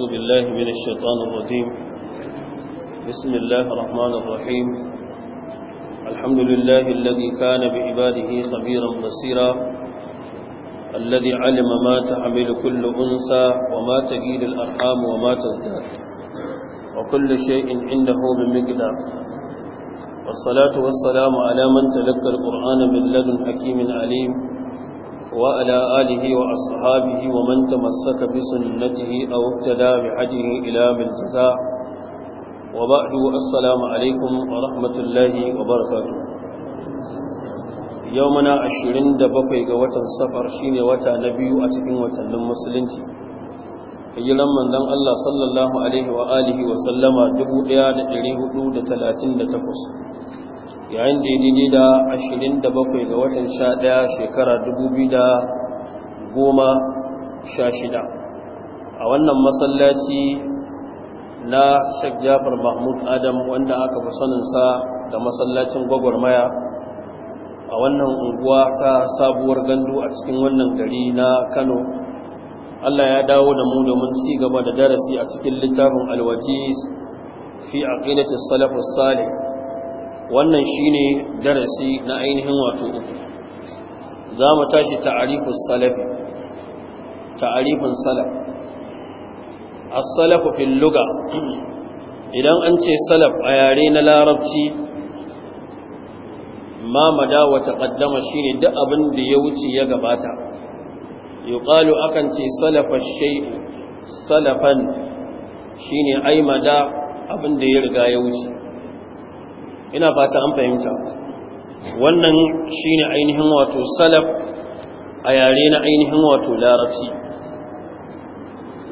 أعوذ بالله من الشيطان الرجيم بسم الله الرحمن الرحيم الحمد لله الذي كان بعباده خبيرا بصيرا الذي علم ما تحمل كل أنثى وما تجيل الأرحام وما تزداد وكل شيء عنده بمقدار والصلاة والسلام على من تلقى القرآن من لدن حكيم عليم وعلى آله وأصحابه ومن تمسك بسنته أو اقتدى بحجه إلى بالجزاء وبعد السلام عليكم ورحمة الله وبركاته يومنا عشرين دبقي قوة سفر شين وتا نبي أتكين وتن مسلنتي hijiran manzon Allah sallallahu alaihi wa alihi wa sallama 1438 yayin da yi da ashirin da bakwai ga watan sha shekara dubu da goma sha shida a wannan masallaci na shek jafar mahmud adam wanda aka fi saninsa da masallacin gwagwarmaya a wannan unguwa ta sabuwar gandu a cikin wannan gari na kano allah ya dawo da mu domin ci gaba da darasi a cikin littafin alwajis fi aqidatis salafus salih wannan shine darasi na ainihin wato uku za mu tashi ta'arifus salafi ta'arifin salaf as-salafu fil lugha idan an ce salaf a yare na larabci ma mada wa taqaddama shine duk abin da ya wuce ya gabata yuqalu akan ce salafa salafan shine ai mada abin da ya riga ya wuce ina fata an fahimta wannan shine ainihin wato salaf a yare na ainihin wato larabci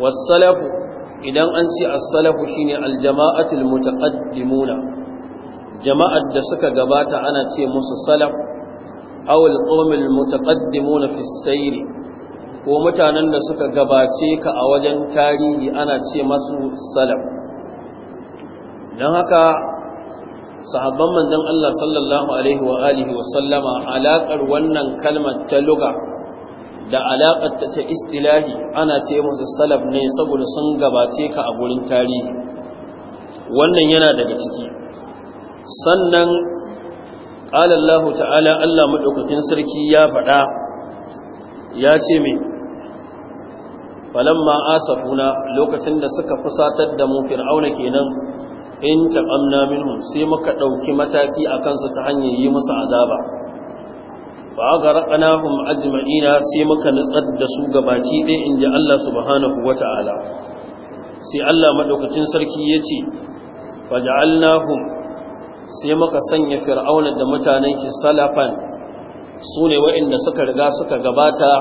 wasalafu idan an ce as-salafu shine al-jama'atul mutaqaddimuna jama'ar da suka gabata ana ce musu salaf aw al-qawmul mutaqaddimuna fi as-sayr ko mutanen da suka gabace ka a wajen tarihi ana ce masu salaf don haka sahabban manzon Allah sallallahu alaihi wa alihi wa sallama alaƙar wannan kalmar ta luga da alaƙar ta ta istilahi ana ce musu salaf ne saboda sun gabace ka a gurin tarihi wannan yana daga ciki sannan qala Allah ta'ala Allah madaukakin sarki ya faɗa ya ce me falamma asafuna lokacin da suka fusatar da mu fir'auna kenan in taqamna minhum sai muka ɗauki mataki a su ta hanyar yi musu azaba fa agharqnahum ajma'ina sai muka nutsar da su gabaki in ji Allah subhanahu wata'ala sai Allah maɗaukacin sarki ya yace faj'alnahum sai muka sanya fir'auna da mutanen shi salafan ne waɗanda suka riga suka gabata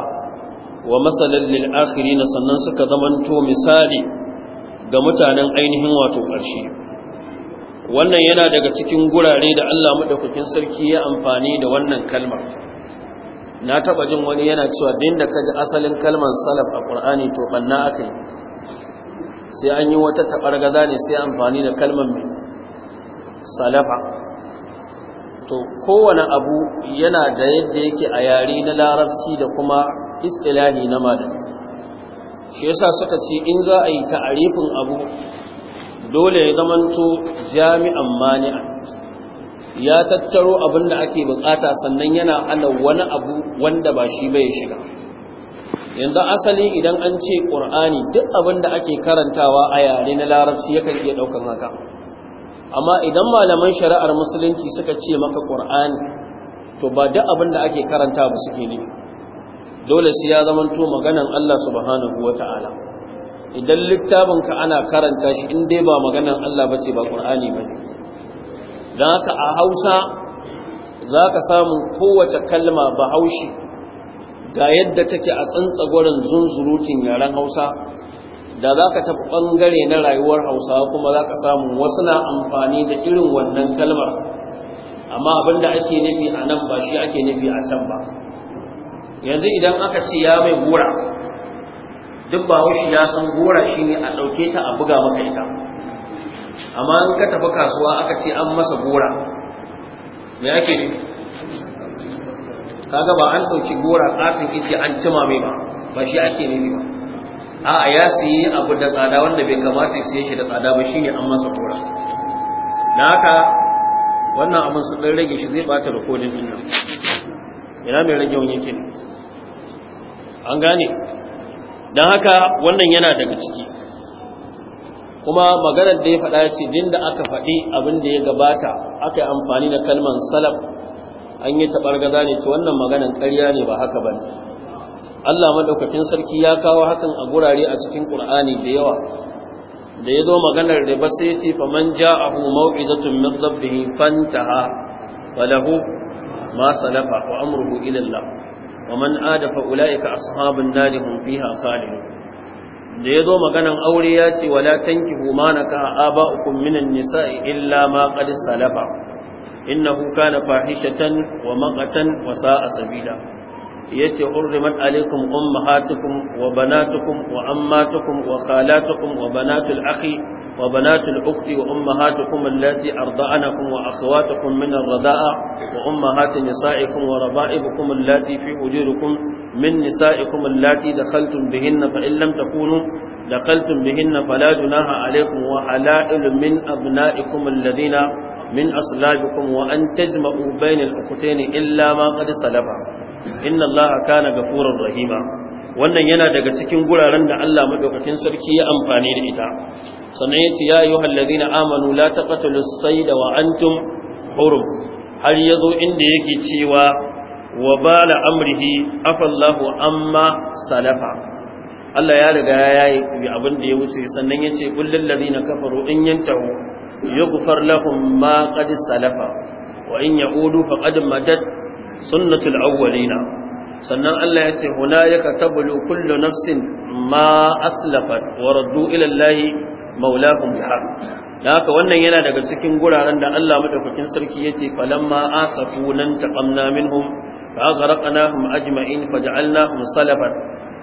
wa masalan lil na sannan suka zamanto misali ga mutanen ainihin wato ƙarshe wannan yana daga cikin gurare da Allah madaukakin sarki ya amfani da wannan kalmar na taba jin wani yana cewa din da kaji asalin kalmar salaf a Qur'ani to banna akai sai an yi wata tabargaza ne sai amfani da kalmar salafa to kowane abu yana da yadda yake a yare na larabci da kuma istilahi na malam shi yasa suka ce in za a yi ta'arifin abu dole ya zamanto jami'an mani'a ya tattaro abin da ake bukata sannan yana hana wani abu wanda ba shi bai shiga yanzu asali idan an ce ƙur'ani duk abin da ake karantawa a yare na larabci yakan iya ɗaukan haka amma idan malaman shari'ar musulunci suka ce maka ƙur'ani to ba duk abin da ake karanta ba suke ne dole su ya zamanto maganan Allah subhanahu wata'ala idan littafin ka ana karanta shi in dai ba maganar Allah bace ce ba ƙur'ani ba dan haka a hausa za ka samu kowace kalma ba haushi ga yadda take a tsantsagorin zunzurutin yaren hausa da za ka tafi ɓangare na rayuwar hausa kuma za ka samu wasu na amfani da irin wannan kalmar amma abinda ake nufi a nan ba shi ake nufi a can ba yanzu idan aka ce ya mai gura duk ba wushi ya san gora shi ne a ɗauke ta a buga maka ita amma in ka tafi kasuwa aka ce an masa gora me ake ne kaga ba an ɗauki gora ƙatin ice an cima mai ba ba shi ake ne ba a ya siye abu da tsada wanda bai kamata su siye shi da tsada ba shi ne an masa gora na haka wannan abin su ɗan rage shi zai ɓata rikodin ɗin nan ina mai rage wani yake an gane don haka wannan yana daga ciki kuma maganar da ya faɗa ce din da aka faɗi abin da ya gabata aka yi amfani da kalman salaf an yi gaza ne ta wannan maganar ƙarya ne ba haka ba Allah maɗaukakin sarki ya kawo hakan a gurare a cikin ƙur'ani da yawa da ya zo maganar da ba sai ce faman hu mau'izatun min rabbihi fantaha lahu ma salafa wa amruhu ila Allah wa man ada fa ulaika ashabun nar hum fiha khalidun da zo maganan aure ya ce wala tankihu ma ba aba'ukum minan nisa'i illa ma qad salafa innahu na fahishatan wa maqatan wa sa'a sabila yace hurrimat alaykum ummahatukum wa banatukum wa ammatukum wa khalatukum wa banatul akhi وبنات الأخت وأمهاتكم التي أرضعنكم وأخواتكم من الرضاء وأمهات نسائكم وربائبكم التي في أجوركم من نسائكم التي دخلتم بهن فإن لم تكونوا دخلتم بهن فلا جناها عليكم وحلائل من أبنائكم الذين من أصلابكم وأن تجمعوا بين الأختين إلا ما قد سلفا إن الله كان غفورا رحيما wannan yana daga cikin guraren da Allah madaukakin sarki ya amfani da ita sannan yace ya ayyuhal ladina amanu la taqatulus sayda wa antum hurum har yazo inda yake cewa wa bala amrihi afallahu amma salafa Allah ya riga ya yi abin da ya wuce sannan ya ce ladina kafaru in yantahu yughfar lahum ma qad salafa wa in ya'udu faqad madat sunnatul awwalina sannan Allah ya ce Huna ya ka tabbalo kullu nafsin ma aslafat wa raddu ila Allah maulahum bihaq da haka wannan yana daga cikin guraren da Allah madaukakin sarki yace falamma asafu nan taqamna minhum fa aghraqnahum ajma'in faj'alnahum salafan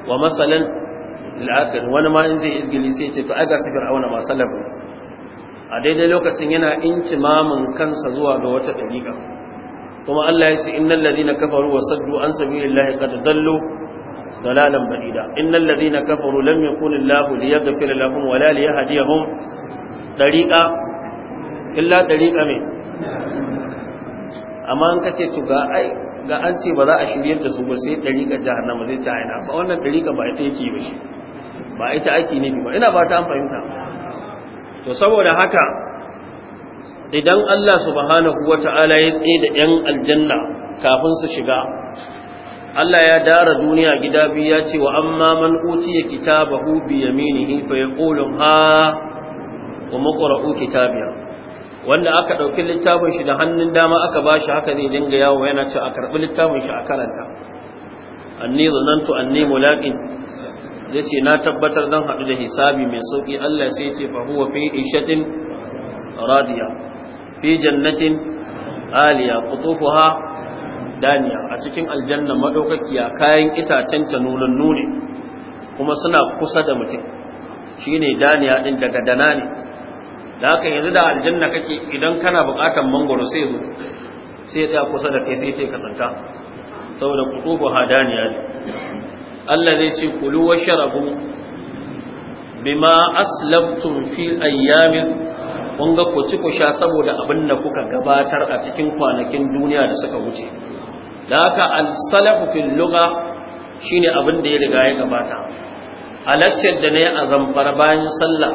wa masalan lil akhir wani ma in zai isgili sai ce to aga sifir auna ma a daidai lokacin yana intimamin kansa zuwa ga wata dariƙa kuma Allah ya ce innal ladina kafaru wa saddu an sabilillahi qad dallu dalalan ba'ida innal ladina kafaru lam yakunillahu Allahu liyaghfir lahum wala liyahdihum dariqa illa dariqa me amma an kace to ga ai ga an ce ba za a shiryar da su ba sai dariqa jahannama zai ci aina ba wannan dariqa ba ita yake ba shi ba ita ake ne ba ina ba ta an fahimta to saboda haka idan Allah subhanahu wata'ala ya tsaye da ‘yan aljanna kafin su shiga Allah ya dara duniya gida biyu ya ce wa amma man utiya kitabahu bi yaminihi fa yaqulu ha wa maqra'u kitabiya wanda aka dauki littafin shi da hannun dama aka bashi haka zai dinga yawo yana ce a karbi littafin shi a karanta anni zanantu anni mulaqin yace na tabbatar dan hadu da hisabi mai sauki Allah sai ya ce fa huwa fi ishatin radiya fi jannatin aliya qutufuha daniya a cikin aljanna madaukakiya kayan itacen ta nunan nune kuma suna kusa da mutum shine daniya din daga danani ne da haka yanzu da aljanna kake idan kana bukatan mangoro sai zo sai ya kusa da kai sai ce ka tsanta saboda qutufuha daniya ne Allah zai ce kulu washrabu bima aslabtum fi ayyamin kun ga ku ci ku sha saboda abin da kuka gabatar a cikin kwanakin duniya da suka wuce da haka al-salafu fil lugha shine abin da ya riga ya gabata a da na a zamfara bayan sallah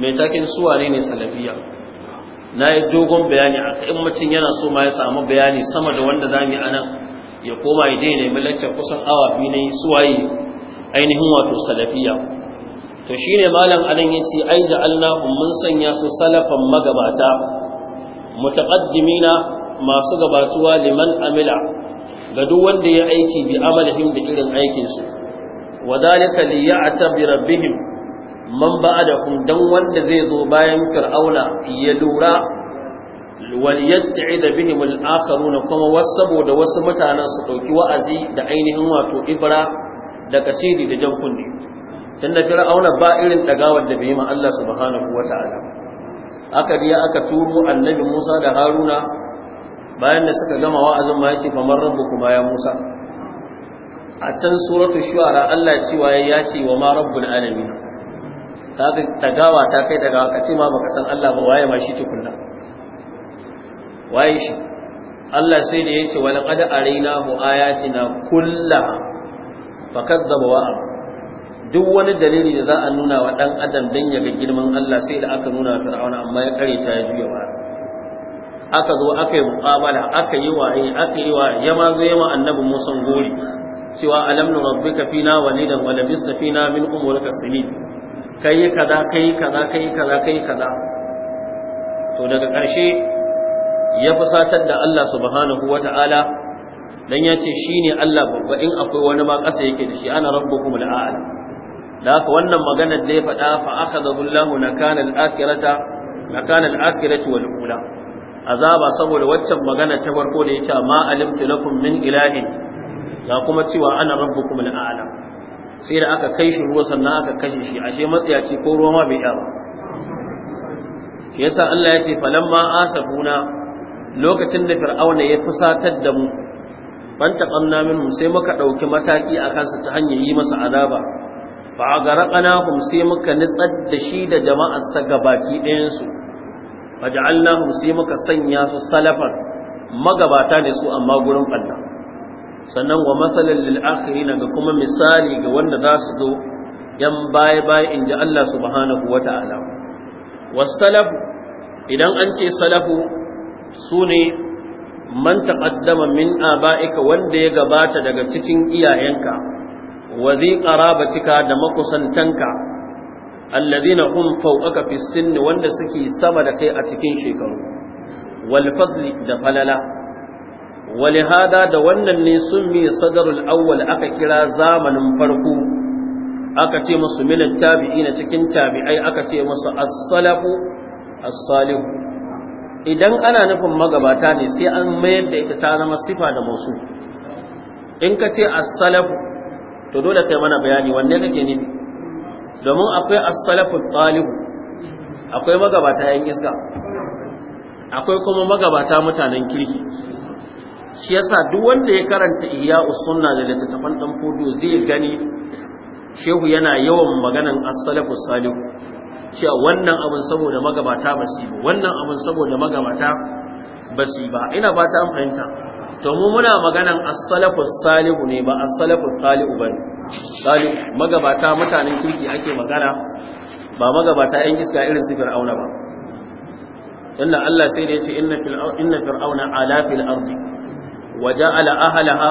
mai takin suwa ne ne salafiya na yi dogon bayani a in mutum yana so ma ya samu bayani sama da wanda za mu yi anan ya koma ya daina mai laccar kusan awa biyu na suwaye ainihin wato salafiya to shine malam anan yace ai ja'alnahum mun sanya su salafan magabata mutaqaddimina masu gabatuwa liman amila ga duk wanda ya aiki bi amalihim da irin aikin su wadalika li ya'tabi rabbihim man ba'adahum dan wanda zai zo bayan fir'auna ya lura wal yat'ida bihim al-akharuna kuma wasu da wasu mutanen su dauki wa'azi da ainihin wato ibra da kasiri da jan kunne tunda fir'auna ba irin dagawar da bai yi ma Allah subhanahu wata'ala aka biya aka turo annabi Musa da Haruna bayan da suka gama wa'azin ma yace famar rabbukuma ya Musa a can suratul shu'ara Allah cewa ya yace wa ma rabbul alamin ga dagawa ta kai daga ka ce ma baka san Allah ba waye ma shi tukunna waye shi Allah sai da yace wa laqad araynahu ayatina kullaha fakadzaba wa duk wani dalili da za a nuna wa ɗan adam don yaga ga girman Allah sai da aka nuna fir'auna amma ya kare ta juya ba aka zo aka yi muqabala aka yi waye aka yi waye ya ma zo yawa annabi Musa gori cewa alam nu rabbika fina walidan wa labista fina min umurika sinin kai kaza kai kaza kai kaza kai kaza to daga ƙarshe ya fusatar da Allah subhanahu wata'ala dan ya ce shine Allah babba in akwai wani ma ƙasa yake da shi ana rabbukumul a'la da haka wannan maganar da ya faɗa fa akhadha Allahu nakana al-akhirata nakana al-akhirati wal ula azaba saboda waccan magana ta farko da yace ma alimtu lakum min ilahin ga kuma cewa ana rabbukum al-a'la sai da aka kai shi ruwa sannan aka kashe shi ashe matsiyaci ko ruwa ma bai yawa yasa Allah ya ce falamma asabuna lokacin da fir'auna ya fusatar da mu ban taqamna minhu sai muka ɗauki mataki akan su ta hanyar yi masa azaba fa na sai muka nitsar da shi da jama'ar sa gabaki ɗayan su faj'alnahum sai muka sanya su salafan magabata ne su amma gurin Allah sannan wa masalan lil na ga kuma misali ga wanda za su zo yan baya baya inji Allah subhanahu wata'ala salafu idan an ce salafu su sune man taqaddama min aba'ika wanda ya gabata daga cikin iyayenka wa zai cika da makusantanka alladhina hum aka fi sinni wanda suke sama da kai a cikin shekaru wal da falala hada da wannan ne sun mi sadarul awwal aka kira zamanin farko aka ce musu tabi'i tabi'ina cikin tabi'ai aka ce musu as-salafu as-salihu idan ana nufin magabata ne sai an mayar da ita ta zama sifa da musu in ka ce as-salafu to dole kai mana bayani wanne kake ne domin akwai as-salafu talibu akwai magabata yan iska akwai kuma magabata mutanen kirki shi yasa duk wanda ya karanta ihya'us sunna da littattafan dan fodo zai gani shehu yana yawan maganan as-salafu salihu cewa wannan abin saboda magabata basi ba wannan abin saboda magabata basi ba ina ba ta an fahimta to mu muna maganan as-salafu salihu ne ba as-salafu tali'u ba tali'u magabata mutanen kirki ake magana ba magabata yan iska irin su fir'auna ba inna Allah sai ne ya ce inna inna fir'auna ala fil ardi wa ja'ala ahlaha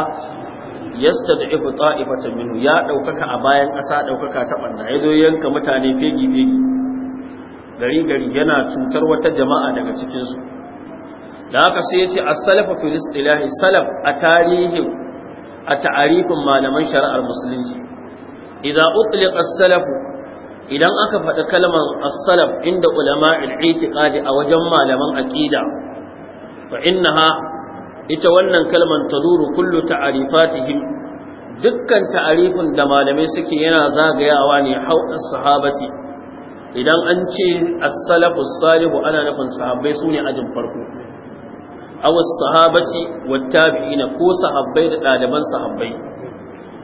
yastad'ifu ta'ifatan min ya daukaka a bayan ƙasa daukaka ta banda yazo yanka mutane fegi fegi gari gari yana cutar wata jama'a daga cikin su da haka sai ya ce as-salafu fil istilahi salaf a tarihin a ta'arifin malaman shari'ar musulunci idza utliqa as-salafu idan aka faɗi kalmar as-salaf inda ulama al i'tiqadi a wajen malaman aqida fa innaha ita wannan kalmar taduru kullu ta'arifatihim dukkan ta'arifin da malamai suke yana zagayawa ne hauɗin sahabati idan an ce as-salafu salihu ana nufin sahabbai sune ajin farko aw as-sahabati wat-tabi'in ko sahabbai da ɗaliban sahabbai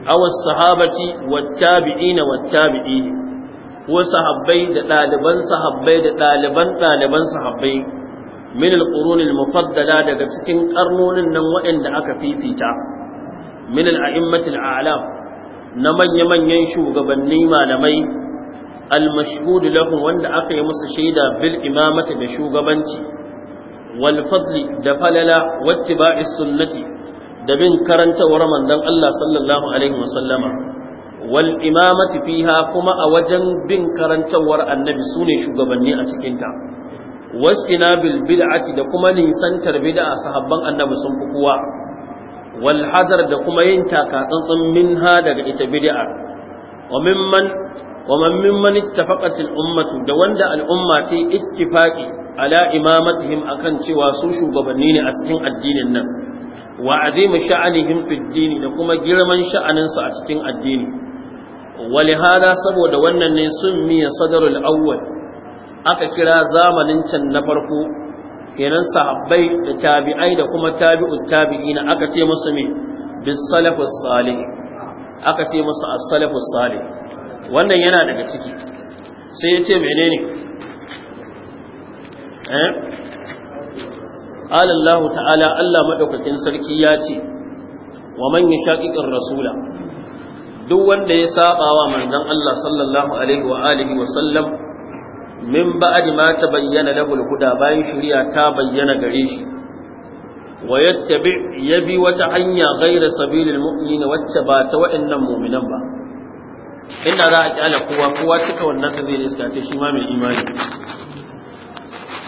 aw as-sahabati wat-tabi'in wat-tabi'in ko sahabbai da ɗaliban sahabbai da ɗaliban ɗaliban sahabbai min al-qurun al-mufaddala daga cikin karnonin nan waɗanda aka fifita min al-a'immati al-a'lam na manya-manyan shugabanni malamai al-mashhud lahu wanda aka yi musu shaida bil imamati da shugabanci wal da falala wattiba'is sunnati da bin karantawar manzon Allah sallallahu alaihi wasallama fiha kuma a wajen bin karantarwar annabi sune shugabanni a cikin ta wastinabil bid'ati da kuma nisantar bid'a sahabban annabi sun fi kuwa. wal da kuma yin taka tsantsan minha daga ita bid'a wa wa man mimman ittafaqat al-ummatu da wanda al'umma ce ittifaqi ala imamatihim akan cewa su shugabanni ne a cikin addinin nan wa azim sha'anihim fi da kuma girman sha'anin su a cikin addini walihada saboda wannan ne sun miya sadarul awwal aka kira zamanin can na farko kenan sahabbai da tabi'ai da kuma tabi'ut tabi'ina aka ce musu me bis salafus salih aka ce musu as-salafus salih wannan yana daga ciki sai ya ce menene eh Alallahu ta'ala Allah maɗaukakin sarki ya ce wa manyan shaƙiƙin rasula duk wanda ya saba wa manzon Allah sallallahu alaihi wa alihi wa sallam min ba'd ma tabayyana lahu huda bayan shari'a ta bayyana gare shi wa yattabi yabi wata hanya ghayra sabilil mu'minin wacce ba ta wa'annan mu'minan ba inda za a kyala kowa kowa cika wannan sa zai riska ce shi ma mai imani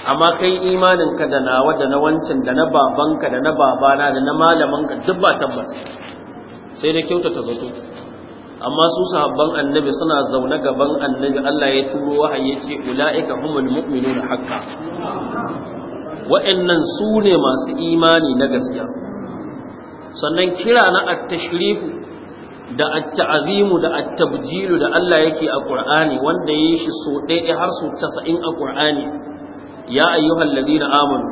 amma kai imanin ka da nawa da na wancan da na babanka da na babana da na malamanka duk ba tabbas sai da kyautata zato amma su sahabban annabi suna zaune gaban annabi Allah ya turo wahayi ya ce ula'ika humul mu'minuna haqqa wa'annan su ne masu imani na gaskiya sannan kira na at da at-ta'zimu da at-tabjilu da Allah yake a Qur'ani wanda yayi shi so ɗaya har so 90 a Qur'ani ya ayyuhal ladina amanu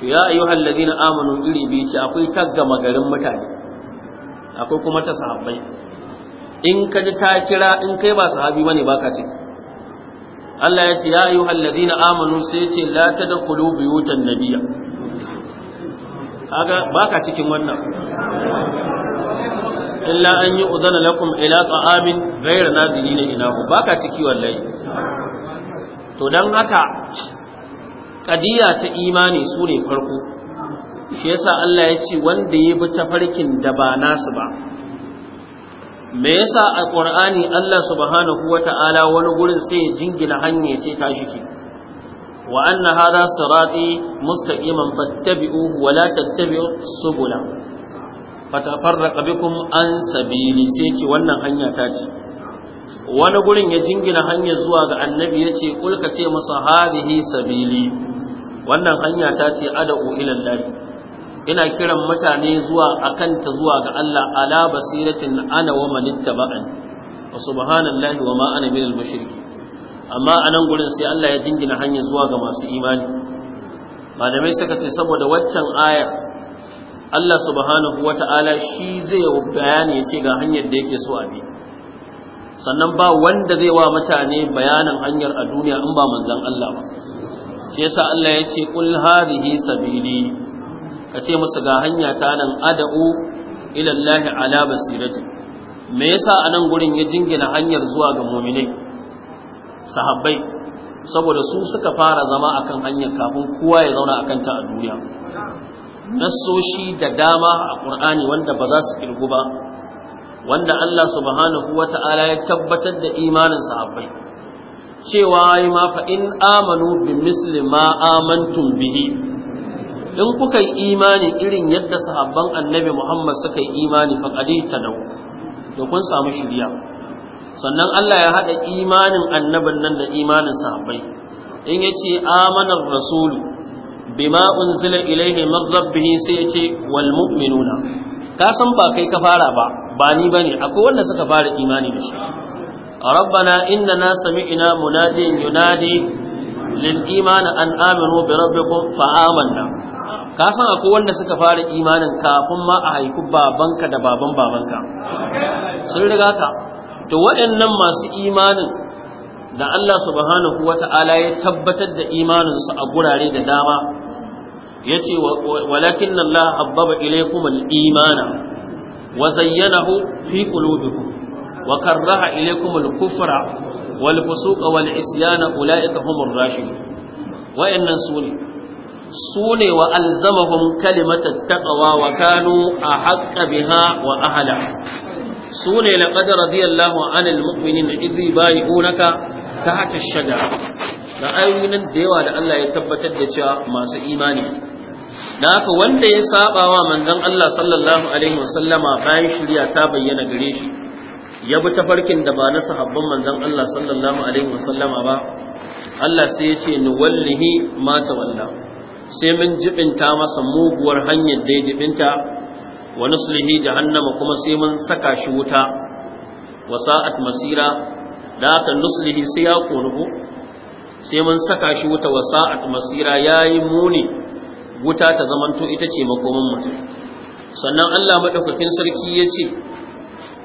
to ya ayyuhal ladina amanu iri bi shi akwai tagga magarin mutane akwai kuma ta sahabbai in ka ji ta kira in kai ba sahabi bane baka ce Allah ya ce ya ayyuhal ladina amanu sai ce la tadkhulu buyutan nabiyya kaga baka cikin wannan illa an yi udana lakum ila ta'amin ghayra ina ku, baka ciki wallahi to dan haka qadiya ta imani sure farko shi yasa Allah ya ce wanda ya bi farkin da ba nasu ba me yasa a Qur'ani Allah subhanahu wata'ala wani gurin sai ya jingina hanya ce ta shi wa anna hadha sirati mustaqiman fattabi'uhu wa la tattabi'u subula fatafarraka bikum an sabili sai ce wannan hanya ta ce wani gurin ya jingina hanya zuwa ga annabi ya ce kulka ce masa hadihi sabili wannan hanya ta ce ada'u ila llahi ina kiran mutane zuwa akan ta zuwa ga Allah ala basiratin ana wa man ittaba'ani wa subhanallahi wa ma ana minal mushriki amma anan gurin sai Allah ya jingina hanya zuwa ga masu imani malamai suka ce saboda waccan ayar Allah subhanahu wata'ala shi zai bayani ya ce ga hanyar da yake so a bi sannan ba wanda zai wa mutane bayanan hanyar a duniya in ba manzon Allah ba shi yasa Allah ya ce kul hadhihi sabili ka ce musu ga hanya ta nan ad'u ila Allah ala basirati me yasa anan gurin ya jingina hanyar zuwa ga mu'minai sahabbai saboda su suka fara zama akan hanyar kafin kowa ya zauna akan ta a duniya nassoshi da dama a ƙur'ani wanda ba za su ƙirgu ba wanda Allah subhanahu wata'ala ya tabbatar da imanin akwai, cewa yi ma fa in amanu bi misli ma amantum bihi in kuka yi imani irin yadda sahabban annabi Muhammad suka yi imani fa ta da to kun samu shirya sannan Allah ya haɗa imanin annabin nan da imanin sahabbai in yace amanar rasulu bima unzila ilaihi min rabbih sai ya ce wal mu'minuna ka san ba kai ka fara ba ba ni bane akwai wanda suka fara imani da shi yunadi lil iman an ينادي bi rabbikum fa amanna ka san akwai wanda suka fara imanin kafin ma a haiku babanka da baban babanka sun riga ka to waɗannan masu imanin da Allah subhanahu wata'ala ya tabbatar da imaninsu a gurare da dama ya ce walakin Allah habbaba ilaikum alimana, imana wa zayyanahu fi qulubikum wa karraha ilaikum al-kufra wal fusuqa wal isyana ulaika humur rashidun wa'annan sune sune wa alzamahum kalimatat taqwa wa kanu ahqqa biha wa ahla na laqad radiyallahu anil mu'minina idh yubayyi'unaka tahta shada da ayoyin da yawa da Allah ya tabbatar da cewa masu imani da haka wanda ya saba wa manzon Allah sallallahu alaihi wasallama bayan shirya ta bayyana gare shi ya bi tafarkin da ba na sahabban manzon Allah sallallahu alaihi wasallama ba Allah sai ya ce ni wallahi ma walla. sai mun jibinta masa muguwar hanyar da ya jibinta wa nuslihi jahannama kuma sai mun saka shi wuta wa sa'at masira da haka nuslihi sai ya ƙonubu sai mun saka shi wuta wasa'at masira yayi muni wuta ta zamanto ita ce makomin mutum sannan Allah madaukakin sarki yace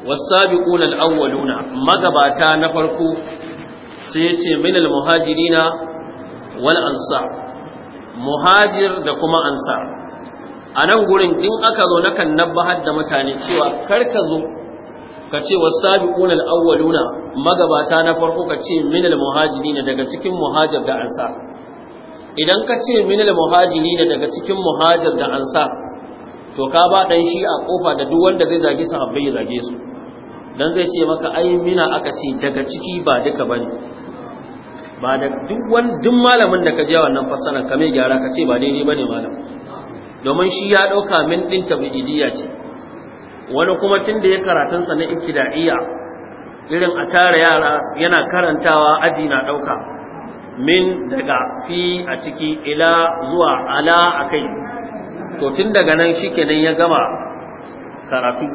was-sabiquna awwaluna magabata na farko sai yace minal muhajirina wal ansar muhajir da kuma ansar a nan gurin in aka zo na kan nabbahar da mutane cewa karka zo ka ce wasabiquna alawwaluna magabata na farko ka ce minal ne daga cikin muhajir da ansa idan ka ce minal ne daga cikin muhajir da ansa to ka ba dan shi a kofa da duk wanda zai zage sahabbai ya zage su dan zai ce maka ai mina aka ce daga ciki ba duka bane ba da duk wani duk malamin da ka je wannan fasaran ka mai gyara ka ce ba daidai bane malam domin shi ya dauka min din tabi'idiyya ce wani kuma tun da ya karatunsa na ikida'iyya irin a tara yara yana karantawa aji na ɗauka min daga fi a ciki ila zuwa ala a kai to tun daga nan shi kenan ya gama karatu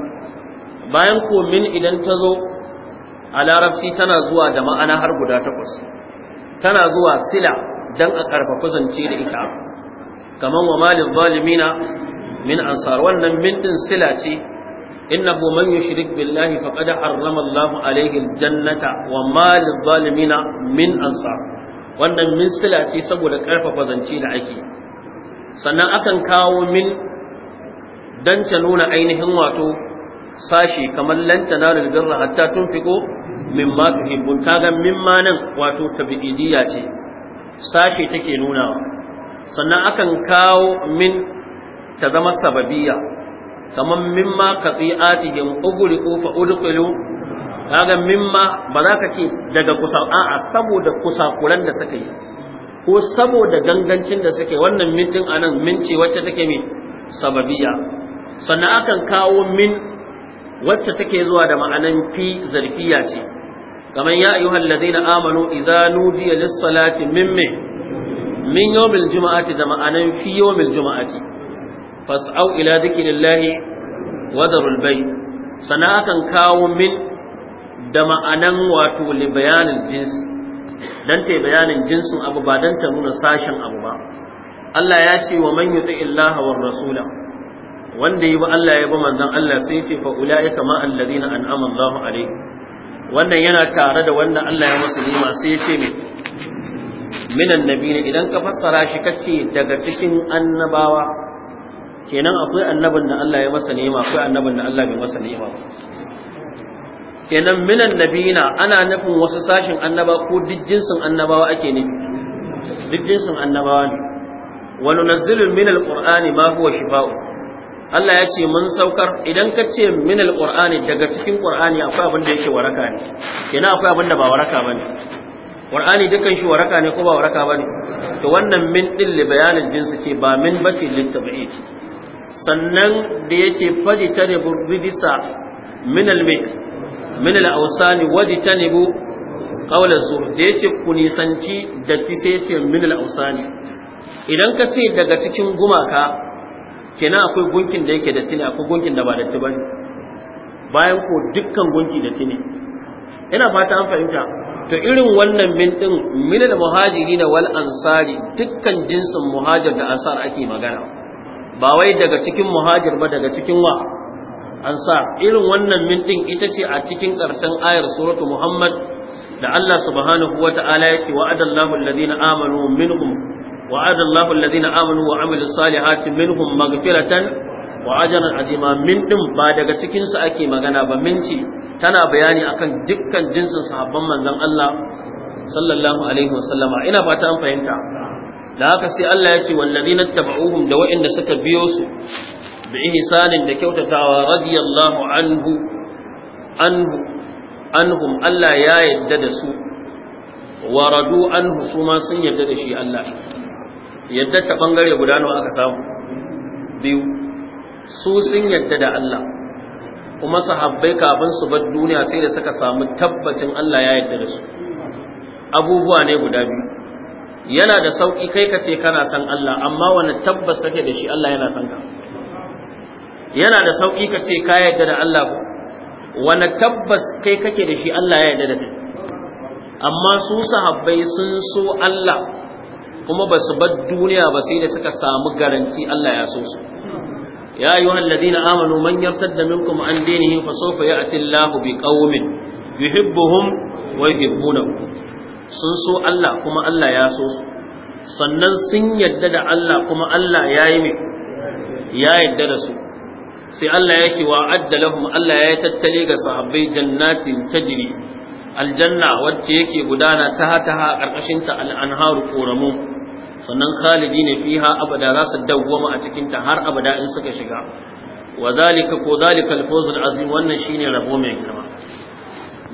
bayan ko min idan ta zo a larabci tana zuwa da ma'ana har guda takwas tana zuwa sila don a ƙarfafa zance da ita kamar wa malin zalimina min ansar wannan min ɗin sila ce innahu man yushrik billahi faqad harrama Allahu alayhi aljannata wa ma lizzalimina min wannan min sila ce saboda karfafa zance da ake sannan akan kawo min dan ta nuna ainihin wato sashi kamar lan tanalul birra hatta tunfiqo mimma tuhibbun min ma nan wato tabi'idiyya ce sashi take nunawa sannan akan kawo min ta zama sababiyya kamar mimma qati'atihim uguri fa udqilu kaga mimma ba za ka ce daga kusa a'a saboda kusakuran da suka yi ko saboda gangancin da suke wannan min din anan min ce wacce take me sababiya sannan akan kawo min wacce take zuwa da ma'anan fi zarfiya ce kamar ya ayyuhal ladina amanu idza nudiya lis-salati mimma min yawmil jumu'ati da ma'anan fi yawmil jumu'ati fas'au ila dhikrillahi wa darul bay sana akan kawo min da ma'anan wato li bayanin jins dan ta bayanin jinsin abu ba dan ta nuna sashen abu ba Allah ya ce wa man yuti illaha war rasula wanda yi Allah ya manzon Allah sai ya ce fa ulaika ma alladhina an'ama Allahu alaihim wannan yana tare da wanda Allah ya musu nima sai ya ce minan ne idan ka fassara shi kace daga cikin annabawa kenan akwai annabin da Allah ya masa nema akwai annabin da Allah bai masa nema. kenan minan Nabina ana nufin wasu sashin annaba ko duk jinsin annabawa ake ne duk jinsin annabawa ne wa nunazzilu min alqur'ani ma huwa shifaa'u Allah ya ce mun saukar idan ka ce min alqur'ani daga cikin qur'ani akwai abin da yake waraka ne kenan akwai abin da ba waraka bane qur'ani dukan shi waraka ne ko ba waraka bane to wannan min din li bayanin jinsi ce ba min bace littabi'i sannan da ce faji ta ne burbidisa minal mai minal ausani waji ta ne bu da su da ku nisanci datti sai ce minal ausani idan ka ce daga cikin gumaka kina akwai gunkin da yake datti ne akwai gunkin da ba datti ba ne bayan ko dukkan gunki datti ne ina fata an fahimta to irin wannan min din minal muhajiri wal ansari dukkan jinsin muhajir da ansar ake magana ba wai daga cikin muhajir ba daga cikin wa ansar irin wannan minɗin ita ce a cikin ƙarshen ayar suratu muhammad da Allah subhanahu wata'ala yake wa'adallahu alladhina amanu minhum wa'adallahu alladhina amanu wa amilus salihati minhum maghfiratan wa ajran azima min din ba daga cikin su ake magana ba minci tana bayani akan dukkan jinsin sahabban manzon Allah sallallahu alaihi wasallama ina fata an fahimta da haka sai Allah ya ce wallazina tabauhum da wa'inda suka biyo su bi ihsanin da kyautatawa radiyallahu anhu anhu anhum Allah ya yadda da su wa radu anhu su ma sun yadda da shi Allah yadda ta bangare guda nawa aka samu biyu su sun yadda da Allah kuma sahabbai kafin su bar duniya sai da suka samu tabbacin Allah ya yadda da su abubuwa ne guda biyu yana da sauki kai ka ce kana san Allah amma wani tabbas kake da shi Allah yana san ka yana da sauki ka ce ka yarda da Allah ko wani tabbas kai kake da shi Allah ya yarda da kai amma su sahabbai sun so Allah kuma ba su bar duniya ba sai da suka samu garanti Allah ya so su ya ayyuhal ladina amanu man yartadda minkum an dinihi fa sawfa ya'ti Allahu biqaumin yuhibbuhum wa yuhibbunahu sun so Allah kuma Allah ya so su sannan sun yadda da Allah kuma Allah ya yi mai ya yadda da su sai Allah ya ce wa adda lahum Allah ya tattale ga sahabbai jannatin tajri aljanna wacce yake gudana ta hata ha karkashin ta al-anharu koramu sannan khalidi ne fiha abada za su dawwama a cikin ta har abada in suka shiga wa zalika ko zalika al-fawz azim wannan shine rabo mai girma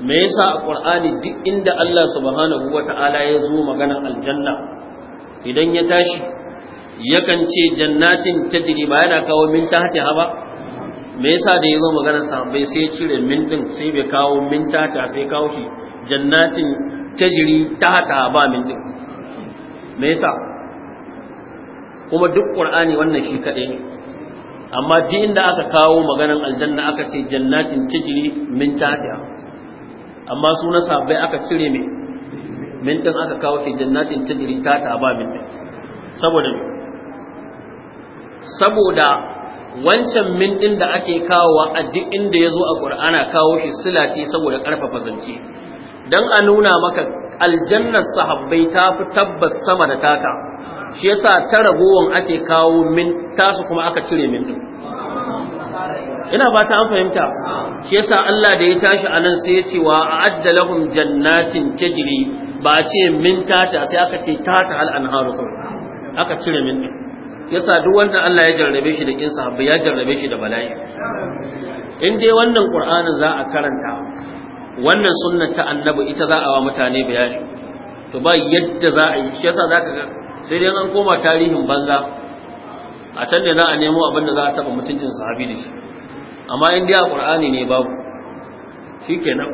me yasa a qur'ani duk inda Allah subhanahu wata'ala ya zo maganar aljanna idan ya tashi yakan ce jannatin tadri ba yana kawo min ha ba me yasa da ya zo sa bai sai cire min din sai bai kawo min ta sai kawo shi jannatin tajri tahta ba min din me yasa kuma duk qur'ani wannan shi kadai ne amma duk inda aka kawo maganar aljanna aka ce jannatin tajri min tahtiha amma suna sabai aka cire mai mintin aka kawo fi jannatin tigiri ta ta ba min saboda saboda wancan mintin da ake kawo a duk inda ya zo a ƙur'ana kawo shi sila ce saboda ƙarfafa zance don a nuna maka aljannar sahabbai ta fi tabbas sama da taka shi yasa ta ragowan ake kawo min tasu kuma aka cire min din ina ba ta an fahimta shi yasa Allah da ya tashi anan sai ya ce wa a'adda lahum jannatin tajri ba a ce min tata sai aka ce tata al anharukum aka cire min yasa duk wanda Allah ya jarrabe shi da kin sahabbai ya jarrabe shi da bala'i in dai wannan qur'anin za a karanta wannan sunnar ta annabi ita za a wa mutane bayani to ba yadda za a yi shi yasa zaka ga sai dai an koma tarihin banza a can da za a nemo abin da za a taba mutuncin sahabi da shi amma in dai a qur'ani ne babu shikenan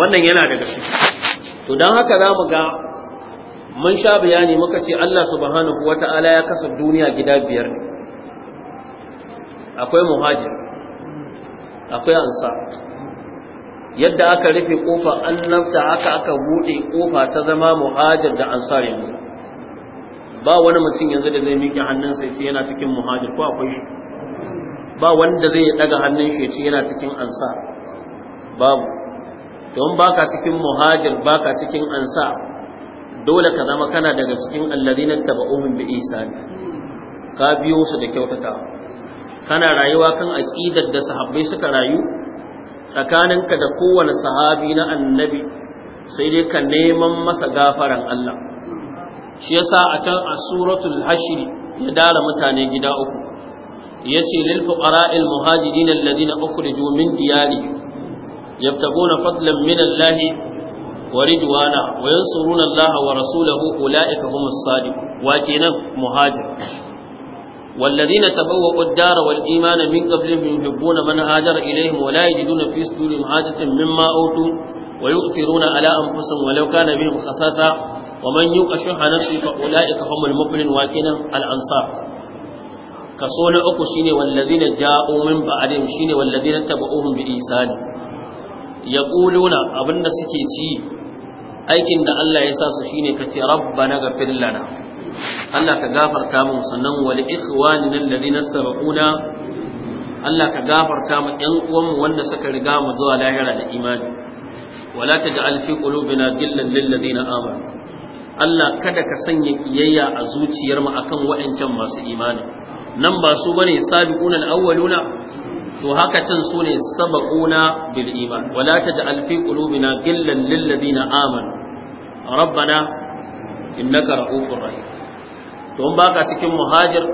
wannan yana daga ciki to dan haka zamu ga mun sha bayani muka ce Allah subhanahu wata'ala ya kasa duniya gida biyar ne akwai muhajir akwai ansa yadda aka rufe kofa annabta haka aka bude kofa ta zama muhajir da ansar yanzu ba wani mutum yanzu da zai miƙe hannunsa ya yana cikin muhajir ko akwai ba wanda zai daga hannun shi ce yana cikin ansa babu don baka cikin muhajir baka cikin ansa dole ka zama kana daga cikin alladhina tabauhum bi ihsan ka biyo su da kyautata kana rayuwa kan aqidar da sahabbai suka rayu tsakaninka da kowane sahabi na annabi sai dai ka neman masa gafaran Allah shi yasa a can a suratul hashr ya dara mutane gida uku yace lil fuqara'il muhajirin alladhina ukhriju min diyari yabtaguna fadlan min Allah wa ridwana wa yansuruna Allah wa rasulahu ulaika humus sadiqun wa kenan muhajir والذين تبوأوا الدار والإيمان من قبلهم يحبون من هاجر إليهم ولا يجدون في صدورهم حاجة مما أوتوا ويؤثرون على أنفسهم ولو كان بهم خصاصة ومن يوق شح نفسه فأولئك هم المفلحون واكنا الأنصار kaso na uku shine wallazina ja'u min ba'dihim shine wallazina tabu'uhum bi ihsan yaquluna abinda suke ci aikin da Allah ya sa su shine kace rabbana ga lana Allah ka gafarta mu sannan wal ikhwanina alladhina sabaquna Allah ka gafarta mu ƴan uwanmu wanda suka riga mu zuwa lahira da imani wala taj'al fi qulubina ghillan lil ladina amanu Allah kada ka sanya kiyayya a zuciyar mu akan wa'ancan masu imani nan ba su bane sabiquna al-awwaluna to haka can su ne sabaquna bil iman wala taj'al fi qulubina ghillan lil ladina amanu rabbana innaka ra'ufur rahim to in baka cikin muhajir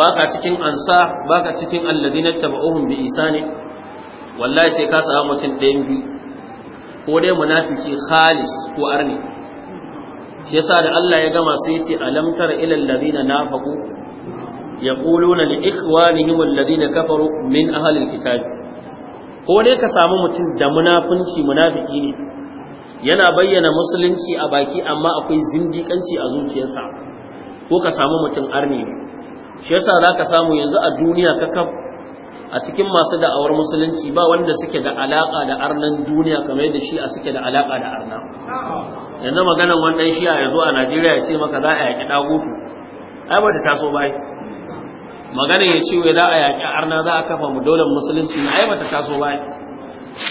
baka cikin ansa baka cikin alladina tabauhum bi isani wallahi sai ka samu mutum ɗayan biyu ko dai munafiki khalis ko arni shi yasa da Allah ya gama sai ya ce alam tara ilal ladina nafaqu yaquluna li ikhwanihim alladhina kafaru min ahli alkitab ko ne ka samu mutum da munafunci munafiki ne yana bayyana musulunci a baki amma akwai zindikanci a zuciyarsa ko ka samu mutum arni ne shi yasa zaka samu yanzu a duniya kakaf a cikin masu da'awar musulunci ba wanda suke da alaka da arnan duniya kamar da shi a suke da alaka da arna yanzu maganan wannan shi a yanzu a Najeriya ya ce maka za a yaki dagutu ai ba taso bai magana ya ce wai za a yaƙi arna za a kafa mu dole musulunci na aibata taso ba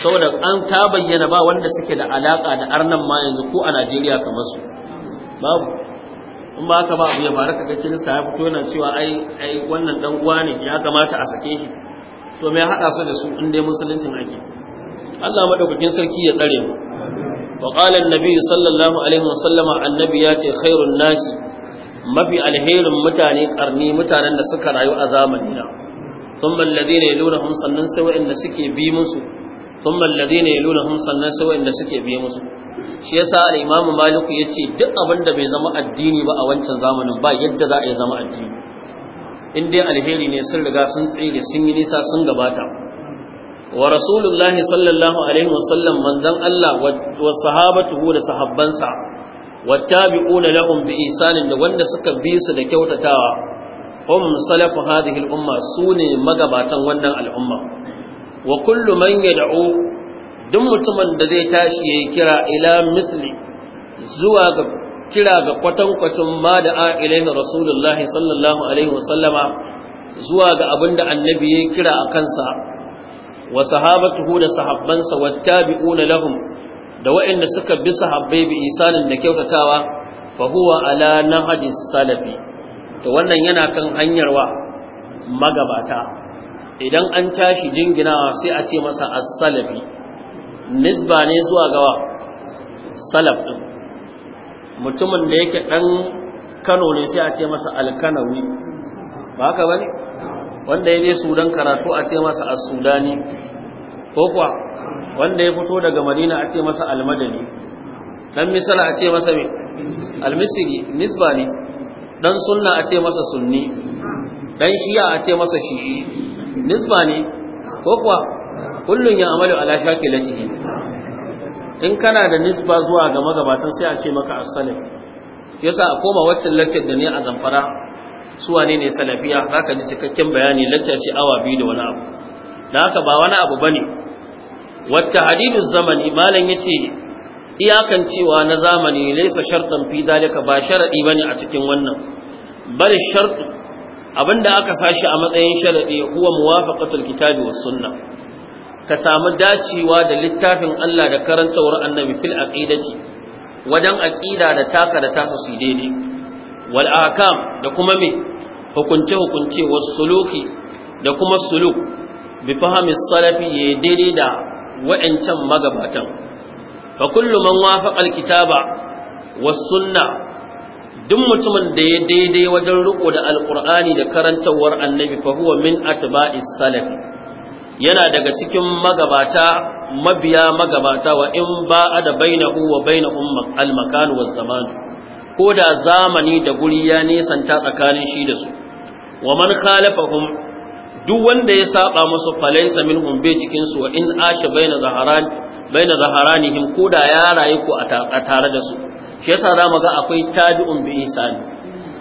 saboda an ta bayyana ba wanda suke da alaka da arnan ma yanzu ko a Najeriya kamar su babu in ba haka ba abu ya faru kaga kirista ya fito yana cewa ai ai wannan dan uwa ne ya kamata a sake shi to me ya hada su da su in dai musuluncin ake Allah madaukakin sarki ya tsare mu wa qala an-nabi sallallahu alaihi wasallama annabi ya ce khairun nasi mafi alherin mutane karni mutanen da suka rayu a zamani na ne alladhina yalunhum sannan sai wa'anda suke bi musu sun ne alladhina yalunhum sannan sai wa'anda suke bi musu shi yasa al-imamu maliku ya ce duk abin da bai zama addini ba a wancan zamanin ba yadda za a yi zama addini in dai alheri ne sun riga sun tsire sun yi nisa sun gabata wa rasulullahi sallallahu alaihi wasallam manzon Allah wa sahabatuhu da sahabbansa wattabi'una lahum bi ihsanin da wanda suka bi su da kyautatawa hum salafu hadhihi al-umma sune magabatan wannan al'umma wa kullu man yad'u duk mutumin da zai tashi yayi kira ila misli zuwa kira ga kwatankwacin ma da a ilaihi rasulullahi sallallahu alaihi wasallama zuwa ga abinda annabi ya kira a kansa wa sahabatuhu da sahabbansa wattabi'una lahum da waɗanda suka bi sahabbai bi isalin da kyautatawa fa huwa ala nahji salafi to wannan yana kan hanyar wa magabata idan an tashi jinginawa sai a ce masa as-salafi nisba ne zuwa gawa salaf din mutumin da yake dan Kano ne sai a ce masa al-Kanawi ba haka bane wanda yake Sudan karatu a ce masa as-Sudani ko kuwa wanda ya fito daga madina a ce masa almadani dan misala a ce masa almisiri nisba ne dan sunna a ce masa sunni dan shiya a ce masa shi nisba ne ko kuwa kullun ya amalu ala shakilatihi in kana da nisba zuwa ga magabatan sai a ce maka as-salaf yasa a koma waccan laccar da ne a zamfara su wane ne salafiya zaka ji cikakken bayani laccar ce awa biyu da wani abu da haka ba wani abu bane wata hadidu zamani malam ya ce iyakan cewa na zamani laisa shartan fi dalika ba sharaɗi bane a cikin wannan bari shartu abinda aka sashi a matsayin sharaɗi huwa muwafaqatul kitabi was sunna ka samu dacewa da littafin Allah da karantawar annabi fil aqidati wajen aqida da taka da tasa daidai wal ahkam da kuma me hukunce hukunce was suluki da kuma suluk bi fahmi salafi ya daidai da wa'ancan magabatan fa kullu man wafaqa alkitaba was sunna duk mutumin da ya daidai wajen riko da alqur'ani da karantawar annabi fa huwa min atba'is salaf yana daga cikin magabata mabiya magabata wa in ada da bainahu wa bainahum al-makan wa zaman ko da zamani da guri ya nisanta tsakanin shi da su wa man khalafahum duk wanda ya saba masa falaysa minhum bai cikin su wa in asha baina zaharan baina zaharanihim koda ya rayu ko a tare da su shi yasa zamu ga akwai tabi'un bi isani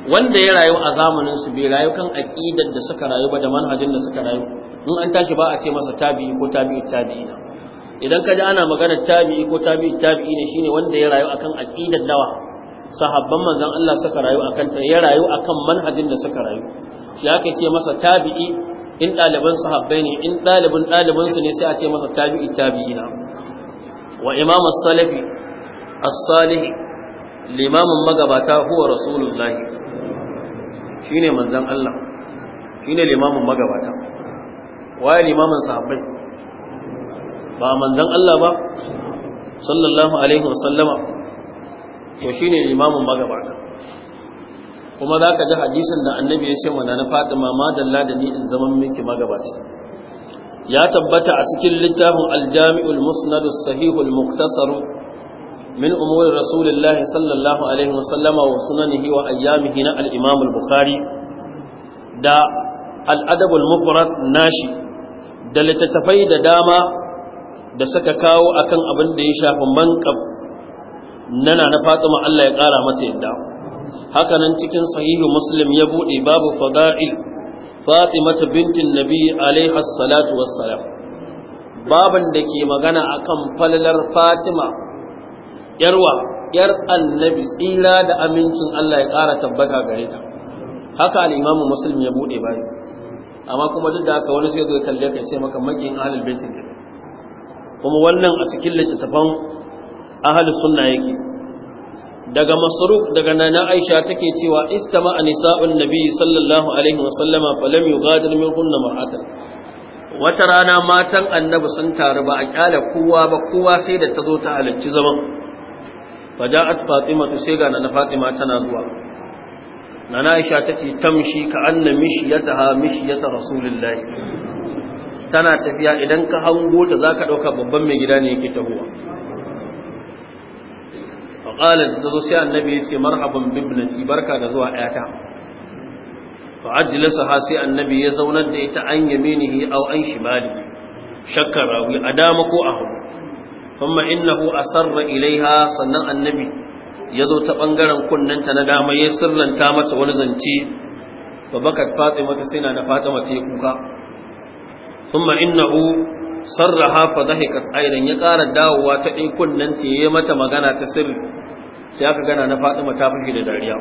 wanda ya rayu a zamanin su bai rayu kan aqidar da suka rayu ba da manhajin da suka rayu in an tashi ba a ce masa tabi'i ko tabi'i tabi'i idan ka ji ana magana tabi'i ko tabi'i ne shine wanda ya rayu akan aqidar dawa sahabban manzon Allah suka rayu akan ta ya rayu akan manhajin da suka rayu shi aka ce masa tabi'i in ɗaliban sahabbai ne in ɗalibin ɗalibansu ne sai a ce masa tabi'i tabi'ina wa imamu salafi as-salihi limamin magabata huwa rasulullahi shine manzon Allah shine limamin magabata waye limamin sahabbai ba manzon Allah ba sallallahu alaihi wa sallama, to shine limamin magabata kuma za ka ji hadisin da annabi ya ce mana na faɗi ma dalla da ni in zaman miki magabaci ya tabbata a cikin littafin aljami'ul musnad sahihul muktasar min umuri rasulillahi sallallahu alaihi wasallama wa sunanihi wa ayyamihi na al bukhari da al mufrad nashi da littattafai da dama da suka kawo akan abin da ya shafi manqab nana na fatima Allah ya kara mata yadda haka nan cikin sahihu muslim ya bude babu fada'il fatimata bintin nabi alaiha salatu wassalam baban da ke magana akan falalar fatima yarwa yar annabi tsira da amincin Allah ya ƙara tabbata gare ta haka al-imam muslim ya bude bai amma kuma duk da haka wani sai zai kalle kai sai maka makin ahlul baitin kuma wannan a cikin littattafan ahlus sunna yake daga masruk daga nana aisha take cewa istama anisa'un nabiyyi sallallahu alaihi wasallama falam yughadir min kunna mar'atan wata rana matan annabi sun taru ba a kyala kowa ba kowa sai da ta zo ta halarci zaman fada'at fatima to sai ga nana fatima tana zuwa nana aisha tace tamshi ka anna mishyataha mishyata rasulillahi tana tafiya idan ka hango ta zaka dauka babban mai gida ne yake tahowa faƙalar da zo sai annabi ya ce marhaban bibnati barka da zuwa ƴata fa ajlasa ha sai annabi ya zaunar da ita an yaminihi aw an shimali shakkar rawi a dama ko a amma innahu asarra ilaiha sannan annabi ya zo ta bangaren kunnanta na dama ya sirranta mata wani zance fa bakat fatima ta sai da fatima ta kuka amma innahu sarraha fa dhahikat ayran ya ƙara dawowa ta ɗin kunnen ta yayi mata magana ta sirri sai aka gana na Fatima ta fashe da dariya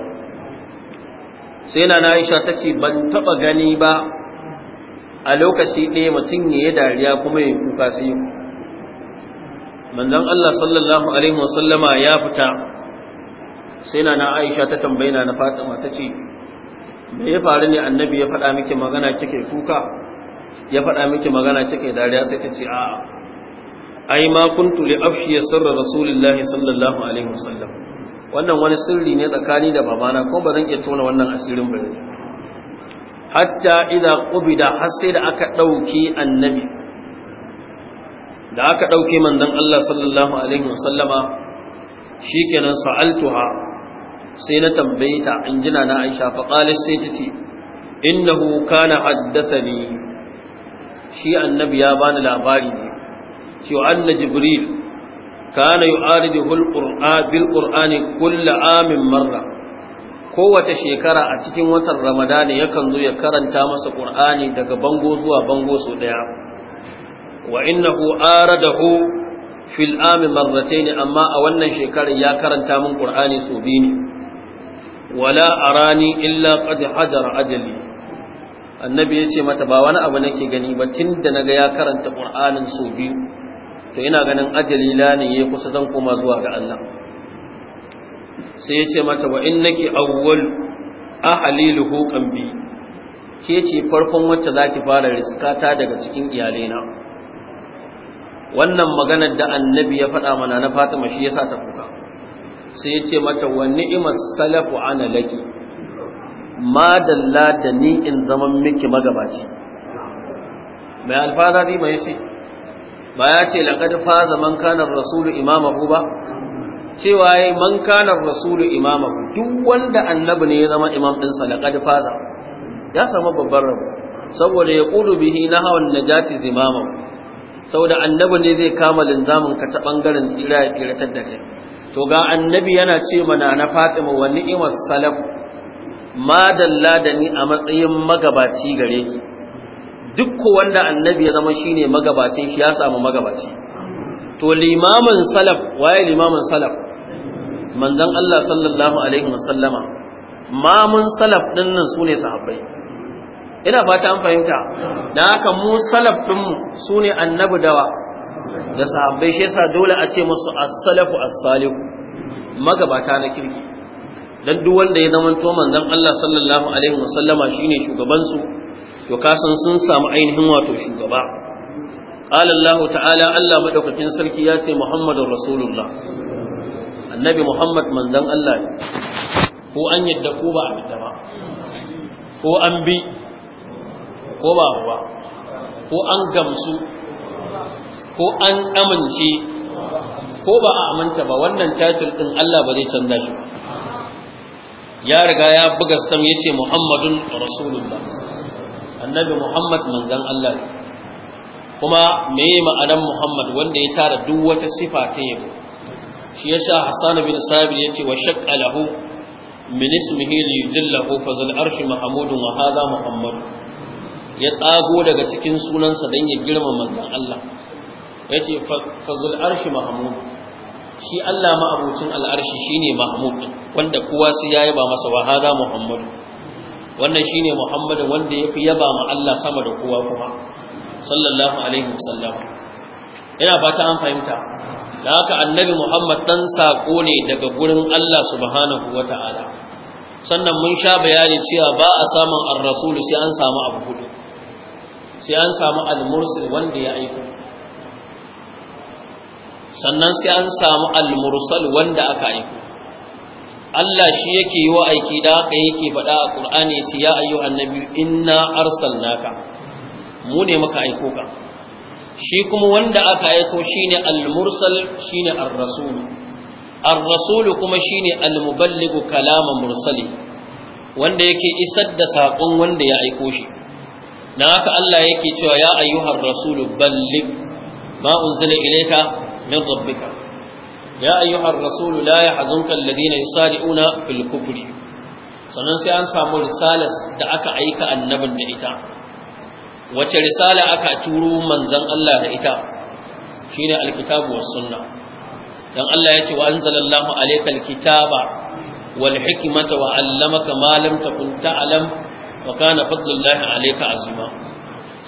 sai na Aisha ta ce ban taba gani ba a lokaci ɗaya mutum ya yi dariya kuma ya kuka sai yau manzon Allah sallallahu alaihi wasallama ya fita sai na Aisha ta tambaye na na Fatima ta ce me ya faru ne annabi ya faɗa miki magana kike kuka ya faɗa miki magana kike dariya sai ta ce a'a ai ma kuntu li afshi sirra rasulillahi sallallahu alaihi wasallam wannan wani sirri ne tsakani da babana ko ba zan iya tona wannan asirin ba hatta idza qubida har sai da aka dauke annabi da aka dauke manzon Allah sallallahu alaihi wasallama shikenan sa'altuha sai na tambaye ta anjina na Aisha fa qalat sai ta ce innahu kana haddathani shi annabi ya bani labari ne cewa anna jibril kana yu'aridu al kowace shekara a cikin watan ramadani yakan zo ya karanta masa qur'ani daga bango zuwa bango su daya wa innahu aradahu fil am marratayn amma a wannan shekarar ya karanta min qur'ani su biyu ne wala arani illa qad hajara ajali annabi yace mata ba wani abu nake gani ba tunda naga ya karanta qur'anin su biyu to ina ganin ajali la ne ya kusa zan koma zuwa ga Allah sai ya ce mata wa innaki awwal ahli luhuqan bi ke ce farkon wacce zaki fara riskata daga cikin iyalena wannan maganar da annabi ya faɗa mana na Fatima shi yasa ta kuka sai ya ce mata wa ni'imar salafu ana laki madalla da ni in zaman miki magabaci mai alfaza zai mai shi ba ya ce laqad faza man kana rasulu imamahu ba cewa yi man kana rasulu imamahu duk wanda annabi ne ya zama imam din sa faza ya samu babban rabo saboda ya qulu bihi na najati zimamahu saboda annabi ne zai kama linzamin ka ta bangaren tsira ya firatar da kai to ga annabi yana ce mana na Fatima wa ni'mas salaf ma dalla da ni a matsayin magabaci gare ki duk wanda annabi ya zama shine magabacin shi ya samu magabaci to limamin salaf waye limamin salaf manzon Allah sallallahu alaihi wasallama mamun salaf din nan sune sahabbai ina fata an fahimta dan haka mu salaf din mu sune annabi dawa da sahabbai shi yasa dole a ce musu as-salafu as-salihu magabata na kirki dan duk wanda ya zama to manzon Allah sallallahu alaihi wasallama shine shugaban su to kasan sun samu ainihin wato shugaba qala Allah ta'ala Allah madaukakin sarki ya ce Muhammadur Rasulullah annabi Muhammad manzon Allah ne ko an yadda ko ba a yadda ba ko an bi ko ba ba ko an gamsu ko an amince ko ba a aminta ba wannan title din Allah ba zai canza shi ya riga ya buga stam yace Muhammadun Rasulullah annabi muhammad manzan allah kuma meye ma'anan muhammad wanda ya tara duk wata sifa ta yabo shi yasa hassan bin sabir ce wa shaqqa lahu min ismihi li yudillahu fa zal arsh mahmudun wa hadha muhammad ya tsago daga cikin sunansa dan ya girma manzan allah yace fa zal arsh mahmud shi allah ma abocin al'arshi shine mahmud wanda kowa sai yayi ba masa wa hadha muhammad wannan shine muhammadu wanda ya fi yaba ma Allah sama da kowa kuma sallallahu alaihi wasallam ina fata an fahimta da haka annabi muhammad dan sako ne daga gurin Allah subhanahu wata'ala sannan mun sha bayani cewa ba a samun ar-rasul sai an samu abu hudu sai an samu al-mursil wanda ya aika sannan sai an samu al-mursal wanda aka aika Allah shi yake yi wa aiki da haka yake faɗa a Qur'ani sai ya ayyu annabi inna ka, mu ne muka aiko ka shi kuma wanda aka aiko shine al-mursal shine ar-rasul ar-rasul kuma shine al-muballighu kalama mursali wanda yake isar da sakon wanda ya aiko shi dan haka Allah yake cewa ya ayyuhar rasul balligh ma unzila ilayka min rabbika ya ayyuhar rasulu la yahzunka alladhina yusari'una fil kufri sannan sai an samu risalas da aka aika annabin da ita wace risala aka turo manzan Allah da ita shine alkitabu was sunna dan Allah ce wa anzalallahu alaykal kitaba wal hikmata wa 'allamaka ma lam takun ta'lam wa kana fadlullahi alayka azima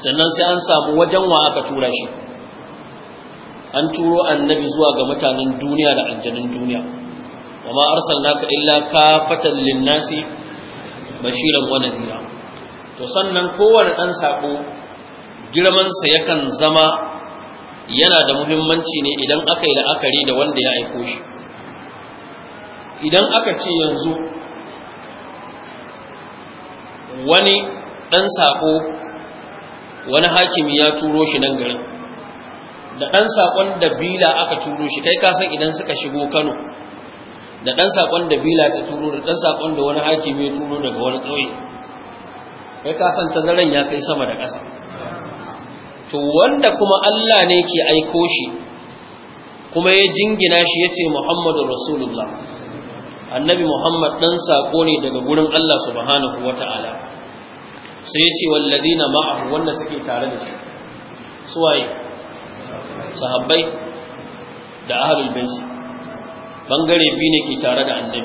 sannan sai an samu wajen wa aka tura shi an turo annabi zuwa ga mutanen duniya da aljanun duniya wama arsalnaka illa kafatan linnasi bashiran wa nadira to sannan kowanne dan sako girman sa yakan zama yana da muhimmanci ne idan aka yi la'akari da wanda ya aiko shi idan aka ce yanzu wani dan sako wani hakimi ya turo shi nan garin da ɗan saƙon da bila aka turo shi kai kasan idan suka shigo kano da ɗan saƙon da bila ta turo da ɗan saƙon da wani hakimi ya turo daga wani ƙauye kai kasan tazaran ya kai sama da ƙasa to wanda kuma allah ne ke aiko shi kuma ya jingina shi ya ce muhammadu rasulullah annabi muhammad ɗan saƙo ne daga gurin allah subhanahu wata'ala sai ya ce Ladina ma'ahu wanda suke tare da shi suwaye sahabbai da ahlul baiti bangare biyu ne ke tare da annabi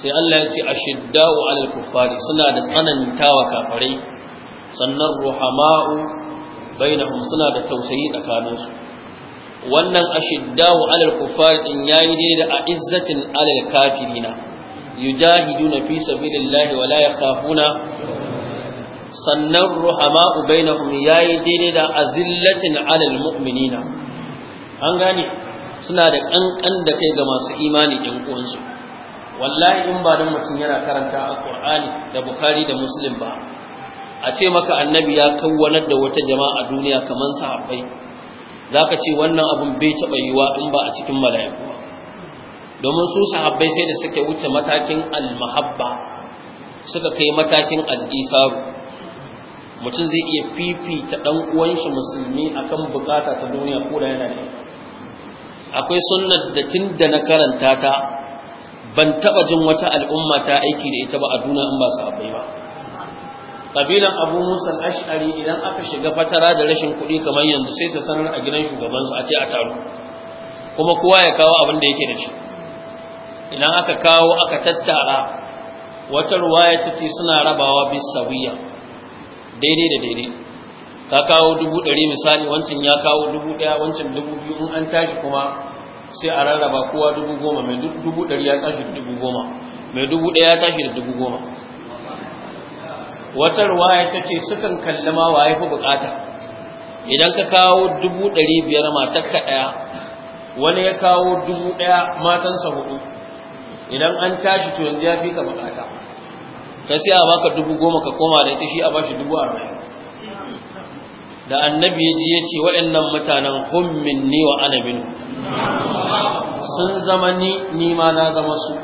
sai Allah ya ce ashiddau alal kuffari suna da tsanantawa kafarai, sannan ruhama'u bainahum suna da tausayi tsakaninsu wannan ashiddau alal kuffari din yayi dai da izzatin alal kafirina yujahiduna fi sabilillahi wa la yakhafuna sannan ruhama ruhama'u ya yayi daidai da azillacin alal mu'minina an gane suna da kankan da kai ga masu imani ɗan uwansu wallahi in ba don mutum yana karanta alqur'ani da bukhari da muslim ba a ce maka annabi ya kawwanar da wata jama'a duniya kamar sahabbai ka ce wannan abun bai taɓa yiwa in ba a cikin mala'iku ba domin su sahabbai sai da suke wuce matakin almahabba suka kai matakin al'isaru mutum zai iya fifita dan uwan shi musulmi akan bukata ta duniya ko da yana da akwai sunnar da tun da na karanta ta ban taba jin wata al'umma ta aiki da ita ba a duniya in ba su abai ba kabilan abu musa ash'ari idan aka shiga fatara da rashin kuɗi kamar yanzu sai ta sanar a gidan shugabansu a ce a taro kuma kowa ya kawo abin da yake da shi idan aka kawo aka tattara wata ruwaya take suna rabawa bisa bisawiya daidai da daidai ka kawo dubu ɗari misali wancan ya kawo dubu ɗaya wancan dubu biyu in an tashi kuma sai a rarraba kowa dubu goma mai dubu ɗari ya tashi da dubu goma mai dubu ɗaya ya tashi da dubu goma wata ruwaya ta ce sukan kalli ma wa fi bukata idan ka kawo dubu ɗari biyar ka ɗaya wani ya kawo dubu ɗaya matansa hudu idan an tashi to yanzu ya fi ka bukata kai sai a baka dubu goma ka koma da ita shi a bashi dubu arba'in da annabi ya ji ya ce waɗannan mutanen hummin ne wa anabin sun zama ni nima na zama su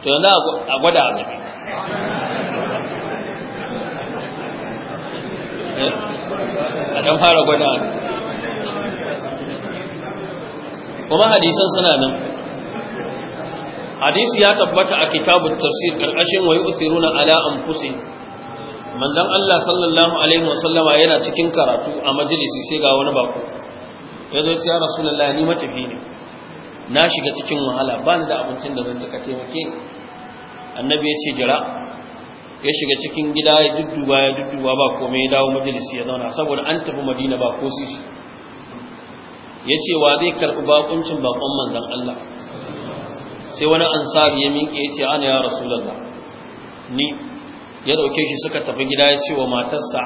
to yanzu a gwada annabi eh? a ɗan fara gwada annabi kuma hadisan suna nan hadisi ya tabbata a kitabun tafsir karkashin wayi na ala anfusi mandan Allah sallallahu alaihi wasallama yana cikin karatu a majalisi sai ga wani bako ya zo ya rasulullahi ni matafi ne na shiga cikin wahala ba ni da abincin da zan taka taimake annabi ya ce jira ya shiga cikin gida ya dudduba ya dudduba ba komai ya dawo majalisi ya zauna saboda an tafi madina ba ko sisi ya ce wa zai karɓi bakuncin bakon manzan Allah sai wani ansari ya minke ya ce ana ya rasulallah ni ya dauke shi suka tafi gida ya ce wa matarsa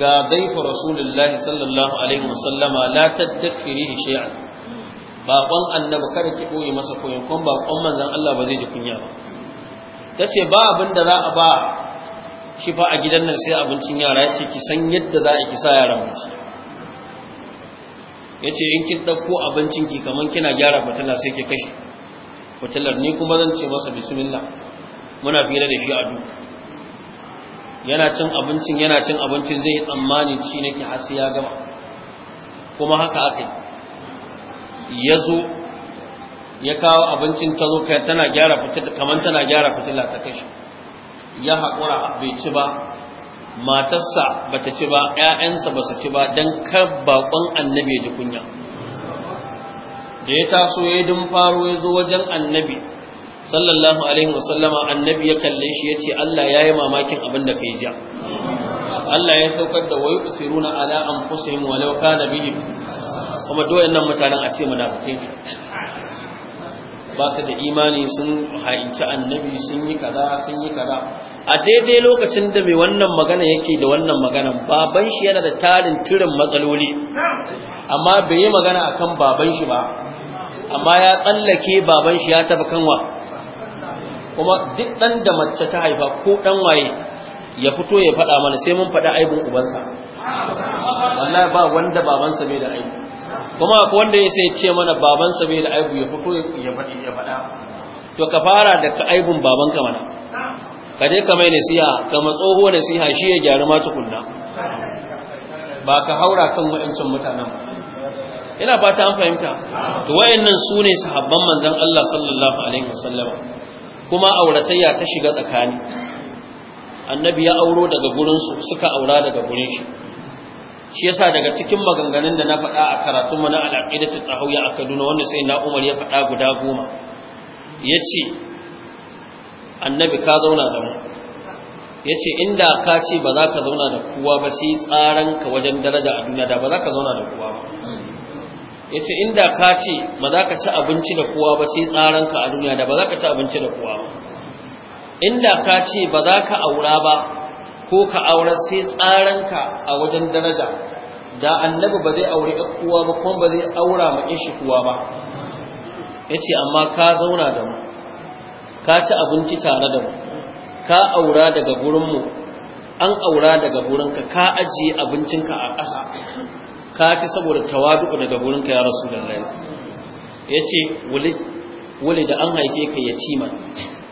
ga daifa rasulullahi sallallahu alaihi wasallama la taddakhiri shay'an baƙon annabi kada ki koyi masa koyon kun bakon manzan Allah ba zai ji kunya ba tace ba abin da za a ba shi fa a gidan nan sai abincin yara ya ce ki san yadda za a ki sa yaran mu ya ce in kin ɗauko abincinki kamar kina gyara fatala sai ke kashe fatalar ni kuma zan ce masa bismillah muna fira da shi a duk yana cin abincin yana cin abincin zai tsammani shi nake hasi ya gama kuma haka aka yi ya zo ya kawo abincin ta zo tana gyara fitila kamar tana gyara fatala ta kashe ya haƙura bai ci ba matarsa ba ta ci ba 'ya'yansa ba basu ci ba don kar bakon annabi ya ji kunya da ya taso ya dun faro ya zo wajen annabi sallallahu alaihi wasallama annabi ya kalle shi ya ce Allah ya yi mamakin abin da kai ja Allah ya saukar da wayu usiruna ala anfusihim walau kana bihim kuma doyan nan mutanen a ce munafikai ba su da imani sun ha'inci annabi sun yi kaza sun yi kaza a daidai lokacin da mai wannan magana yake da wannan magana baban shi yana da tarin turin matsaloli amma bai yi magana akan baban shi ba amma ya tsallake baban shi ya tafi kanwa kuma duk dan da mace ta haifa ko dan waye ya fito ya faɗa mana sai mun faɗa aibin ubansa wallahi ba wanda babansa bai da aibi kuma ku wanda ya sai ce mana babansa bai da aibu ya fito ya faɗi ya faɗa to ka fara da ka aibun babanka mana ka je ka mai nasiha ka matsoho nasiha shi ya gyara ma tukunna ba ka haura kan wa'ancan mutanen ina fata an fahimta to wayannan su ne sahabban manzon Allah sallallahu alaihi wasallam kuma auratayya ta shiga tsakani annabi ya auro daga gurin su suka aura daga gurin shi shi yasa daga cikin maganganun da na faɗa a karatun mu na al'aqidatu tahawiyya a Kaduna wanda sai na Umar ya faɗa guda goma yace annabi ka zauna da mu yace inda ka ce ba za ka zauna da kowa ba sai tsaran ka wajen daraja a duniya da ba za ka zauna da kowa ba yace inda ka ce ba za ka ci abinci da kowa ba sai tsaran ka a duniya da ba za ka ci abinci da kowa ba inda ka ce ba za ka aura ba ko ka aure sai tsaranka a wajen daraja da annabi ba zai aure kuwa ba kuma ba zai aura ma ishi kuwa ba yace amma ka zauna da mu ka ci abinci tare da mu ka aura daga gurin mu an aura daga gurinka ka ajiye abincinka a ƙasa ka ci saboda tawadu daga gurinka ya rasulullahi yace wuli wuli da an haife ka yatima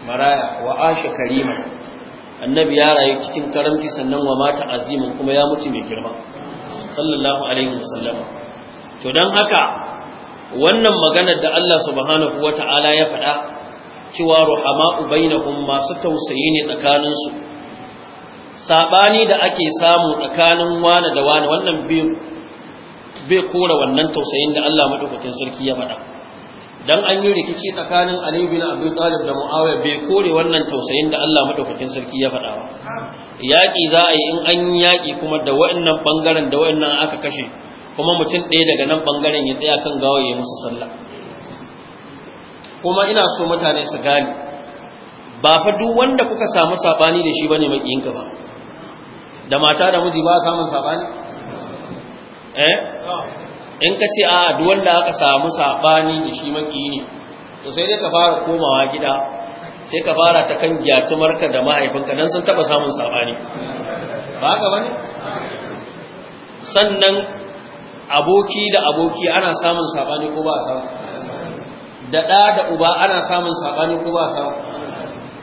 maraya wa asha karima annabi ya rayu cikin karamci sannan wa mata azimin kuma ya mutu mai girma sallallahu alaihi wasallam to dan haka wannan maganar da Allah subhanahu wata'ala ya faɗa cewa ruhama'u bainahum masu tausayi ne tsakanin su sabani da ake samu tsakanin wani da wani wannan bai kora wannan tausayin da Allah madaukakin sarki ya faɗa dan an yi rikici tsakanin Ali bin Abi Talib da Muawiya bai kore wannan tausayin da Allah madaukakin sarki ya faɗa ba yaƙi za a yi in an yaƙi kuma da wa'annan bangaren da wa'annan aka kashe kuma mutum ɗaya daga nan bangaren ya tsaya kan gawa ya musu sallah kuma ina so mutane su gane ba fa duk wanda kuka samu sabani da shi bane yinka ba da mata da miji ba samun sabani eh in ka ce a duk wanda aka samu sabani da shi maki ne to sai dai ka fara komawa gida sai ka fara ta kan marka da mahaifinka nan sun taba samun sabani ba ka bane sannan aboki da aboki ana samun sabani ko ba a samu da ɗa da uba ana samun sabani ko ba a samu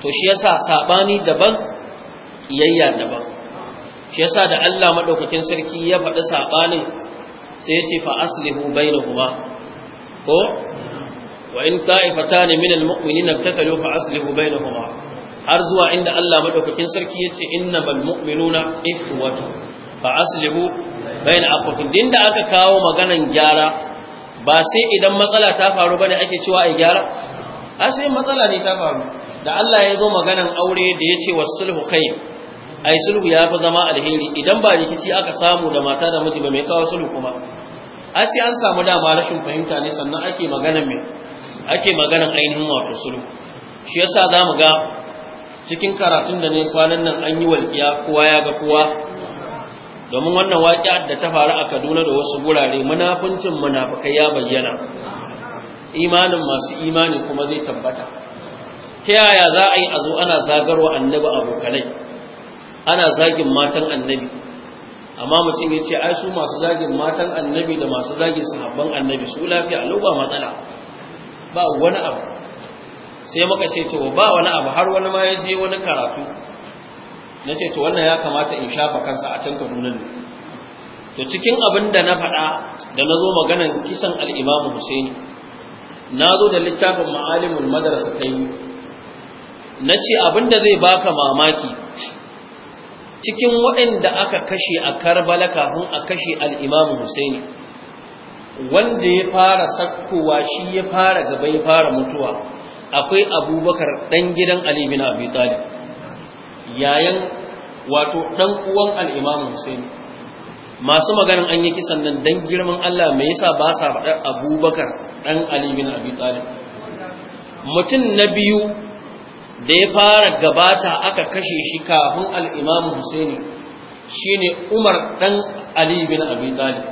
to shi yasa sabani daban iyayya daban shi yasa da Allah madaukakin sarki ya faɗi sabanin sai ce fa aslihu bainahuma ko wa in ta'ifatan min almu'minina takalu fa aslihu bainahuma har zuwa inda Allah madaukakin sarki yace innamal mu'minuna ikhwatu fa aslihu bain akhukum din da aka kawo maganan gyara ba sai idan matsala ta faru bane ake cewa ai gyara a sai matsala ne ta faru da Allah ya zo maganan aure da yace wasulhu khair ai sulhu ya fi zama alheri idan ba rikici aka samu da mata da miji ba mai kawo sulhu kuma ai sai an samu dama rashin fahimta ne sannan ake magana mai ake magana ainihin wato sulhu shi yasa za mu ga cikin karatun da ne kwanan nan an yi walƙiya kowa ya ga kowa domin wannan waƙiya da ta faru a Kaduna da wasu gurare munafincin munafikai ya bayyana imanin masu imani kuma zai tabbata ta yaya za a yi a zo ana zagarwa annabi abokanai ana zagin matan annabi amma mutum ya ce ai su masu zagin matan annabi da masu zagin sahabban annabi su lafiya a ba matsala ba wani abu sai muka ce to ba wani abu har wani ma ya je wani karatu na ce to wannan ya kamata in shafa kansa a can kaduna ne to cikin abin da na faɗa da na zo maganan kisan al'imamu husaini na zo da littafin ma'alimul madarasa ta yi na ce abin da zai baka mamaki cikin waɗanda aka kashe a karbala kafin a kashe al'imamu husaini wanda ya fara sakkowa shi ya fara gaba ya fara mutuwa akwai abubakar ɗan gidan alibin abu talib yayin wato ɗan uwan al'imamu husaini masu maganin an yi kisan nan don girman allah mai yasa ba sa faɗar abubakar ɗan alibin abu talib mutum na biyu da ya fara gabata aka kashe shi kafin al'imamu husaini shine umar ɗan ali bin abi talib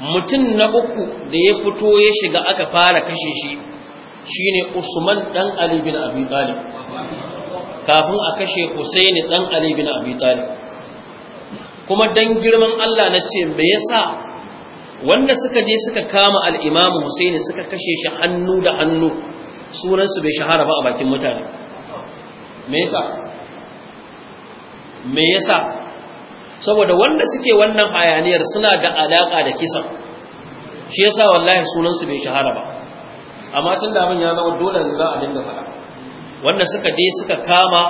mutum na uku da ya fito ya shiga aka fara kashe shi shine usman ɗan ali bin abi talib kafin a kashe husaini ɗan ali bin abi talib kuma don girman allah na ce me yasa wanda suka je suka kama al'imamu Husaini suka kashe shi hannu da hannu sunansu bai shahara ba a bakin mutane me yasa me yasa saboda wanda suke wannan hayaniyar suna da alaka da kisan shi yasa wallahi sunansu bai shahara ba amma tun da mun ya zama dole ne za a dinga fara wanda suka dai suka kama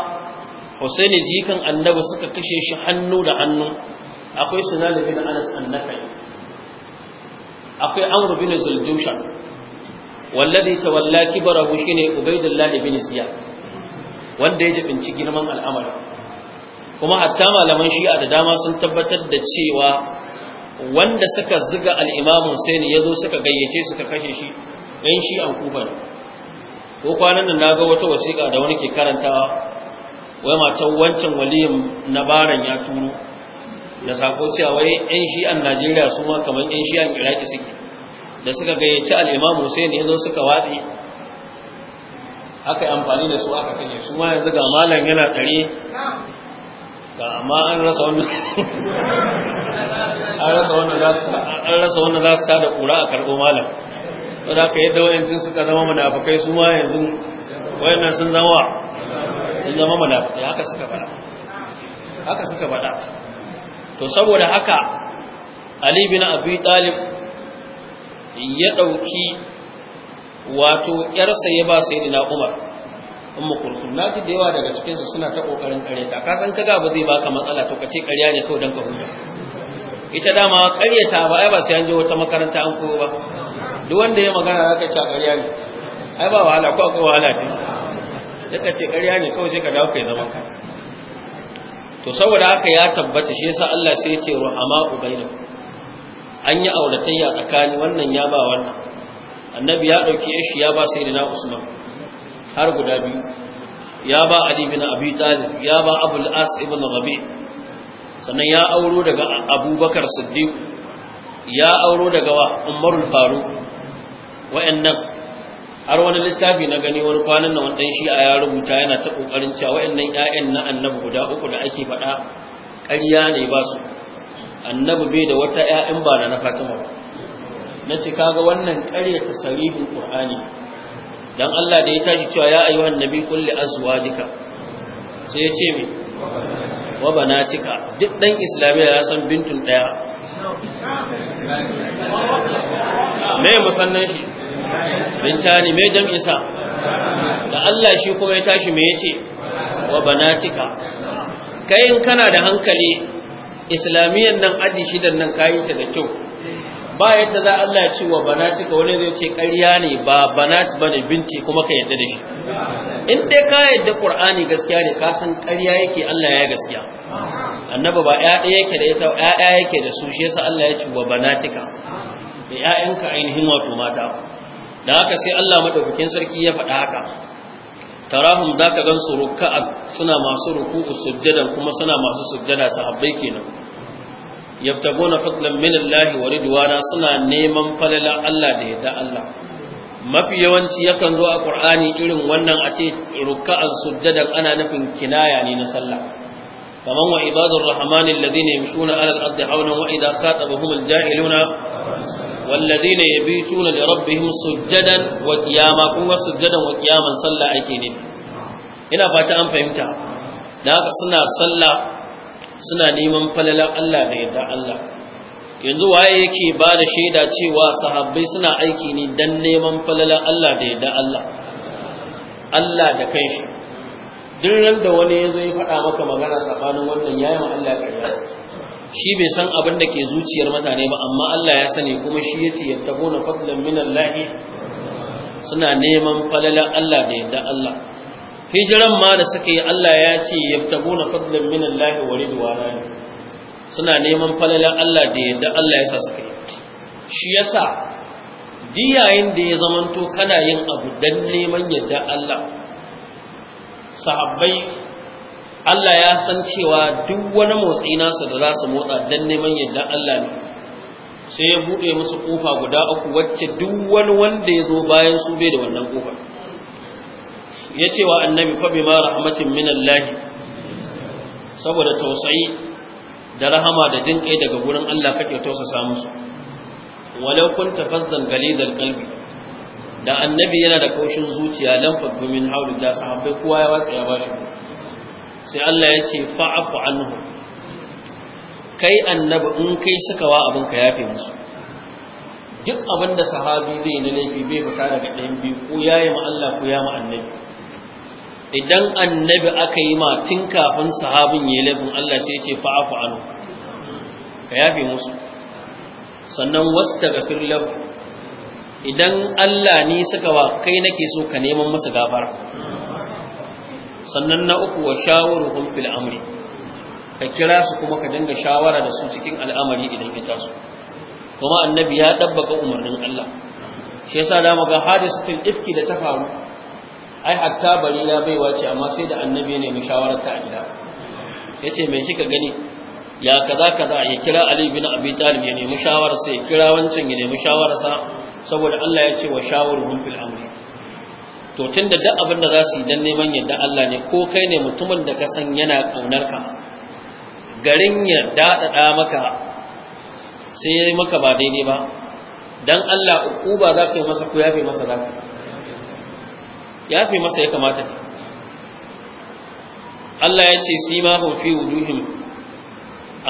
Husaini jikan annabi suka kashe shi hannu da hannu akwai sunan bin Anas annakai akwai Amr bin Zuljushan wallazi tawalla kibarahu shine ubaydullah ibn ziyad wanda ya binci girman al'amari kuma hatta malaman shi'a da dama sun tabbatar da cewa wanda suka ziga al imam ya yazo suka gayyace suka kashe shi ɗan shi'an kufa ne ko kwanan nan naga wata wasiƙa da wani ke karantawa wai matan wancan waliyin na baran ya turo da sako cewa wai ɗan shi'an Najeriya su ma kamar ɗan shi'an Iraki suke da suka gayyaci al'imam Hussein ya zo suka watsi aka yi amfani da su aka kanye su ma yanzu ga malam yana tsare ga amma an rasa wannan an rasa wannan za su an rasa wannan za su tada kura a karbo malam don haka yadda wayancin suka zama munafikai su ma yanzu wayannan sun zama sun zama munafikai haka suka fada haka suka fada to saboda haka Ali bin Abi Talib ya ɗauki wato ‘yarsa ya ba sai na umar umma kulsum na ji da yawa daga cikinsu suna ta ƙoƙarin ƙaryata ka san kaga ba zai baka matsala to kace ƙarya ne kawai don ka huta ita dama ƙaryata ba ai ba sai an je wata makaranta an koyo ba duk wanda ya magana za ka ce ƙarya ne ai ba wahala ko akwai wahala ce Da ce ƙarya ne kawai sai ka dawo kai zaman ka to saboda haka ya tabbata shi yasa Allah sai ya ce ruhama ubainakum an yi auratayya tsakani wannan ya ba wannan annabi ya ɗauki shi ya ba sai da usman har guda biyu ya ba ali bin abi talib ya ba abul as ibn rabi sannan ya auro daga abubakar siddiq ya auro daga wa umarul faruq wa'annan har wani littafi na gani wani kwanan nan wani shi a ya rubuta yana ta kokarin cewa wayannan ƴaƴan na annabi guda uku da ake faɗa ƙarya ne ba su annabi bai da wata ƴaƴan ba na Fatima na ce kaga wannan ta sarihin Qur'ani dan Allah da ya tashi cewa ya ayyuhan nabi kulli azwajika sai ya ce me wa banatika duk dan islamiyya ya san bintun daya me musannan shi bintani me jam'in sa da Allah shi kuma ya tashi me yace wa banatika kai in kana da hankali islamiyyar nan aji shidan nan kayi ta da kyau ba yadda za Allah ya ce wa banati ka wani zai ce ƙarya ne ba banati bane binti kuma ka yadda da shi in dai ka yadda qur'ani gaskiya ne ka san ƙarya yake Allah ya gaskiya annaba ba ƴaƴa yake da ita ƴaƴa yake da su shi yasa Allah ya ce wa banatika da ƴaƴanka ainihin wato mata da haka sai Allah madaukakin sarki ya faɗa haka tarahum za ka gan su ruka'an suna masu ruku'u sujjadan kuma suna masu sujjada sahabbai kenan yabtaguna fadlan min Allah wa ridwana suna neman falala Allah da yadda Allah mafi yawanci yakan zo a Qur'ani irin wannan a ce ruka'an sujjadan ana nufin kinaya ne na sallah kaman wa ibadur rahmanil ladina yamshuna 'alal ardi hawlan wa idha khatabahumul jahiluna والذين يبيتون لربهم سجدا وقياما كما سجدا وقياما صلى ake ne ina fata an fahimta da haka suna sallah suna neman falalar Allah da yadda Allah yanzu waye yake ba da shaida cewa sahabbai suna aiki ne dan neman falalar Allah da yadda Allah Allah da kanshi duk da wani ya ya faɗa maka magana tsakanin wannan yayin Allah ƙarya shi bai san abin da ke zuciyar mutane ba amma Allah ya sani kuma shi yace gona fadlan min Allah suna neman falalan Allah da yadda Allah hijiran ma da suka yi Allah ya ce gona fadlan min Allah wa ridwana suna neman falalan Allah da yadda Allah ya sa suka yi shi yasa diyayin da ya zamanto kana yin abu dan neman yadda Allah sahabbai Allah ya san cewa duk wani motsi nasa da za su motsa don neman yadda Allah ne sai ya buɗe musu ƙofa guda uku wacce duk wani wanda ya zo bayan su bai da wannan ƙofa ya ce wa annabi fa ma, rahmatin min Allah saboda tausayi da rahama da jin kai daga gurin Allah kake tausasa musu walau kunta fazzan galidal qalbi da annabi yana da kaushin zuciya lan fadu min da sahabbai kowa ya watsa ya bashi sai Allah ya ce fa'afu anhu kai annabi in kai suka wa abin ka yafe musu duk abin da sahabi zai na laifi bai fita daga ɗayan biyu ko ya yi Allah ko ya annabi idan annabi aka yi ma tun kafin sahabin ya yi laifin Allah sai ce fa'afu anhu ka yafe musu sannan wasu daga firlafu idan Allah ni suka wa kai nake so ka neman masa gafara sannan na uku wa shawaruhum fil amri ka kira su kuma ka dinga shawara da su cikin al'amari idan ya taso kuma annabi ya dabbaka umarnin Allah shi yasa da muga hadisatul ifki da ta faru ai hatta la baiwa ce amma sai da annabi ne mu shawara ta gida yace me kika gani ya kaza kaza ya kira Ali bin Abi Talib ya nemi shawara sai kira wancan ya nemi shawara sa saboda Allah ya ce wa shawurhum fil amri to da duk abin da za su yi don neman yadda Allah ne ko kai ne mutumin da ka san yana ƙaunar ka garin ya daɗaɗa maka sai yi maka ba daidai ba don Allah ba za ka yi masa ko fi masa za ka fi masa ya kamata Allah ya ce sima hum fi wujuhin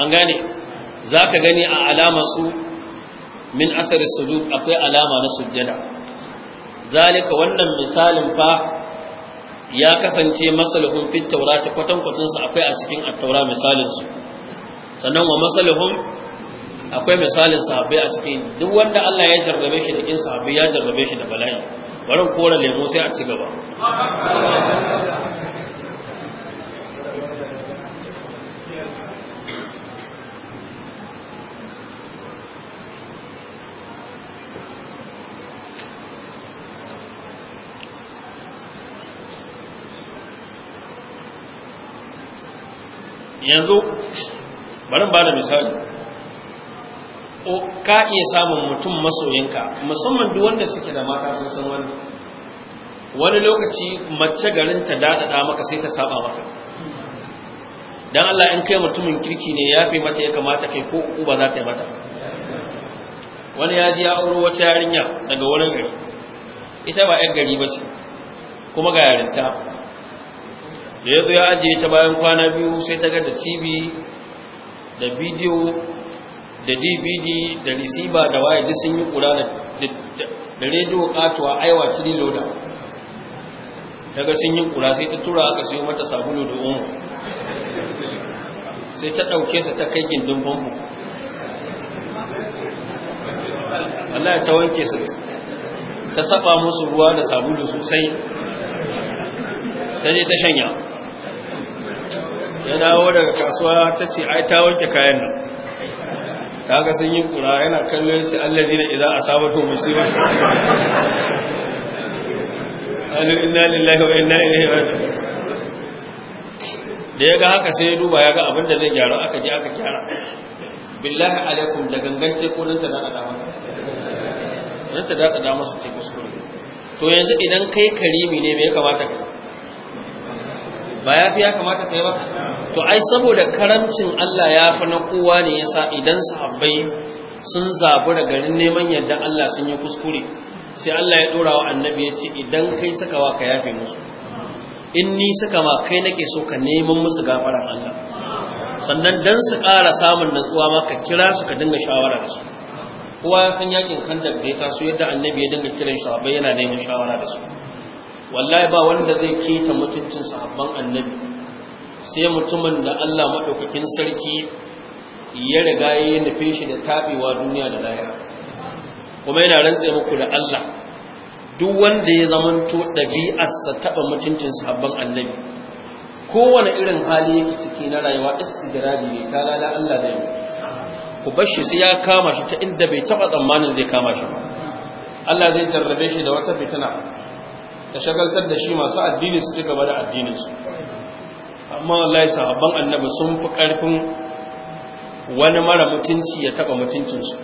an gane za ka gani a alama su min asarar sujud akwai alama na sujjada zalika wannan misalin fa ya kasance masaluhun fit taurati kwatan su akwai a cikin at misalin su sannan wa masaluhun akwai misalin sahabbai a cikin duk wanda Allah ya jarrabe shi da kin sahabbai ya jarrabe shi da bala'i bari kora lemo sai a ci gaba yanzu bari ba da misali ka iya samun mutum masoyinka musamman duk wanda suke da mata sun san wani wani lokaci mace garin ta dadada maka sai ta saba maka dan Allah in kai mutumin kirki ne fi mata ya kamata kai ko uba za ta yi mata wani ya ji ya auro wata yarinya daga wani gari ita ba yar gari ba ce kuma ga yarinta da ya zo ya ajiye ta bayan kwana biyu sai ta ga da tv da bidiyo da dvd da receiver da waye duk sun yi kura da rediyo katuwa aiwa shiri loda daga sun yi kura sai ta tura aka sai mata sabulu da umu sai ta ɗauke sa ta kai gindin famfo Allah ta wanke su ta saba musu ruwa da sabulu sosai ta je ta shanya yana dawo daga kasuwa ta ce ai ta wanke kayan nan ta ga sun yi kura yana kallon shi allazi da idan asabatu musiba alin inna lillahi wa inna ilaihi raji'un da ya ga haka sai ya duba ya ga abin da zai gyara aka ji aka gyara billahi alaikum da gangance ko nan ta da da masa nan ta da da masa ce kuskure to yanzu idan kai karimi ne me ya kamata ka ba ya fi ya kamata kai ba to ai saboda karamcin Allah ya fi na kowa ne yasa idan sahabbai sun zabu da garin neman yadda Allah sun yi kuskure sai Allah ya dora wa annabi ya ce idan kai saka wa ka yafe musu in ni saka ma kai nake so ka neman musu gafarar Allah sannan dan su ƙara samun natsuwa ma ka kira su ka dinga shawara da su kowa ya san yakin kan da ya taso yadda annabi ya dinga kiran sahabbai yana neman shawara da su wallahi ba wanda zai keta mutuncin sahabban annabi sai mutumin da Allah madaukakin sarki ya riga ya nufe shi da tabewa duniya da lahira kuma yana rantsa muku da Allah duk wanda ya zamanto ɗabi'arsa taɓa mutuncin sahabban annabi kowane irin hali yake ciki na rayuwa istidraji ne ta lala Allah da yau ku bar shi sai ya kama shi ta inda bai taɓa tsammanin zai kama shi ba Allah zai jarrabe shi da wata fitina ka shagaltar da shi masu addini su ci gaba da addininsu amma wallahi sahabban annabi sun fi karfin wani mara mutunci ya taba mutuncinsu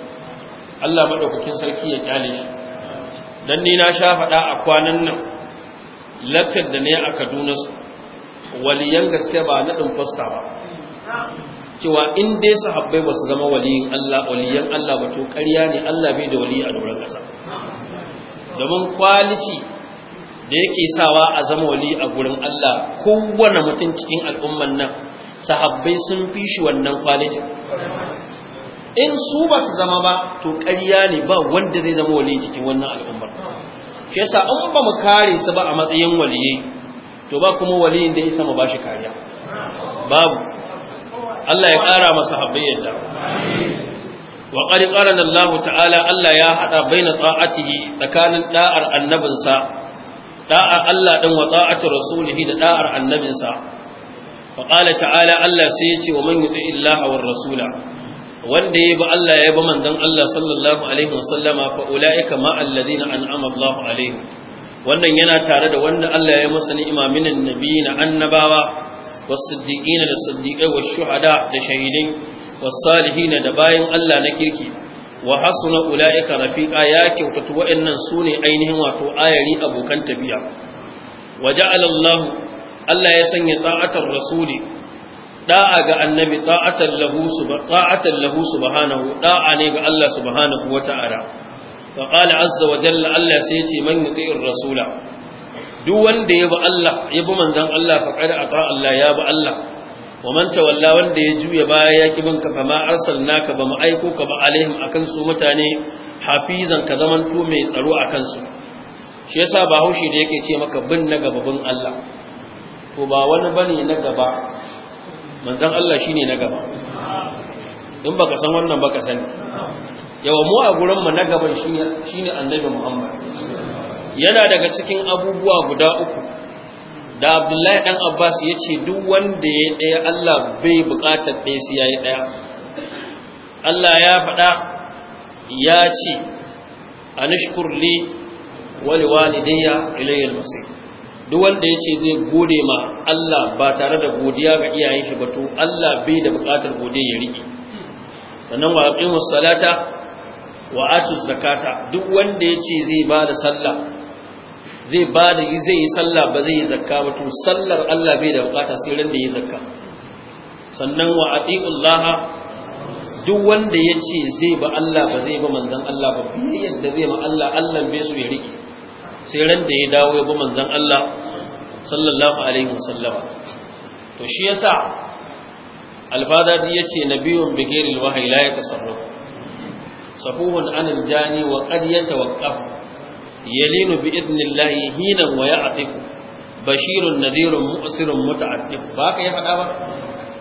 Allah maɗaukakin sarki ya kyale shi don ni na sha faɗa a kwanan nan lakcar da ne a kaduna su waliyan gaske ba naɗin fasta ba cewa in dai sahabbai ba su zama waliyin Allah waliyan Allah ba to ƙarya ne Allah bai da wali a doron ƙasa domin kwaliki da yake sawa a zama wali a gurin Allah kowane mutum cikin al'umman nan sahabbai sun fi shi wannan kwalitin in su ba su zama ba to ƙarya ne ba wanda zai zama wali cikin wannan al'ummar shi yasa an ba mu kare su ba a matsayin waliyi to ba kuma waliyin da ya sama ba shi kariya babu Allah ya ƙara masa sahabbai yadda wa qad qala Allah ta'ala Allah ya hada baina ta'atihi tsakanin da'ar annabinsa da'a Allah din wa ta'atu rasulihi da da'ar annabinsa fa qala ta'ala Allah sai ya ce wa man yuti illaha war rasula wanda ya bi Allah ya bi manzon Allah sallallahu alaihi wasallama fa ulaika ma alladhina an'ama Allah alaihim wannan yana tare da wanda Allah ya masa ni'ima minan nabiyina annabawa was-siddiqina da siddiqai was-shuhada da shahidin was-salihina da bayin Allah na kirki wa hasuna ula'ika rafiqa ya kyautatu wa'annan sune ainihin wato ayari abokan tafiya wa ja'ala Allah Allah ya sanya ta'atar rasuli da'a ga annabi ta'atan lahu ta'atan lahu subhanahu da'a ne ga Allah subhanahu wata'ala fa qala azza wa jalla Allah sai ya ce man yuti'ir rasula duk wanda ya bi Allah ya bi manzon Allah faqad ata Allah ya ba Allah wa man tawalla wanda ya juya baya ya ki binka fa ma ba mu aiko ka ba alaihim akan su mutane hafizan ka zaman to mai tsaro akan su shi yasa ba haushi da yake ce maka bin na gaba Allah to ba wani bane na gaba manzon Allah shine na gaba in baka san wannan baka sani yawa mu a gurin mu na gaban shine annabi Muhammad yana daga cikin abubuwa guda uku da abdullahi dan abbas ya ce duk wanda ya ɗaya allah bai buƙatar ɗaya sai ya yi ɗaya allah ya faɗa ya ce a li wani walidayya ilayya masai duk wanda ya ce zai gode ma allah ba tare da godiya ga iyayen shi ba to allah bai da buƙatar godiya ya riƙe sannan wa aqimus salata wa atu zakata duk wanda ya ce zai ba da sallah zai ba da zai yi sallah ba zai yi zakka ba to sallar Allah bai da bukata sai ran da yi zakka sannan wa atiullaha duk wanda ya ce zai ba Allah ba zai ba manzon Allah ba biyayyar yadda zai ma Allah Allah bai su ya rike sai ran da ya dawo ya ba manzon Allah sallallahu alaihi wasallama to shi yasa albadadi yace nabiyun bighairil wahyi la yatasarraf safuhun anil jani wa qad yatawaqqaf yalinu bi idnillahi hinan wa ya'tifu bashirun nadirun mu'sirun muta'attif ba ka ya faɗa ba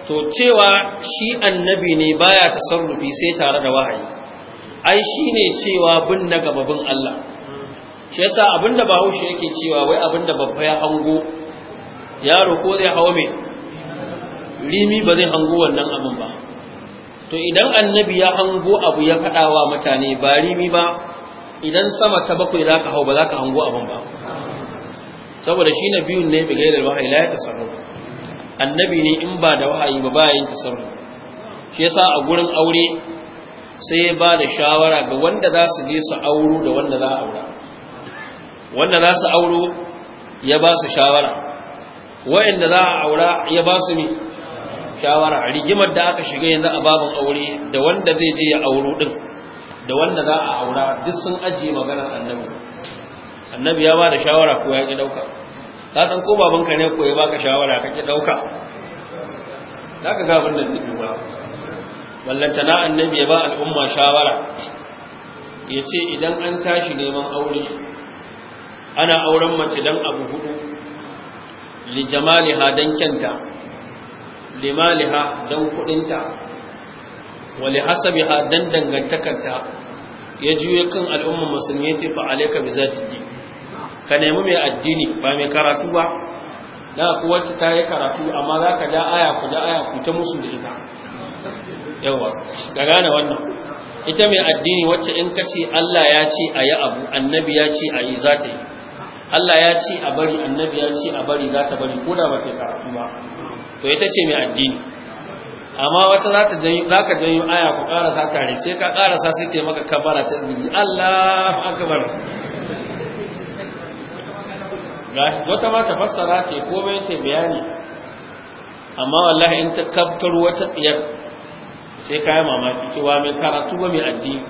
to cewa shi annabi ne baya ta tasarrufi sai tare da wahayi ai shine cewa bin na gababin Allah shi yasa abinda bahaushe yake cewa wai abinda babba ya hango yaro ko zai hawo mai rimi ba zai hango wannan abin ba to idan annabi ya hango abu ya faɗa wa mutane ba rimi ba idan sama ta bakwai za ka hau ba za ka hango abin ba saboda shi na biyun ne bigai da wahayi la ya tasarruf annabi ne in ba da wahayi ba ba yin tasarruf shi yasa a gurin aure sai ba da shawara ga wanda za su je su auro da wanda za a aura wanda za su auro ya ba su shawara wayanda za a aura ya ba su ne shawara rigimar da aka shiga yanzu a babin aure da wanda zai je ya auro din da wanda za a aura duk sun ajiye maganar annabi annabi ya ba da shawara ko ya ki dauka ka san ko babanka ne ko ya baka shawara ka ki dauka za ka ga abin da ba wallanta na annabi ya ba al'umma shawara yace idan an tashi neman aure ana auren mace dan abu hudu li jamaliha don kyanta limaliha don kudinta wali hasabiha don dangantakarta ya juye kan al'ummar musulmi ya ce fa’ale ka bi zati ka nemi mai addini ba mai karatu ba da ku wacce ta yi karatu amma za ka da aya ku da aya ku ta musu da ita yawa ga gane wannan ita mai addini wacce in ka ce Allah ya ce a yi abu annabi ya ce a yi za ta yi Allah ya ce a bari annabi ya ce a bari za ta bari ko da ba ta karatu ba to ita ce mai addini amma wata za ta janyo za ka janyo aya ku karasa tare sai ka karasa sai ta maka kabara ta zubi Allah akbar wata ma ta fassara ke komai ce bayani amma wallahi in ta kaftar wata tsiyar sai ka yi mamaki cewa mai karatu ba mai addini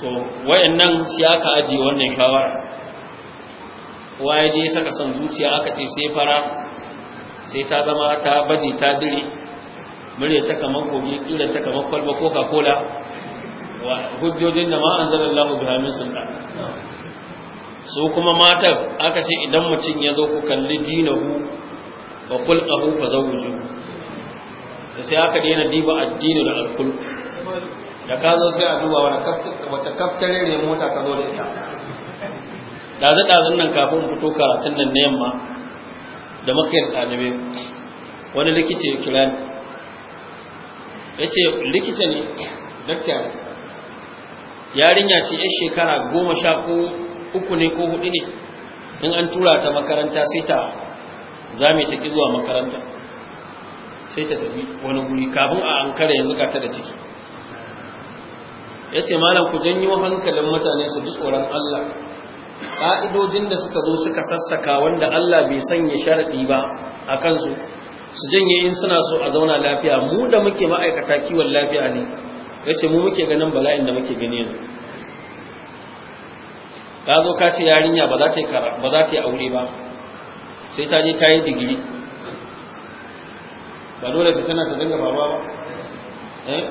so wayannan shi aka ajiye wannan shawara waye je saka son zuciya aka ce sai fara sai ta zama ta baje ta dire murya ta kamar kogi kira ta kamar kwalba coca cola wa hujjojin da ma lahu biha min sultan su kuma matar aka ce idan mutum ya zo ku kalli dinahu wa abu fa Da sai aka daina diba addini da alkul da ka zo sai a duba wata kaftare ne mota ka zo da ita ɗazu-ɗazun nan kafin fito karatun nan na yamma da makayar ɗalibai wani likici ya kira ni ya ce likita ne dakta yarinya ce yan shekara goma sha ko uku ne ko hudu ne in an tura ta makaranta sai ta zame ta zuwa makaranta sai ta tafi wani guri kafin a ankara yanzu ka ta da ciki ya ce malam ku janyo hankalin mutane su ji tsoron Allah ƙa'idojin da suka zo suka sassaka wanda Allah bai sanya sharaɗi ba a kansu su janye in suna so a zauna lafiya mu da muke ma'aikata kiwon lafiya ne ya ce mu muke ganin bala'in da muke gani yanzu ka zo ka ce yarinya ba za ta yi aure ba sai ta je ta yi digiri ba dole ka tana ta dinga baba ba eh?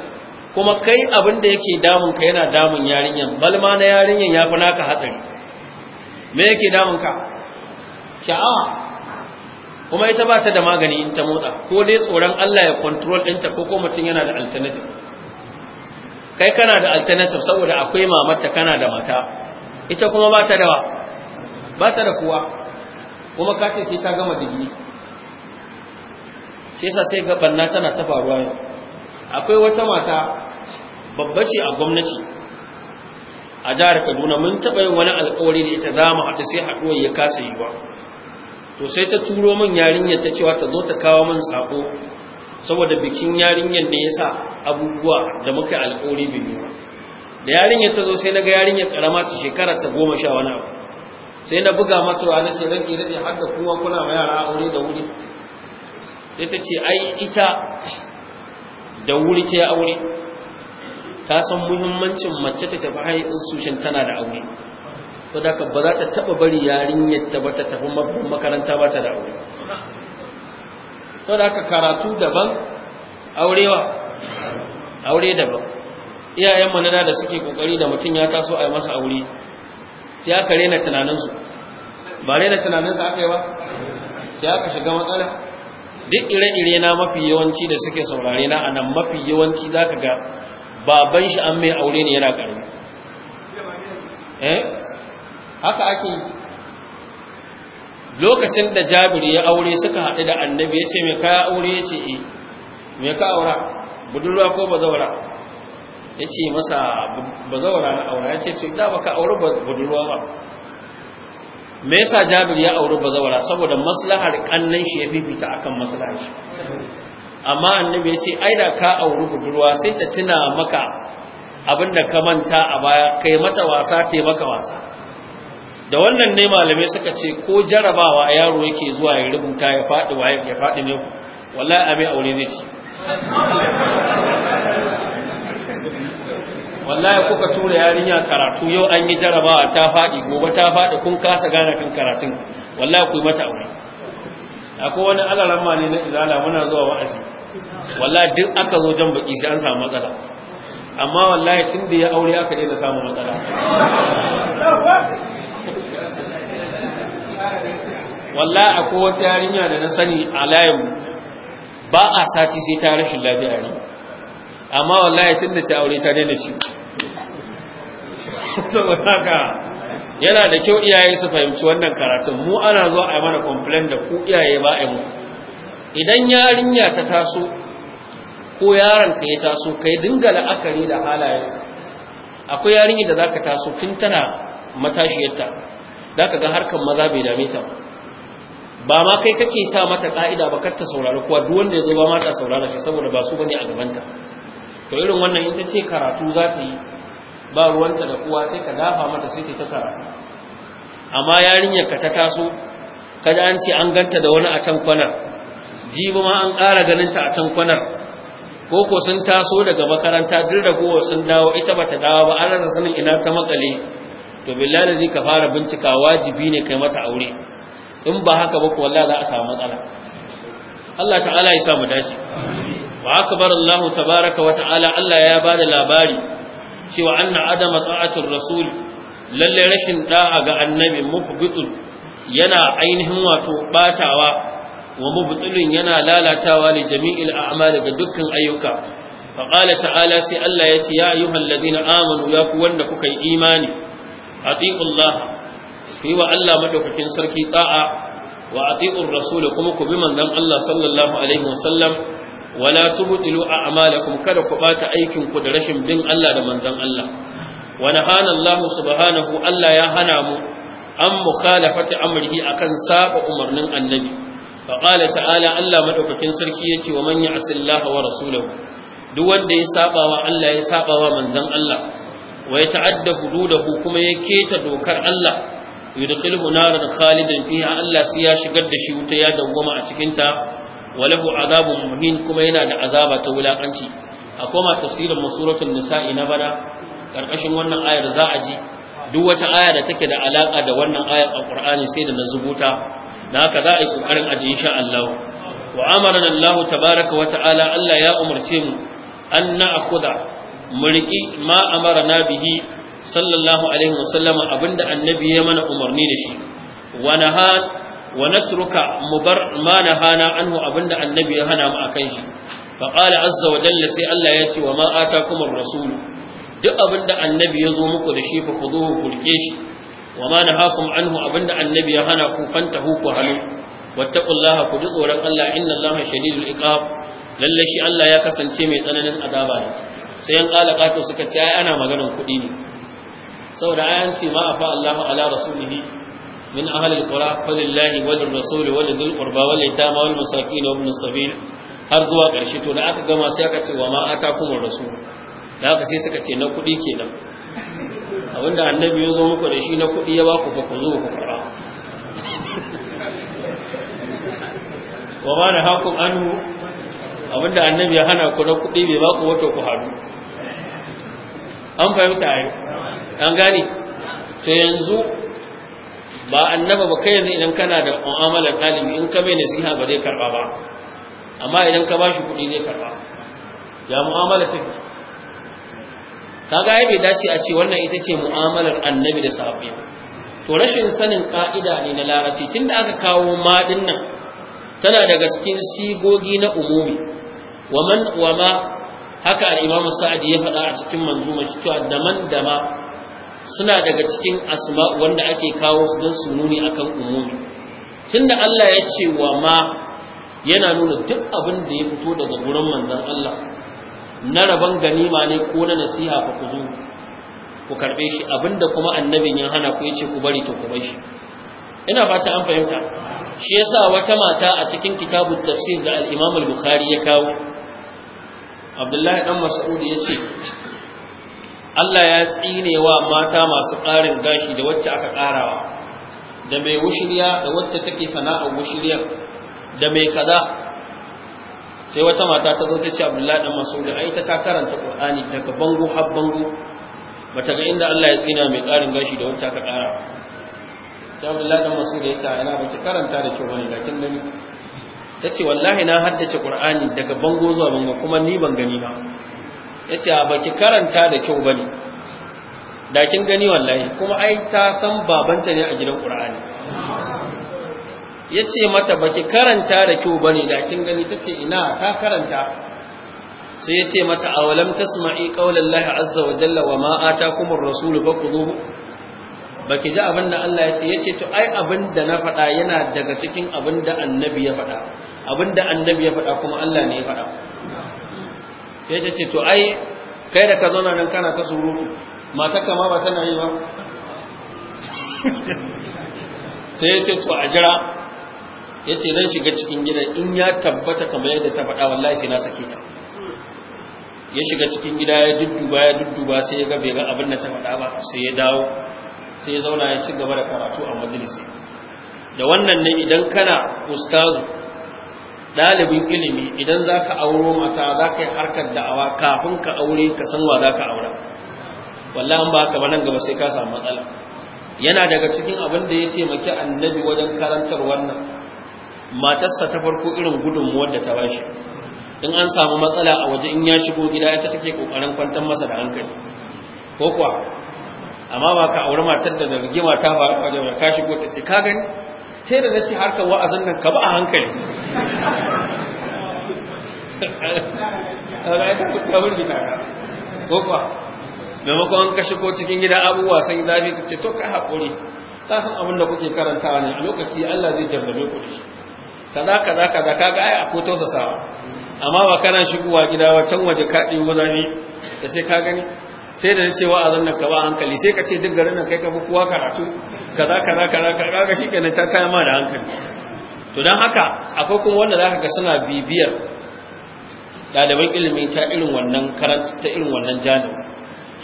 kuma kai abin da yake damun ka yana damun yarinyan balma na yarinyan ya fi naka hatsari me yake damun ka sha'awa kuma ita ba ta da magani in ta motsa ko dai tsoron Allah ya control ɗinta ko ko mutum yana da alternative kai kana da alternative saboda akwai mamata kana da mata ita kuma ba ta da ba ta da kowa kuma ka ce sai ka gama digiri shi yasa sai ga banna tana ta faruwa ne. akwai wata mata babba ce a gwamnati a jihar Kaduna mun taɓa yin wani alƙawari da ita za mu haɗu sai haɗuwar ya kasa yiwa to sai ta turo min yarinya ta cewa ta zo ta kawo min sako saboda bikin yarinyar ne yasa abubuwa da muka alƙawari biyu da yarinyar ta zo sai na ga yarinyar karama ta shekara ta goma sha wani abu sai na buga mata wa na shirin ki rage har da kuma kuna ma yara aure da wuri sai ta ce ai ita da wuri ce aure ta san muhimmancin mace ta tafi sushin tana da aure ko da ba za ta taba bari yarinyar ta ba ta tafi makaranta ba ta da aure to da ka karatu daban aurewa aure daban iyayen manana da suke kokari da mutum ya taso a yi masa aure sai aka rena tunaninsu ba rena tunaninsu aka yi ba sai aka shiga matsala duk ire-ire na mafi yawanci da suke saurare na a nan mafi yawanci za ka ga baban shi an mai aure ne yana ƙarfi eh? haka ake lokacin da jabir ya aure suka haɗu da annabi ya ce mai kaya aure ya ce eh. e mai ka aura budurwa ko bazawara ya ce masa bazawara na aura ya ce ce da baka aure budurwa ba me yasa jabir ya aure bazawara saboda maslahar kannan shi ya fifita akan maslahar shi amma annabi ya ce ai da ka aure budurwa sai ta tuna maka abinda ka manta a baya kai mata wasa taimaka maka wasa da wannan ne malamai suka ce ko jarabawa yaro yake zuwa ya rubuta ya faɗi waye ya faɗi ne wallahi abin aure zai ci wallahi kuka tura yarinya karatu yau an yi jarabawa ta faɗi gobe ta faɗi kun kasa gane kan karatun wallahi ku yi mata aure akwai wani alaran ma ne na izala muna zuwa wa'azi wallahi duk aka zo jan baki sai an samu matsala amma wallahi tun da ya aure aka daina samun matsala wallahi akwai wata yarinya da na sani a layinmu ba a sati sai ta rashin lafiya ne amma wallahi tun da ta aure ta daina ci saboda yana da kyau iyaye su fahimci wannan karatun mu ana zuwa a mana complain da ku iyaye ba a mu idan yarinya ta taso ko yaron ka ya taso kai dinga la'akari da halayensu, akwai yarinya da za ka taso tun tana matashiyarta da ka ga harkar maza bai dame ta ba ba ma kai kake sa mata ka'ida ba karta ta saurari kowa duk wanda ya zo ba ma ta saurara shi saboda ba su bane a gabanta to irin wannan in ta ce karatu za ta yi ba ruwanta da kowa sai ka dafa mata sai ta karatu amma yarinyar ka ta taso ji an ce an ganta da wani a can kwanar jibi ma an ƙara ganin ta a can kwanar ko ko sun taso daga makaranta duk da sun dawo ita bata dawo ba an rasa sanin ina ta makale to billahi zai ka fara bincika wajibi ne kai mata aure in ba haka ba ko wallahi za a samu matsala Allah ta'ala ya sa mu dace wa akbar Allah tabaaraka wa ta'ala Allah ya bada labari cewa anna adama ta'atul rasul lalle rashin da'a ga annabi muhbitul yana ainihin wato batawa wa mubtilun yana lalatawa li jami'il a'mal ga dukkan ayyuka fa ta'ala sai Allah yace ya ayyuhal ladina amanu ya ku wanda kuka yi imani Allah, fi wa Allah madaukakin sarki ta'a wa atiqur rasul kuma ku bi manzon Allah sallallahu alaihi wasallam wala tubtilu a'malakum kada ku bata aikin ku da rashin bin Allah da manzon Allah wa nahana Allah subhanahu Allah ya hana mu an mukhalafati amrihi akan saba umarnin annabi fa qala ta'ala Allah madaukakin sarki yace wa man ya'si Allah wa duk wanda ya saba wa Allah ya saba wa manzon Allah wa ya ta'adda hu kuma ya keta dokar Allah yudkhilhu naran khalidan fiha Allah sai ya shigar da shi wuta ya dawwama a cikin ta walahu azabun muhin kuma yana da azaba ta wulakanci akwai ma tafsirin suratul nisa'i na bana karkashin wannan ayar za a ji duk wata aya da take da alaka da wannan ayar Ƙur'ani sai da na zubuta da haka za a yi kokarin aji insha Allah wa amarna Allah tabaaraka wa Allah ya umarce mu an na'khudha Murki, ma amara na bihi sallallahu alaihi wasallam abinda annabi ya mana umarni da shi wa naha wa natruka mubar ma anhu abinda annabi ya hana mu akan shi fa qala azza wa jalla sai Allah ya ce wa ma atakum ar-rasul duk abinda annabi ya zo muku da shi fa khuduhu kulke shi wa ma nahakum anhu abinda annabi ya hana ku fantahu ku halu wattaqullaha ku ji tsoron Allah inna Allaha shadidul iqab lalle shi Allah ya kasance mai tsananin azaba ne sai yan kala suka ce ai ana maganar kuɗi ne saboda ayan ce ma afa Allahu ala rasulihi min ahli alqura falillahi wal rasul wal zul qurba wal yatama wal masakin wa ibn sabil har zuwa ƙarshe to da aka gama sai aka ce wa ma atakum rasul da aka sai suka ce na kuɗi kenan abinda annabi ya zo muku da shi na kuɗi ya ba ku fa ku zo ku fara wa ma nahakum anhu abinda annabi ya hana ku na kuɗi bai ba ku wato ku haɗu an fahimta ai an gane to yanzu ba annaba ba kai yanzu idan kana da mu'amalar ɗalibi in ka mai nasiha ba zai karɓa ba amma idan ka bashi kuɗi zai karɓa ya mu'amala take kaga ai bai dace a ce wannan ita ce mu'amalar annabi da sahabbai to rashin sanin ka'ida ne na larabci tunda aka kawo maɗin nan tana daga cikin sigogi na umumi wa haka al-imam sa'adi ya faɗa a cikin manzuma cewa suna daga cikin asma wanda ake kawo su don su nuni akan umumi tunda Allah ya ce wa ma yana nuna duk abin da ya fito daga gurin manzon Allah na rabon ganima ne ko na nasiha fa ku zo ku karbe shi abinda kuma annabin ya hana ku yace ku bari to ku bar shi ina fata an fahimta shi yasa wata mata a cikin kitabut tafsir da al-Imam al-Bukhari ya kawo abdullahi dan mas'ud ya ce Allah ya tsine wa mata masu ƙarin gashi da wacce aka ƙarawa da mai wushirya da wacce take sana'ar wushirya da mai kaza sai wata mata ta zo ta ce abdullahi dan mas'ud ai ta karanta qur'ani daga bango har bango bata ga inda Allah ya tsina mai ƙarin gashi da wacce aka ƙarawa sai abdullahi dan mas'ud ya ce ina ba ki karanta da kyau bane lakin nan ta ce wallahi na haddace ƙur'ani daga bango zuwa bango kuma ni ban gani ba ya ce a baki karanta da kyau ba ne da kin gani wallahi kuma ai ta san babanta ne a gidan ƙur'ani ya ce mata baki karanta da kyau ba ne da kin gani ta ce ina ka karanta sai ya ce mata a walam tasma'i lahi azza wa jalla wa ma atakumur rasulu fakhuduhu baki ji abin da Allah ya ce ya ce to ai abin da na faɗa yana daga cikin abin da annabi ya faɗa abinda annabi ya faɗa kuma Allah ne ya faɗa sai ta ce to ai kai da ka zauna nan kana ta surutu mata kama ba tana yi ba sai ya ce to a jira ya ce zan shiga cikin gidan in ya tabbata kamar yadda ta faɗa wallahi sai na sake ta ya shiga cikin gida ya dudduba ya dudduba sai ya ga bai ga abin da ta faɗa ba sai ya dawo sai ya zauna ya ci gaba da karatu a majalisi da wannan ne idan kana ustazu ɗalibin ilimi idan za ka auro mata za ka yi harkar da'awa kafin ka aure ka san wa za ka aura wallahan ba ka ba nan gaba sai ka samu matsala yana daga cikin abin da ya taimaki annabi wajen karantar wannan matarsa ta farko irin gudunmuwar da ta bashi in an samu matsala a waje in ya shigo gida ita take kokarin kwantar masa da hankali ko kuwa amma ba ka aure matar da rigima ta faru a ka shigo ta ce ka gani sai da nace harkar wa'azin nan ka ba a hankali maimakon kashe ko cikin gida abubuwa yi zafi ta ce to ka haƙuri ta san abin da kuke karantawa ne a lokaci Allah zai jarrabe ku da shi kaza ka kaza kaga ai akwai tausasawa amma ba kana shigowa gida ba can waje ka ɗigo zafi da sai ka gani sai da cewa a zan ka ba hankali sai ka ce duk garin nan kai ka fi kowa karatu kaza kaza kaza kaga shi kenan ta kai ma da hankali to don haka akwai kuma wanda za ka ga suna bibiyar ɗaliban ilimi ta irin wannan karanta ta irin wannan janin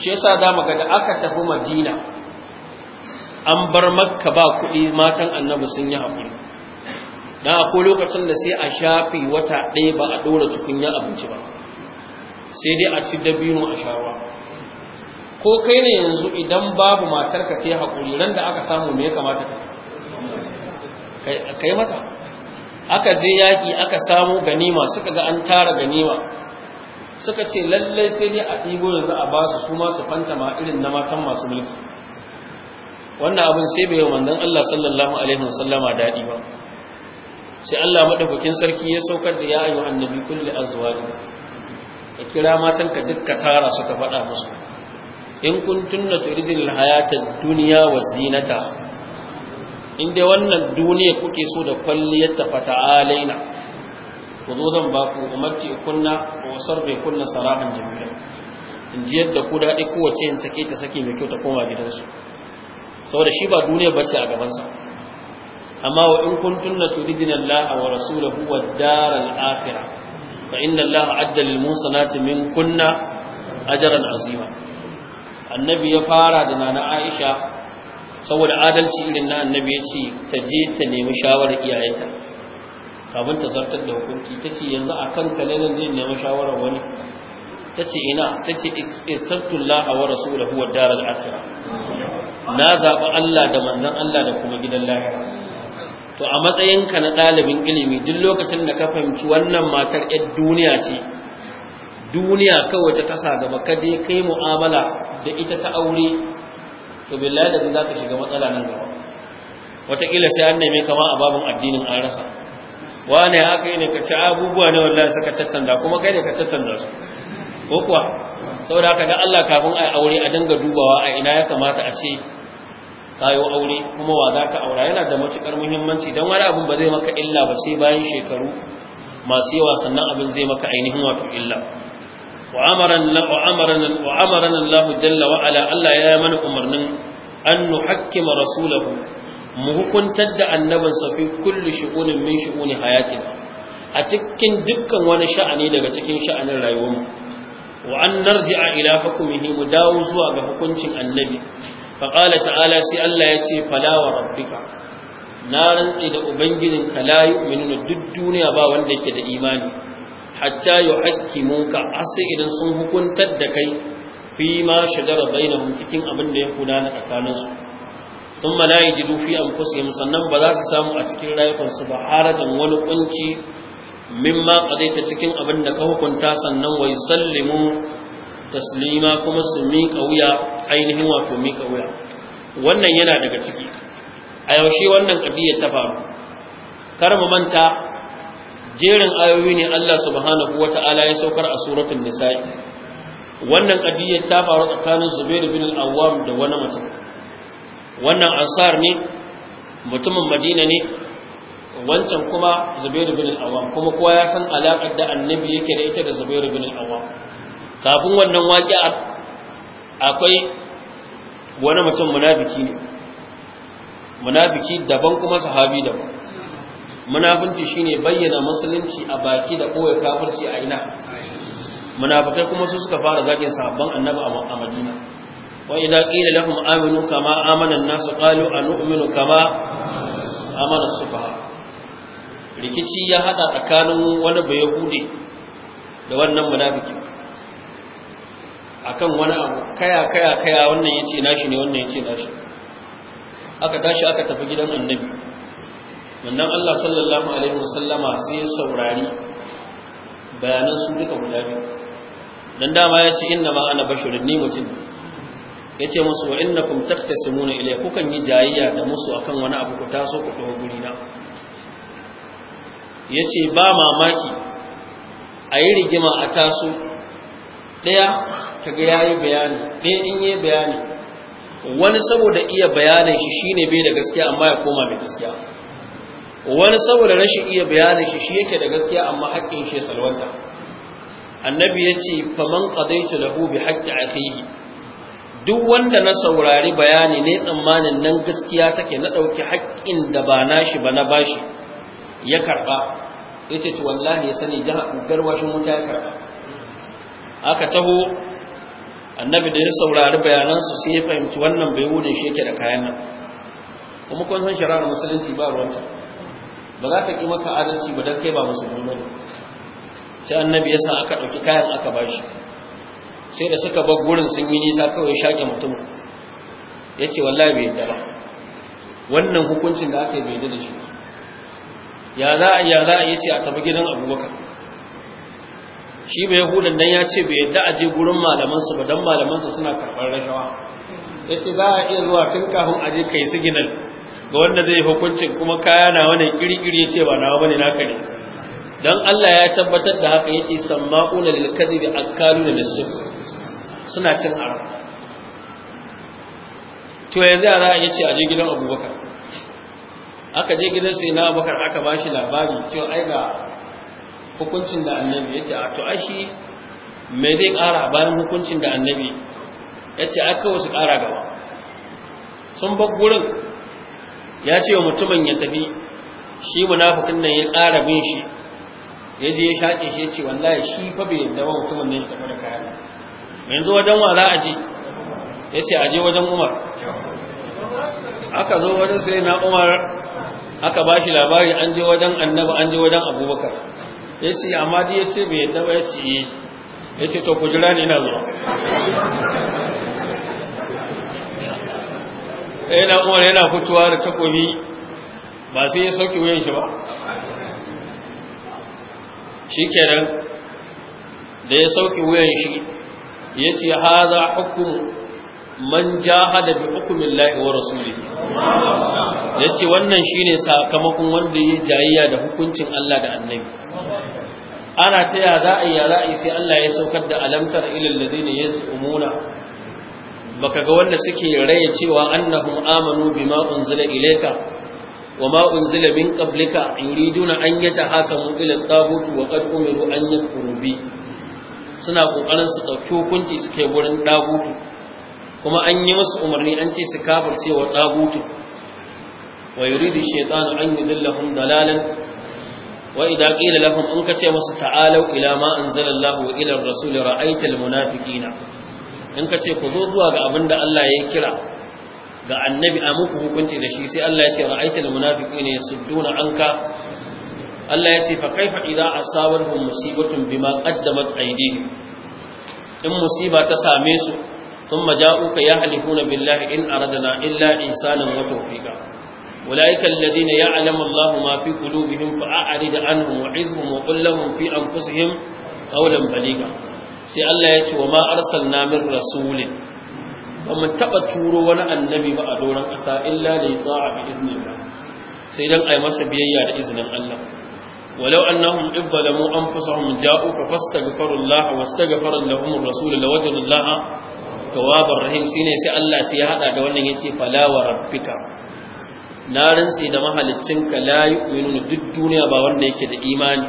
shi yasa da maka da aka tafi madina an bar makka ba kuɗi matan annabi sun yi haƙuri na akwai lokacin da sai a shafi wata ɗaya ba a ɗora tukunya abinci ba sai dai a ci dabino a shawa ko kai ne yanzu idan babu matarka ta yi haƙuri ran da aka samu me ya kamata ka yi. kai mata aka je yaki aka samu ganima suka ga an tara ganima suka ce lallai sai ne a ɗigo yanzu a ba su su fanta fantama irin na matan masu mulki wannan abin sai bai manzon Allah sallallahu alaihi wasallama daɗi ba sai Allah madaukakin sarki ya saukar da ya ayu annabi kulli azwaji ka kira matan ka dukka tara suka faɗa musu in kuntunna turidil hayatad dunya wa zinata in dai wannan duniya kuke so da kwalliyar ta fata alaina ku zo zan ba ku umarci kunna wasar sarfe kunna sarahan jami'a in ji yadda ku daɗi kowace yin sake ta sake mai kyau ta koma gidansu saboda shi ba duniya ba ce a gabansa amma wa in kun la turidina Allah wa rasulahu wad daral akhirah fa inna Allah adda lil musanati min kunna ajran azima annabi ya fara da nana Aisha saboda adalci irin na annabi ya ce ta je ta nemi shawarar iyayenta kafin ta zartar da hukunci ta ce yanzu a kan kalenan zai nemi shawarar wani ta ce ina ta ce irtattullah a wa huwa, wa daral na zaɓi Allah da manzon Allah da kuma gidan lahira to a matsayinka na ɗalibin ilimi duk lokacin da ka fahimci wannan matar yar duniya ce duniya kawai ta tasa gaba ka je kai mu'amala da ita ta aure to billahi da za shiga matsala nan gaba wataƙila sai an neme kama a babun addinin an rasa wane haka yi ne ka ci abubuwa ne wallahi saka caccanda kuma kai ne ka caccanda su ko kuwa saboda haka da Allah kafin a aure a dinga dubawa a ina ya kamata a ce kayo aure kuma wa za ka aura yana da matukar muhimmanci dan wani abu ba zai maka illa ba sai bayan shekaru masu yawa sannan abin zai maka ainihin wato illa wa'amaran Allah jalla wa'ala Allah ya yi mana umarnin an nu hakkima rasulahu mu hukuntar da annabin safi kulli shi'unin min shi'uni hayatin a cikin dukkan wani sha'ani daga cikin sha'anin rayuwarmu wa an a ila hukumihi dawo zuwa ga hukuncin annabi fa ta'ala sai Allah ya ce Falawa wa rabbika na rantse da ubangijinka la yu'minuna duk duniya ba wanda yake da imani hatta yuhaqqimuka sai idan sun hukuntar da kai fi ma shajara bainahum cikin abin da ya gudana na su thumma dufi yajidu fi anfusihim sannan ba za su samu a cikin rayukansu ba, ba haradin wani kunci mimma ta cikin abin da ka hukunta sannan wa da taslima kuma su miƙa wuya ainihin wato miƙa wuya wannan yana daga ciki a yaushe wannan ƙadiyar ta faru kar mu manta jerin ayoyi ne Allah subhanahu ta'ala ya saukar a suratun nisa'i wannan qadiyyar ta faru tsakanin Zubair bin al-Awwam da wani mutum wannan ansar ne mutumin Madina ne wancan kuma Zubair bin al-Awwam kuma kowa ya san alaƙar da annabi yake da ita da Zubair bin al-Awwam kafin wannan waƙi'a akwai wani mutum munafiki ne munafiki daban kuma sahabi daban munafunci shine bayyana musulunci a baki da koya kafirci a ina munafikai kuma su suka fara zagin sabon annabi a madina wa idza qila lahum aminu kama amana an-nasu qalu anu'minu kama amana as-sufaha rikici ya hada tsakanin wani bayahudi da wannan munafiki akan wani abu kaya kaya kaya wannan yace nashi ne wannan yace nashi aka tashi aka tafi gidan annabi wannan Allah sallallahu alaihi wasallama sai ya saurari bayanan su duka guda biyu dan dama ya ce inna ma ana bashirun ni mutum ya ce musu wa innakum taqtasimuna ilayya kukan yi jayayya da musu akan wani abu ku taso ku tawo guri na ya ce ba mamaki a yi rigima a taso ɗaya ka ga ya yi bayani ɗaya in yi bayani wani saboda iya bayanin shi shine bai da gaskiya amma ya koma mai gaskiya wani saboda rashin iya bayani shi shi yake da gaskiya amma haƙƙin shi salwanta annabi ya ce faman qadaitu lahu bi haqqi akhihi duk wanda na saurari bayani ne tsammanin nan gaskiya take na ɗauki haƙƙin da ba nashi ba na bashi ya karɓa yace to wallahi ya sani jaha garwashin wuta ya karɓa aka taho annabi da ya saurari bayanan su sai ya fahimci wannan bai wuce shi yake da kayan nan kuma kun san shari'ar musulunci ba ruwanta ba za ka ki maka adalci ba don kai ba musulmi ba sai annabi ya san aka ɗauki kayan aka bashi sai da suka bar gurin sun yi nisa kawai shaƙe mutum ya ce wallahi bai yadda ba wannan hukuncin da aka yi bai da shi ya za a ya za a yi ce a tafi gidan abubakar shi bai yahudan nan ya ce bai yadda a je gurin malamansu ba don malamansu suna karɓar rashawa ya ce za a iya zuwa tun kafin a je kai su siginal ga wanda zai hukuncin kuma kaya na wani iri-iri ya ce ba nawa bane naka ne don Allah ya tabbatar da haka yake samma'una lil kadhibi akaluna lisif suna cin haram to yanzu za a ce a je gidan Abubakar aka je gidan sai na Abubakar aka shi labari cewa ai ga hukuncin da annabi yace a to ashi me zai kara bayan hukuncin da annabi yace aka wasu kara gaba sun bar gurin ya ce wa mutumin ya tafi shi munafikin nan ya ƙara bin shi ya je ya shaƙe shi ya ce wallahi shi fa bai yadda ba mutumin nan ya tafi da kayan yanzu wajen wa za a ji ya ce a je wajen umar aka zo wajen sai na umar aka ba shi labari an je wajen annaba an je wajen abubakar ya ce amma dai ya ce bai yadda ba ya ce eh. ya ce to ku jira ne na zuwa yana kuma yana fitowa da takobi ba sai ya sauki wuyan shi ba shi kenan da ya sauki wuyan shi ya ce haza hukumu man jahada bi hukumin la'i rasuli ya ce wannan shine sakamakon wanda ya jayiya da hukuncin Allah da annabi ana ta ya za a yi ya za a yi sai Allah ya saukar da alamtar ilil ladina umuna baka ga wanda suke raye cewa annahum amanu bima unzila ilayka wama unzila min qablika yuriduna an yatahakamu ila at-taghut wa qad umiru an yakfuru bi suna kokarin su dauki hukunci suke gurin dagutu kuma an yi musu umarni an ce su sai wa dagutu wa yuridu shaytanu an yudillahum dalalan wa idza qila lahum an kace musu ta'alu ila ma anzala Allah wa ila ar-rasul ra'aytal munafiqina in ka ce ku zo zuwa ga abin da Allah ya kira ga annabi a muku hukunci da shi sai Allah ya ce ra'aitul munafiqina sudduna anka Allah ya ce fa kaifa idza asabatuhum musibatun bima qaddamat aydihim in musiba ta same su thumma ja'uka yahlifuna billahi in aradna illa insanan wa tawfiqa ulaika alladhina ya'lamu Allahu ma fi qulubihim fa'arid anhum wa'izhum wa qul lahum fi anfusihim qawlan sai Allah ya ce wa ma arsalna min rasulin ba mu taba turo wani annabi ba a doron ƙasa illa da ya ta'a bi iznillah sai dan ai masa biyayya da izinin Allah walau annahum ibbalamu anfusahum ja'uka fastaghfirullaha wastaghfara lahum ar-rasul lawajadullaha tawabar rahim shine sai Allah sai ya hada da wannan yace fala wa rabbika na rantsi da mahaliccinka la yu'minu duk duniya ba wanda yake da imani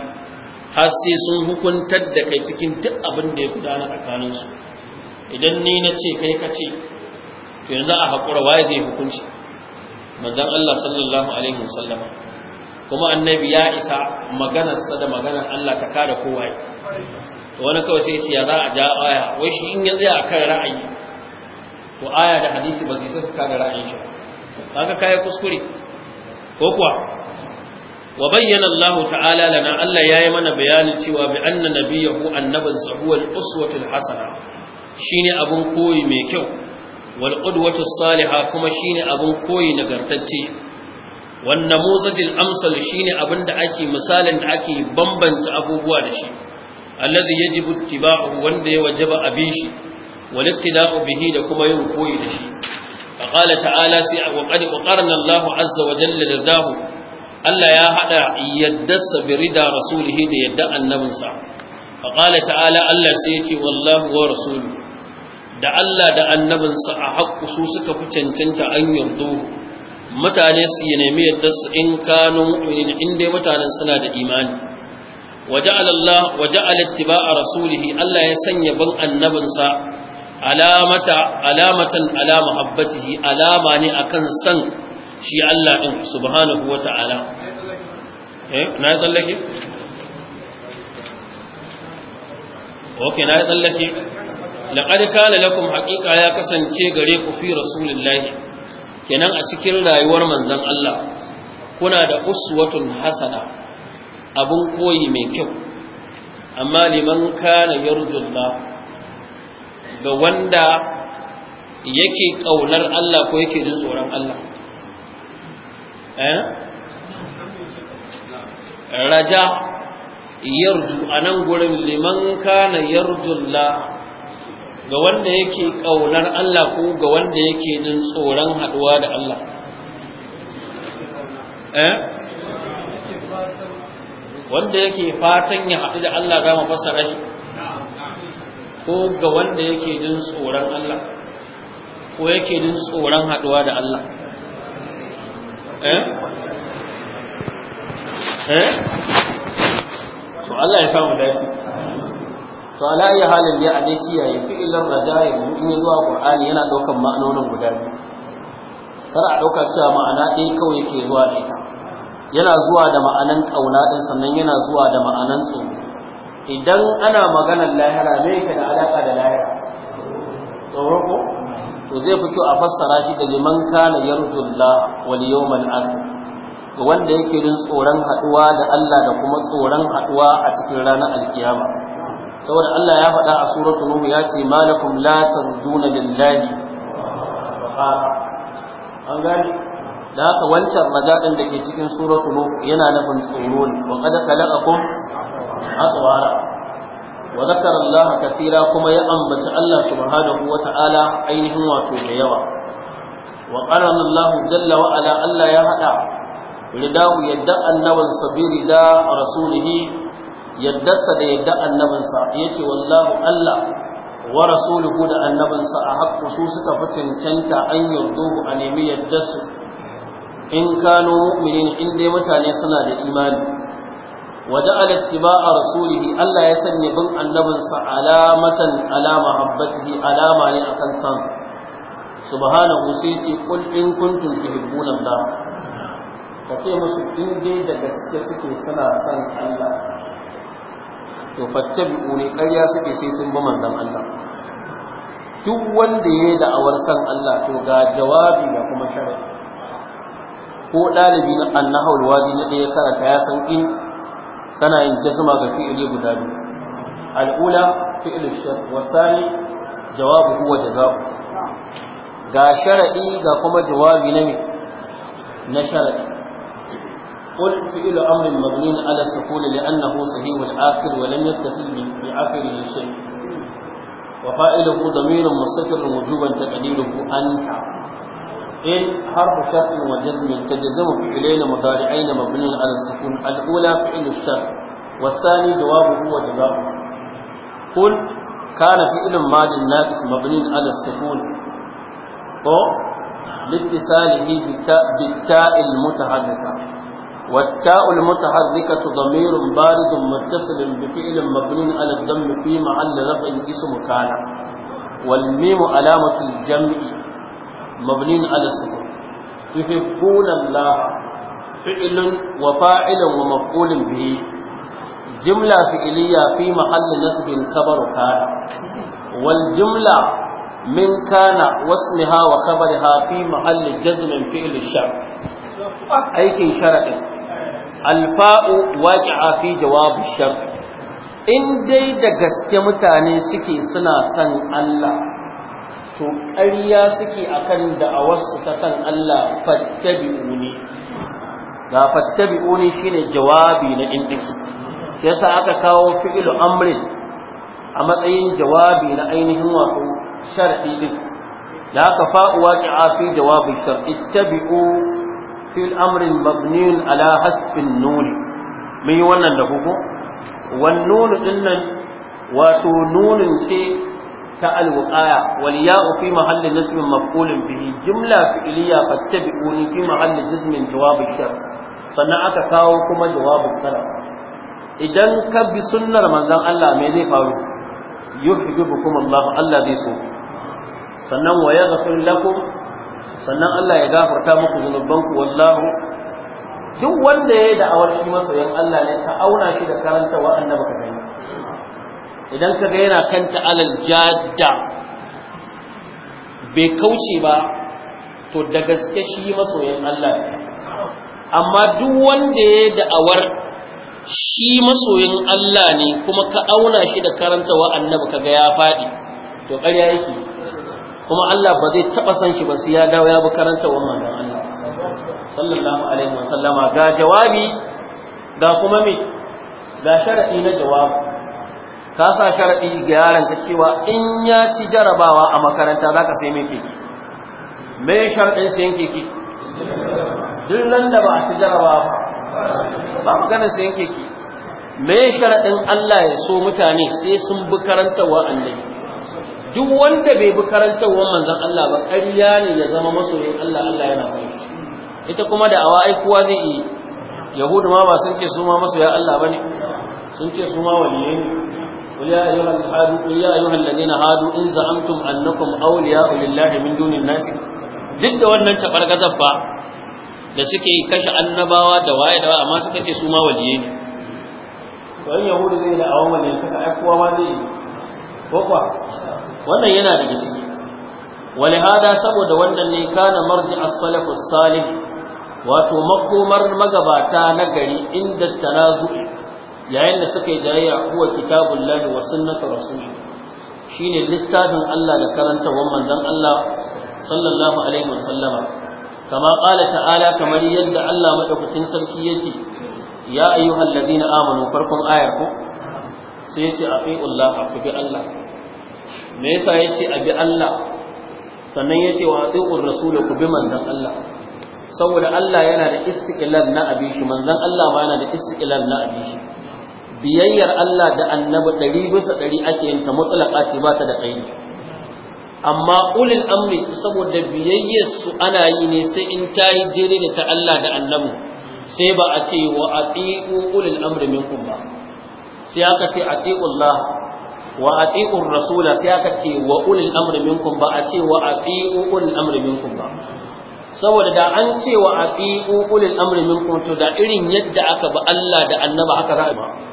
har sai sun hukuntar da kai cikin duk abin da ya gudana tsakaninsu idan ni na ce kai ka ce to yanzu a haƙura waye zai hukunci manzon Allah sallallahu alaihi wasallam kuma annabi ya isa maganar sa da maganar Allah ta kada kowa to wani kawai sai ce ya za a ja aya wai shi in yanzu ya tsaya ra'ayi to aya da hadisi ba su isa su kada ra'ayin shi haka kai kuskure ko kuwa wa bayyana Allah ta'ala lana Allah yi mana bayanin cewa bi anna nabiyahu annaban sa uswatul hasana shine abun koyi mai kyau wal qudwatu saliha kuma shine abin koyi nagartacce wan namuzajil amsal shine abin da ake misalin da ake bambanta abubuwa da shi alladhi yajibu ittiba'u wanda ya wajaba abin shi wal ittida'u bihi da kuma yin koyi da shi فقال تعالى وقد وقرن الله عز da لذاه Allah ya haɗa yaddarsa birida rida rasulihi da yadda annabinsa fa qala ta'ala Allah sai ya ce wallahu wa rasulu da Allah da annabinsa a haƙƙu su suka fi cancanta an yardu mutane su yi nemi yaddarsa in kanu mu'minin in mutanen suna da imani Waje Allah waja'ala rasulihi Allah ya sanya ban annabinsa alamatan ala muhabbatihi alama ne akan san shi Allah ɗin subhanahu wa ta'ala eh, na yi tsallake? ok na yi tsallake laƙarƙa na lakum haƙiƙa ya kasance gare ku fi rasulullahi kenan a cikin rayuwar manzan Allah kuna da uswatun hasana abun koyi mai kyau amma liman kana ba ga wanda yake ƙaunar Allah ko yake jin tsoron Allah Eh? raja yarju a nan gurin liman kana la? ga wanda yake ƙaunar Allah ko ga wanda yake din tsoron haɗuwa da Allah eh? wanda yake fatan ya haɗu da Allah za mu fassara shi ko ga wanda yake din tsoron Allah ko yake din tsoron haɗuwa da Allah eh eh to Allah ya samu dace to ala ayi halin ya ade kiyaye fi'ilan raja'i in zuwa qur'ani yana daukan ma'anonin guda biyu kar a dauka cewa ma'ana ɗaya kawai yake zuwa da ita yana zuwa da ma'anan kauna din sannan yana zuwa da ma'anan tsoro idan ana maganar lahira me yake da alaka da lahira tsoro ko to zai fi kyau a fassara shi da liman kana yarjullah wal yawmal akhir to wanda yake rin tsoron haduwa da Allah da kuma tsoron haduwa a cikin ranar alkiyama saboda Allah ya faɗa a suratu nuh ya ce malakum la tarjuna lillahi an gani da haka wancan majaɗin da ke cikin suratu nuh yana nufin tsoro ne wa qad khalaqakum atwara wa zakara Allah kathira kuma ya ambaci Allah subhanahu wa ta'ala ainihin wato da yawa wa qarana Allah jalla wa ala Allah ya hada ridahu yadda annaban sabiri da rasulihi yaddarsa da yadda annabinsa ya wallahu Allah wa rasuluhu da annabinsa a haƙƙu su suka fi cancanta an yarduhu a nemi su. in kano mu'minin in dai mutane suna da imani وجعل اتباع رسوله الله يسني بن النبي علامة على محبته علامة لأكن سان سبحانه سيتي قل إن كنتم تحبون الله kace musu in dai da gaske suke suna son Allah to fattabi'u ne ƙarya suke sai sun bi manzon Allah duk wanda yayi da'awar son Allah to ga jawabi da kuma sharadi ko ɗalibi na annahawul wadi na da ya ya san in kana yin jazma ga fi'ili guda biyu al'ula fi'il shar wasani jawabu huwa jazaa'u ga sharadi ga kuma jawabi na me na sharadi قل فعل امر مبني على السكون لانه صحيح الاخر ولم يتصل باخره شيء وفاعله ضمير مستتر وجوبا تقديره انت إن حرف شرط وجزم تجزم فعلين مضارعين مبني على السكون الأولى فعل الشرط والثاني جوابه وجوابه قل كان فعل ماض ناقص مبني على السكون لاتصاله بالتاء المتحركة والتاء المتحركة ضمير بارد متصل بفعل مبني على الضم في محل رفع اسم كان والميم علامة الجمع مبني على السكون تحبون الله فعل وفاعل ومفعول به جملة فعلية في محل نسب خبر كان والجملة من كان واسمها وخبرها في محل جزم فعل الشر أيك شرع الفاء واقعة في جواب الشر in dai da gaske mutane suke suna son Allah to ƙarya suke a akan da'awarsu ta san Allah uni ga shi shine jawabi na indin shi yasa aka kawo fi'il amrin a matsayin jawabi na ainihin wato shar'i din da aka fa'u waqi'a fi jawabi shar'i tabi'u fi'il amrin mabniun ala hasfin nuni. mun yi wannan da hukum wan nuni dinnan wato nunin ce ta alwuqaya wal ya'u fi mahalli nasbin maf'ulin bihi jumla fi'liya fattabi'uni fi mahalli jismin jawab shar sannan aka kawo kuma jawabin talab idan ka bi sunnar manzon Allah me zai faru yuhibbukum Allah Allah zai so sannan wa yaghfir lakum sannan Allah ya gafarta muku zunubanku wallahu duk wanda ya yi da'awar shi masoyan Allah ne ka auna shi da karanta wa annaba ka gani idan kaga yana kanta alal jadda bai kauce ba to da gaske shi masoyin Allah ne amma duk wanda ya da'awar shi masoyin Allah ne kuma ka auna shi da karanta wa annabi kaga ya faɗi to ƙarya yake kuma Allah ba zai taɓa san shi ba sai ya dawo ya bi wa manzon Allah sallallahu alaihi wasallama ga jawabi ga kuma me ga sharadi na jawabi ka sa sharaɗi ga yaron ka cewa in ya ci jarabawa a makaranta za ka sai mai keke me sharaɗin sayan keke duk nan da ba a ci jarabawa ba maganar sayan keke me sharaɗin Allah ya so mutane sai sun bi karantarwa annabi duk wanda bai bi karantarwa manzon Allah ba ƙarya ne ya zama masoyin Allah Allah yana son ita kuma da awa aikuwa zai yi yahudu ma ba sun ce su ma masoya Allah bane sun ce su ma waliyai ne قل يا أيها الهادو قل يا أيها الذين هادوا إن زعمتم أنكم أولياء لله من دون الناس duk da wannan tabargazar ba da suke kashe annabawa da waye da amma suka ce su ma waliye ne to in yahudu zai da awon waliye suka ai kowa ma zai ko kwa wannan yana da ciki walihada saboda wannan ne kana marji as-salaf as-salih wato makomar magabata na gari inda tanazu yayin da suka yi jayayya huwa lahi wa sunnatu rasulih shine littafin Allah da karantawan manzon Allah sallallahu alaihi wasallama kama qala ta'ala kamar yadda Allah madaukakin sarki yake ya ayyuhal ladina amanu farkon ayar ko sai yace ku bi Allah me yasa yace bi Allah sannan yace wa atiqur rasul ku bi manzon Allah saboda Allah yana da istiqlal na abi shi manzon Allah ma yana da istiqlal na abi biyayyar Allah da annabi ɗari bisa ɗari ake yin ta mutulaka ce ba ta da ɗari. amma ulil amri saboda biyayyar su ana yi ne sai in ta yi jere da ta Allah da annabi sai ba a ce wa atiqu ulil amri minkum ba sai aka ce atiqu Allah wa atiqu rasula sai aka ce wa ulil amri minkum ba a ce wa atiqu ulil amri minkum ba saboda da an ce wa aqiqu ulil amri minkum to da irin yadda aka ba Allah da annaba aka ra'ayi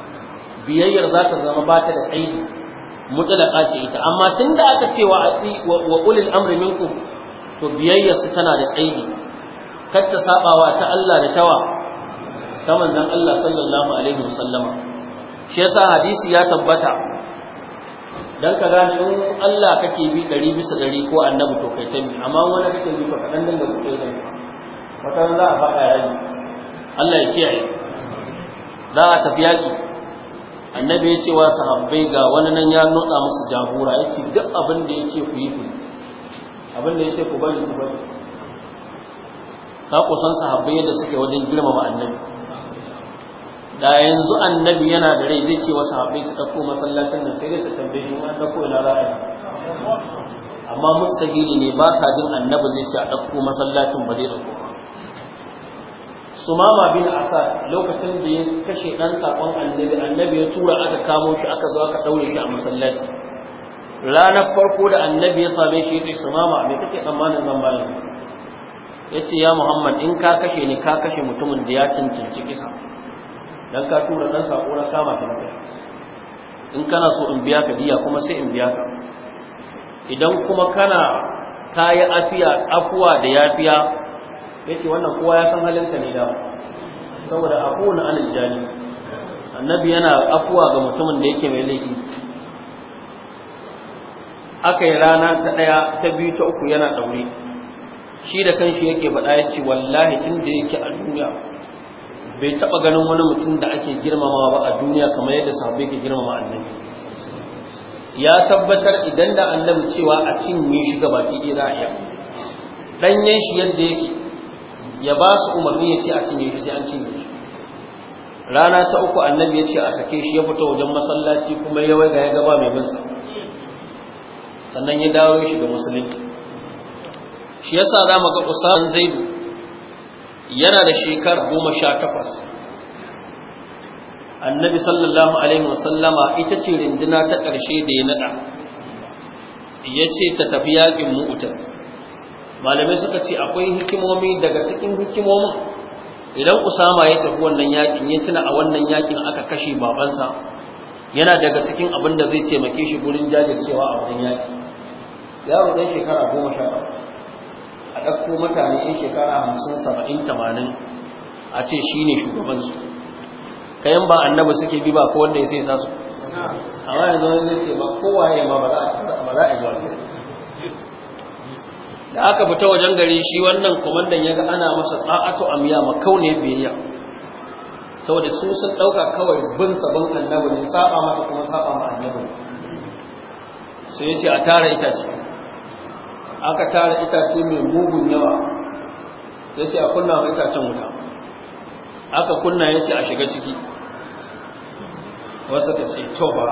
biyayyar za ta zama ba ta da aidi mutlaka ce ita amma tun da aka ce wa ati wa ulil amri minkum to biyayyar su tana da aini. kar ta sabawa ta Allah da tawa ta manzon Allah sallallahu alaihi wasallama shi yasa hadisi ya tabbata dan ka gane in Allah kake bi ɗari bisa ɗari ko annabi to kai ta bi amma wani kake bi to kaɗan nan da kuke da wata za a faɗa yaji Allah ya kiyaye za a tafi yaki. annabi ya ce wa sahabbai ga wani nan ya nutsa musu jagora ya ce duk abin da yake ku yi ku abin da yake ku bari ku bari ka kusan sahabbai yadda suke wajen girmama annabi da yanzu annabi yana da rai zai ce wa sahabbai su dauko masallacin nan sai dai su tambaye mu an dauko ina ra'ayi amma mustahili ne ba sa jin annabi zai ce a dauko masallacin ba zai ba sumama bin asad lokacin da ya kashe dan sakon annabi annabi ya tura aka kamo shi aka zo aka daure shi a masallaci ranar farko da annabi ya same shi ya sumama me kake tsammanin zan malam yace ya muhammad in ka kashe ni ka kashe mutumin da ya cancanci kisa dan ka tura dan sako na ta ka in kana so in biya ka diya kuma sai in biya ka idan kuma kana kayi afiya afuwa da yafiya yace wannan kowa ya san halinka ne da saboda afuwan alal jani annabi yana afuwa ga mutumin da yake mai laifi aka yi rana ta ɗaya ta biyu ta uku yana ɗaure shi da kanshi yake faɗa ya ce wallahi tun da yake a duniya bai taɓa ganin wani mutum da ake girmama ba a duniya kamar yadda sahabbai yake girmama annabi ya tabbatar idan da annabi cewa a cinye shi gaba ɗaya ɗanyen shi yadda yake ya ba su umarni ya ce a cinye shi sai an cinye shi rana ta uku annabi ya ce a sake shi ya fita wajen masallaci kuma ya waiga ya gaba mai binsa sannan ya dawo ya shiga musulunci shi yasa za mu ga usaman zaidu yana da shekara goma sha takwas annabi sallallahu alaihi wasallama ita ce rinduna ta ƙarshe da ya naɗa ya ce ta tafi yaƙin mu'utar malamai suka ce akwai hikimomi daga cikin hikimomin idan usama ya tafi wannan yakin ya tuna a wannan yakin aka kashe babansa yana daga cikin abin da zai taimake shi gurin jajircewa a wajen yaki yaro ɗan shekara goma sha a ɗauko mutane ɗan shekara hamsin saba'in tamanin a ce shi ne shugabansu kayan ba annabi suke bi ba ko wanda ya sai sa su amma yanzu wani zai ce ba kowa ya ma ba za a yi zuwa da aka fita wajen gari shi wannan kwamandan ya ga ana masa ta'atu amiya kaune biyayya saboda su sun dauka kawai bin sabon annabi ne saba masa kuma saba ma annabi sai ya ce a tara itace aka tara itace mai mugun yawa ya ce a kunna mai itacen wuta aka kunna ya ce a shiga ciki wasu ka ce to ba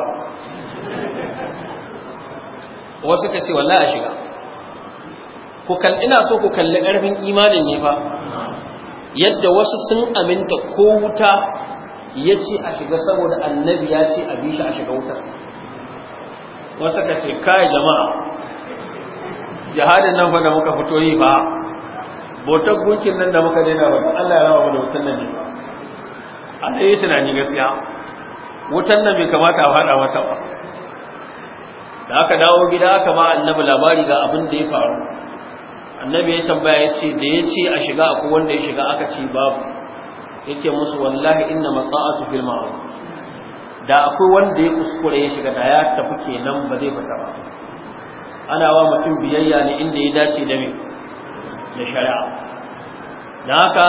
wasu ka ce wallahi a shiga ku ina so ku kalli ƙarfin imanin ne fa yadda wasu sun aminta ko wuta ya ce a shiga saboda annabi ya ce a bishi a shiga wutar wasu ka ce kai jama'a jihadin nan fa da muka fito yi ba botar gunkin nan da muka daina ba Allah ya raba mu da wutan nan ne Allah ya tunani gaskiya wutan nan bai kamata a faɗa masa ba da aka dawo gida aka ma annabi labari ga abin da ya faru annabi ya tambaya ya ce da ya ce a shiga a wanda ya shiga aka ce babu yake musu wallahi inna matsa'atu fil ma'ruf da akwai wanda ya kuskure ya shiga da ya tafi kenan ba zai fita ba ana wa mutum biyayya ne inda ya dace da me da shari'a dan haka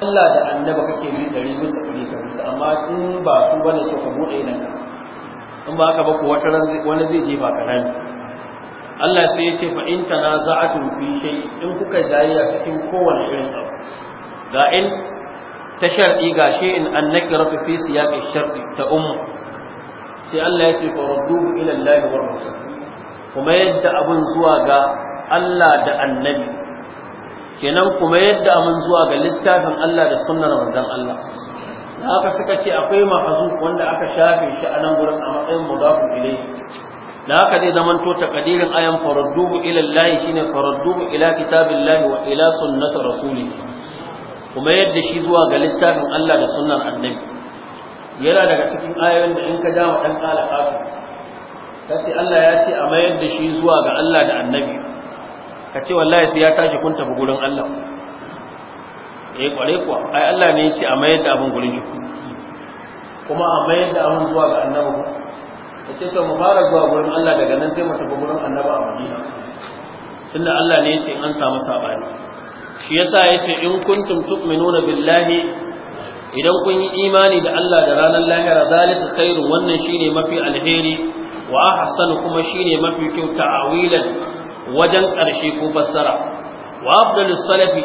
Allah da annaba kake bi dare musu kuri ka musu amma in ba su bane to ka bude nan in ba ka ba ko wata ran wani zai je ba ka nan Allah sai ya ce fa in tanaza'atum fi shay in kuka jayya cikin kowane irin abu ga in ta shar'i ga shi in annakiratu fi siyaqi shar'i ta ummu sai Allah ya ce fa radduhu ila Allah wa rasul kuma yadda abun zuwa ga Allah da annabi kenan kuma yadda abun zuwa ga littafin Allah da sunnar manzon Allah haka suka ce akwai mahazu wanda aka shafe shi a nan gurin a matsayin mudafun ilayhi da haka zai zamanto takadirin ayan faradduhu ila Allah shine faradduhu ila kitabillahi wa ila sunnati rasulih kuma yadda shi zuwa ga littafin Allah da sunnar annabi yana daga cikin ayoyin da in ka ja wa dan kala kafi kace Allah ya ce a mayar da shi zuwa ga Allah da annabi Ka ce wallahi sai ya tashi kun tafi gurin Allah eh kware kuwa ai Allah ne ya ce a mayar da abin gurin shi kuma a mayar da abin zuwa ga annabi yace to mu fara zuwa gurin Allah daga nan sai mu tafi gurin Annabi a Madina tunda Allah ne yace an samu sabani shi yasa yace in kuntum tu'minuna billahi idan kun yi imani da Allah da ranar lahira zalika khairu wannan shine mafi alheri wa ahsan kuma shine mafi kyau ta'awilan wajen ƙarshe ko fassara wa afdalus salafi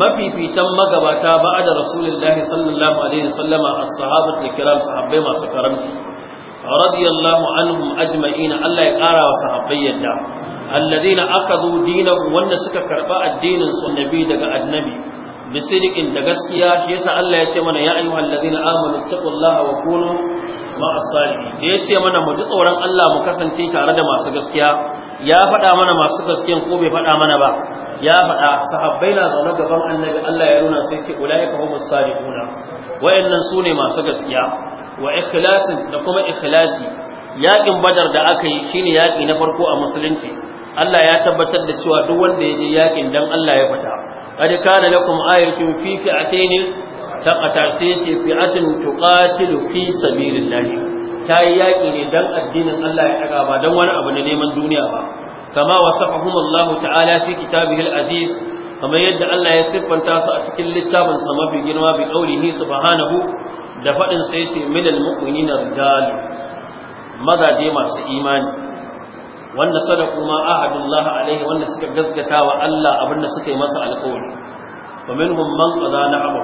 mafifitan magabata ba'ada rasulullahi sallallahu alaihi wasallama as-sahabatu kiram sahabbai masu karamci radiyallahu anhum ajma'ina Allah ya ƙara wa sahabbai yadda alladhina akadu, dinahu wanda suka karba addinin sunnabi daga annabi bisirikin da gaskiya shi yasa Allah ya ce mana ya ayyuhal ladina amanu taqullaha wa kunu ma'as salihin ya ce mana mu ji tsoron Allah mu kasance tare da masu gaskiya ya faɗa mana masu gaskiyan ko bai faɗa mana ba ya faɗa sahabbai na zaune gaban annabi Allah ya nuna sai ce ulaika humus salihuna wayannan sune masu gaskiya wa ikhlasin da kuma ikhlasi yaƙin badar da aka yi shine yaƙi na farko a musulunci Allah ya tabbatar da cewa duk wanda ya je yaƙin dan Allah ya fita qad kana lakum ayatun fi fi'atayn taqata sayti fi'atun tuqatilu fi sabilillah ta yi yaƙi ne dan addinin Allah ya daga ba dan wani abu na neman duniya ba kama wasafahum Allah ta'ala fi al aziz kamar yadda Allah ya siffanta su a cikin littafin sa mafi girma bi qaulihi subhanahu da faɗin sai ce minal mu'minina maza mazaje masu imani wanda sadaku ma ahadullah alaihi wanda suka gaskata wa Allah abin da suka yi masa alƙawari fa minhum man qada na'am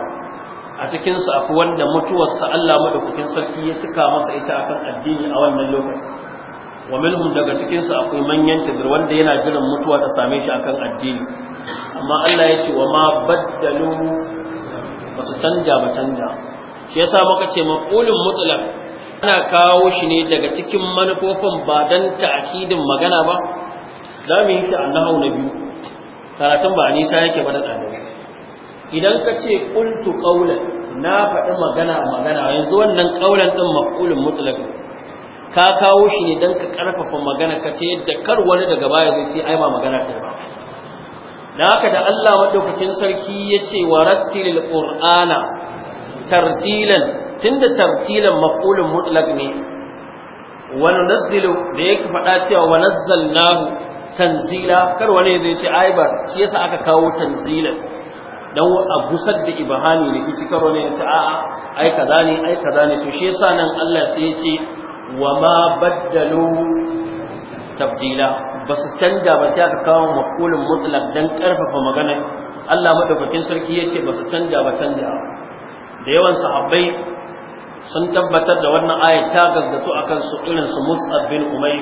a cikin su akwai wanda mutuwarsa Allah madaukakin sarki ya tuka masa ita akan addini a wannan lokaci wa minhum daga cikin su akwai manyan tabir wanda yana jiran mutuwa ta same shi akan addini amma Allah ya ce wa ma baddalu su canja ba canja shi yasa muka ce maqulun mutlaq ana kawo shi ne daga cikin manufofin ba dan ta'kidin magana ba za mu yi shi annahu na biyu karatun ba nisa yake ba da ɗalibai idan ka ce qultu qawlan na faɗi magana magana yanzu wannan qawlan din maqulun mutlaq ka kawo shi ne dan ka karfafa magana ka ce yadda kar wani daga baya zai ce ai ba magana ta ba da haka da Allah madaukakin sarki yace warattilil qur'ana tartilan tunda tartilan maqulun mutlaq ne wa nunazzilu da yake faɗa cewa wa nazzalnahu tanzila kar wani zai ce ai ba shi yasa aka kawo tanzilan dan a gusar da ibhani ne kici kar wani ya ce a'a ai kaza ne ai kaza ne to shi yasa nan Allah sai ya ce wa ma baddalu tabdila ba su canja ba sai aka kawo makulin mutlaq dan karfafa magana Allah madaukakin sarki yace ba su canja ba canja da yawan sahabbai sun tabbatar da wannan ayat ta gazzatu a kansu irin su Mus'ab bin Umai.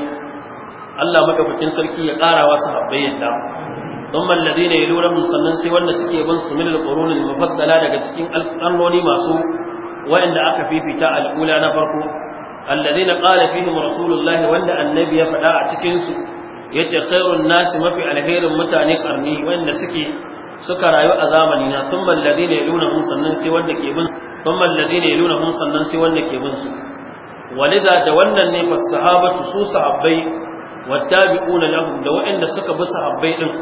Allah madaukakin sarki ya ƙara wa sahabbai yadda ثم ya lura sannan sai wanda suke bin su min al-qurun daga cikin al masu wa'anda aka fifita alula na farko alladhina qala fihim rasulullahi wanda annabi ya faɗa a cikin su yace khairun nashi mafi alherin mutane karni wanda suke suka rayu a zamani na sun mallazi ne luna hun sannan sai wanda ke bin sun mallazi ne luna hun sannan sai wanda ke bin su walida da wannan ne fa sahabatu su sahabbai tabi'una lahum da wanda suka bi sahabbai din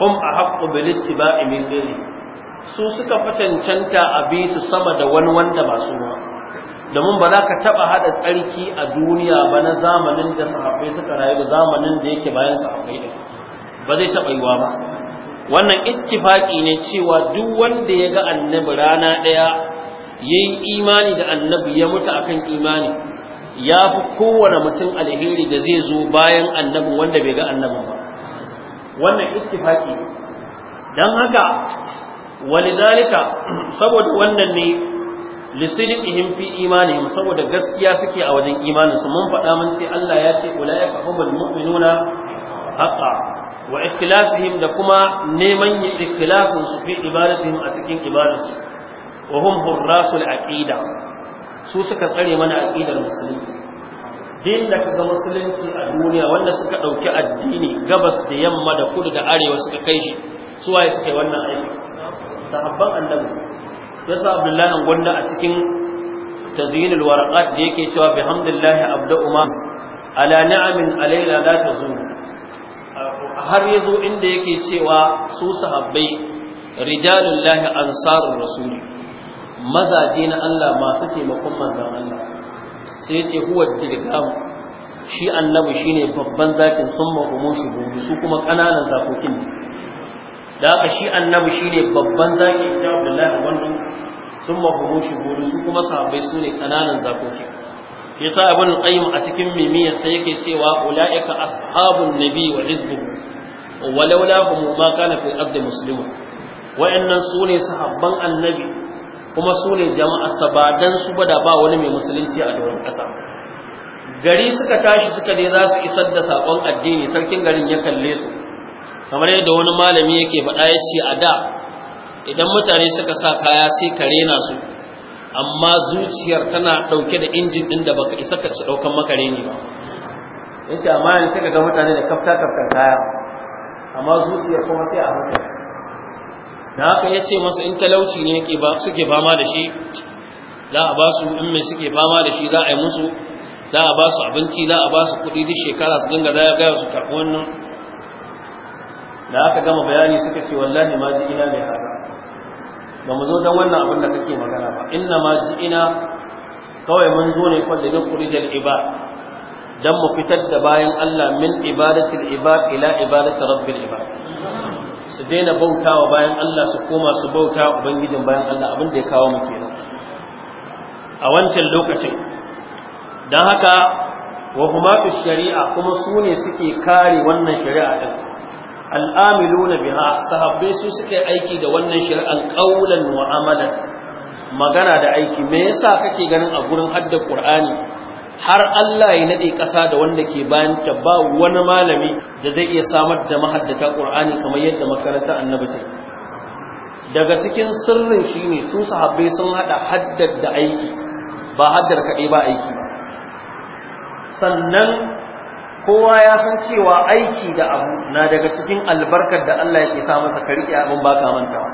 hum ahaqqu bil ittiba'i min dini su suka fi cancanta a bi su sama da wani wanda ba su ba domin ba za ka taba hada tsarki a duniya ba na zamanin da sahabbai suka rayu da zamanin da yake bayan sahabbai din ba zai taba yiwa ba wannan ittifaki ne cewa duk wanda ya ga annabi rana ɗaya yayi imani da annabi ya mutu akan imani ya fi kowane mutum alheri da zai zo bayan annabi wanda bai ga annabi ba wannan ittifaki ne don haka walidalika saboda wannan ne lisidihim fi imani saboda gaskiya suke a wajen su mun faɗa mun ce Allah ya ce ulaiha humul mu'minuna haqa wa ikhtilasihim da kuma neman yi ikhtilasin su fi ibadatihim a cikin ibadarsu wa hum hurrasul aqida su suka tsare mana aqidar musulunci din da kaga musulunci a duniya wanda suka dauki addini gabas da yamma da kudu da arewa suka kai shi su waye suka yi wannan aiki sahabban annabi yasa abdullahi gwanda a cikin tazyinul waraqat da yake cewa bihamdillahi abda'u ma ala ni'amin alayla la tazuru har ya zo inda yake cewa su sahabbai rijalun lahi ansarun rasuli mazaje na Allah masu taimakon manzan Allah sai ce huwa dirgam shi annabi shine babban zakin sun mahumun su gobe su kuma ƙananan zakokin da aka shi annabi shine babban zakin ya Abdullahi wannan sun mahumun shi gobe su kuma sahabbai su ne ƙananan zakokin ya yasa abin qayyim a cikin mimiyar sai yake cewa ulaika ashabun nabi wa hizbuhu walaulahum ma kana fi abd nan su sune sahabban annabi kuma sune jama'a sabadan su bada ba wani mai musulunci a doron kasa gari suka tashi suka ne za su isar da sakon addini sarkin garin ya kalle su kamar yadda wani malami yake faɗa ya ce a da idan mutane suka sa kaya sai ka rena su amma zuciyar tana ɗauke da injin ɗin da baka isa ka ci ɗaukan makare ne ba yace amma yanzu sai ga mutane da kafta kafta kaya amma zuciyar kuma sai a hankali da haka ya ce masa in talauci ne yake ba suke fama da shi za a ba su in mai suke fama da shi za a yi musu za a ba su abinci za a ba su kuɗi duk shekara su dinga za a gaya su karɓi wannan da aka gama bayani suka ce wallahi ma ji ina mai haka ba mu zo don wannan abin da kake magana ba inna ma ji'ina kawai mun zo ne kwallo da kurijal iba mu fitar da bayan Allah min ibadatil ibad ila ibadati rabbil ibad su daina bautawa bayan Allah su koma su bauta ubangijin bayan Allah abin da ya kawo mu kenan a wancan lokacin dan haka wa huma fi shari'a kuma su ne suke kare wannan shari'a din al'amiluna biha sahabbai su suka aiki da wannan shari'an qaulan wa amalan magana da aiki me yasa kake ganin a gurin hadda qur'ani har Allah ya nade ƙasa da wanda ke bayan ta ba wani malami da zai iya samar da mahaddata qur'ani kamar yadda makarantar annabi ce daga cikin sirrin shine su sahabbai sun hada haddar da aiki ba haddar kaɗai ba aiki ba sannan kowa ya san cewa aiki da abu na daga cikin albarkar da Allah ya isa masa ka riƙe abin baka mantawa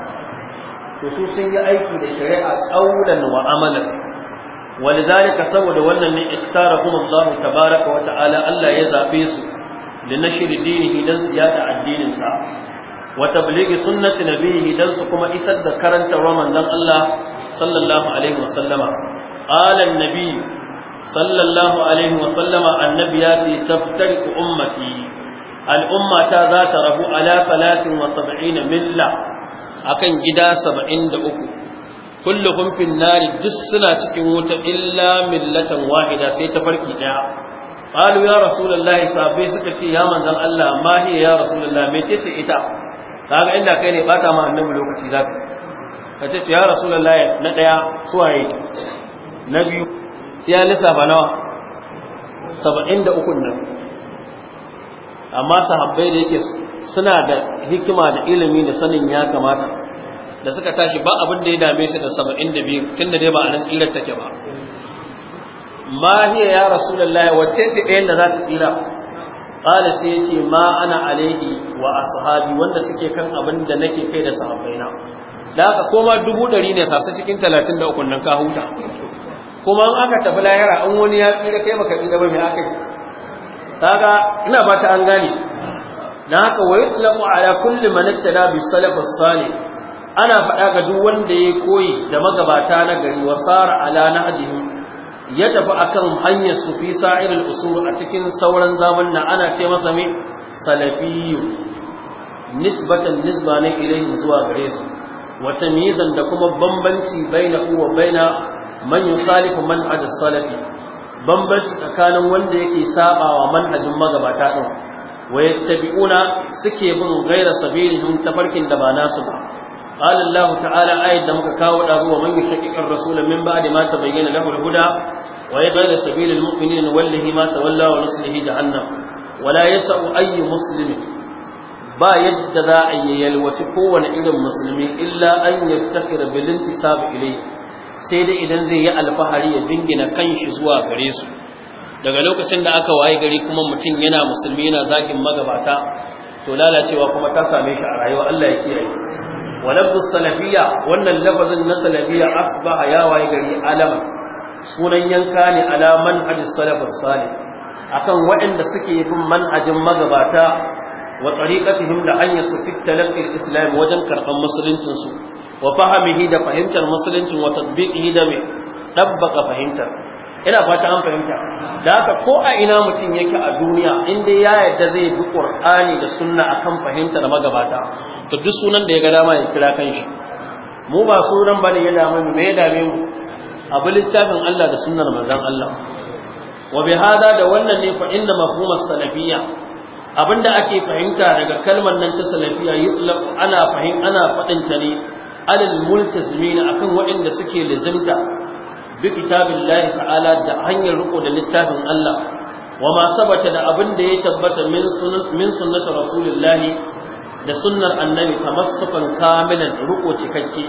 to su sun yi aiki da shari'a qaulan wa amalan walidhalika saboda wannan ne iktarahum Allah tabaaraka wa ta'ala Allah ya zabe su linashri dinihi dan ziyada addinin sa wa tablighi sunnati nabiyhi dan su kuma isar da karanta wa manzon Allah sallallahu alaihi sallama. qala an-nabiy sallallahu alaihi wa sallama annabi ya ce taftariku ummati al'umma ta za ta rabu ala salasin wa sab'ina milla akan gida 73 kulluhum fin nari duk suna cikin wuta illa wahida sai ta farki daya قالوا يا رسول الله sahabbai suka ce ya manzon Allah ma hiya ya rasul me ce ita kaga inda kai ne bata ma annabi lokaci zaka kace ya rasul Allah na na biyu sai ya lissafa nawa saba'in da ukun nan amma sahabbai da yake suna da hikima da ilimi da sanin ya kamata da suka tashi ba abin da ya dame su da saba'in da biyu tun da dai ba a nan tsirar take ba ma hiya ya rasulullahi wacce fi ɗayan da za ta tsira ƙala sai ya ce ma ana alaihi wa ashabi wanda suke kan abin da nake kai da na da aka koma dubu ɗari ne sasu cikin talatin da ukun nan ka huta kuma an aka tafi lahira an wani ya tsira kai baka tsira mai aka yi kaga ina ba an gane na haka wa yutlaqu ala kulli man ittada bi salaf salih ana faɗa ga duk wanda ya koyi da magabata na gari wa sara ala nahdihi ya tafi akan hanyar su fi sa'iril usul a cikin sauran zaman na ana ce masa me salafiyyu nisbatan nisba ilayhi zuwa gare su wata da kuma bambanci baina uwa baina man yukhalifu manhaj as-salafi bambanci tsakanin wanda yake sabawa manhajin magabata din wa yattabi'una suke bin ghayra sabilihim tafarkin da ba nasu ba qala ta'ala ayat da muka kawo da zuwa man yushaqiqir rasul min ba'di ma tabayyana lahu al-huda wa yaghayra sabilil mu'minin wallahi ma tawalla wa nuslihi jahannam wala yasau ayyu muslimin ba yadda za a yi yalwaci kowane irin musulmi illa an yattakira bil intisab ilayhi sai dai idan zai yi alfahari ya jingina kanshi zuwa gare su daga lokacin da aka waye gari kuma mutum yana musulmi yana zagin magabata to lalacewa kuma ta same shi a rayuwa Allah ya kiyaye wa lafzu salafiyya wannan lafazin na salafiyya asbaha ya waye gari alama sunan yanka ne alaman hadis salafus salih akan waɗanda suke bin manhajin magabata wa tariqatihim da hanyar su fit talaqqi islam wajen karban musuluncin su wa fahamihi da fahimtar musuluncin wa tatbiqihi da mai dabbaka fahimtar ina fata an fahimta da haka ko a ina mutum yake a duniya in dai ya yarda zai bi qur'ani da sunna akan fahimtar magabata to duk sunan da ya ga dama ya kira kanshi mu ba sunan bane ya dame mu me ya dame mu abu littafin Allah da sunnar manzon Allah wa bi da wannan ne faɗin inna mafhum as-salafiyya abinda ake fahimta daga kalmar nan ta salafiyya yutlaq ana ana fadin ne alal multazimina akan waɗanda suke lazimta bi Lahi ta'ala da hanyar riko da littafin Allah wa ma sabata da abin da ya tabbata min min sunnati da sunnar annabi tamassukan kamilan riko cikakke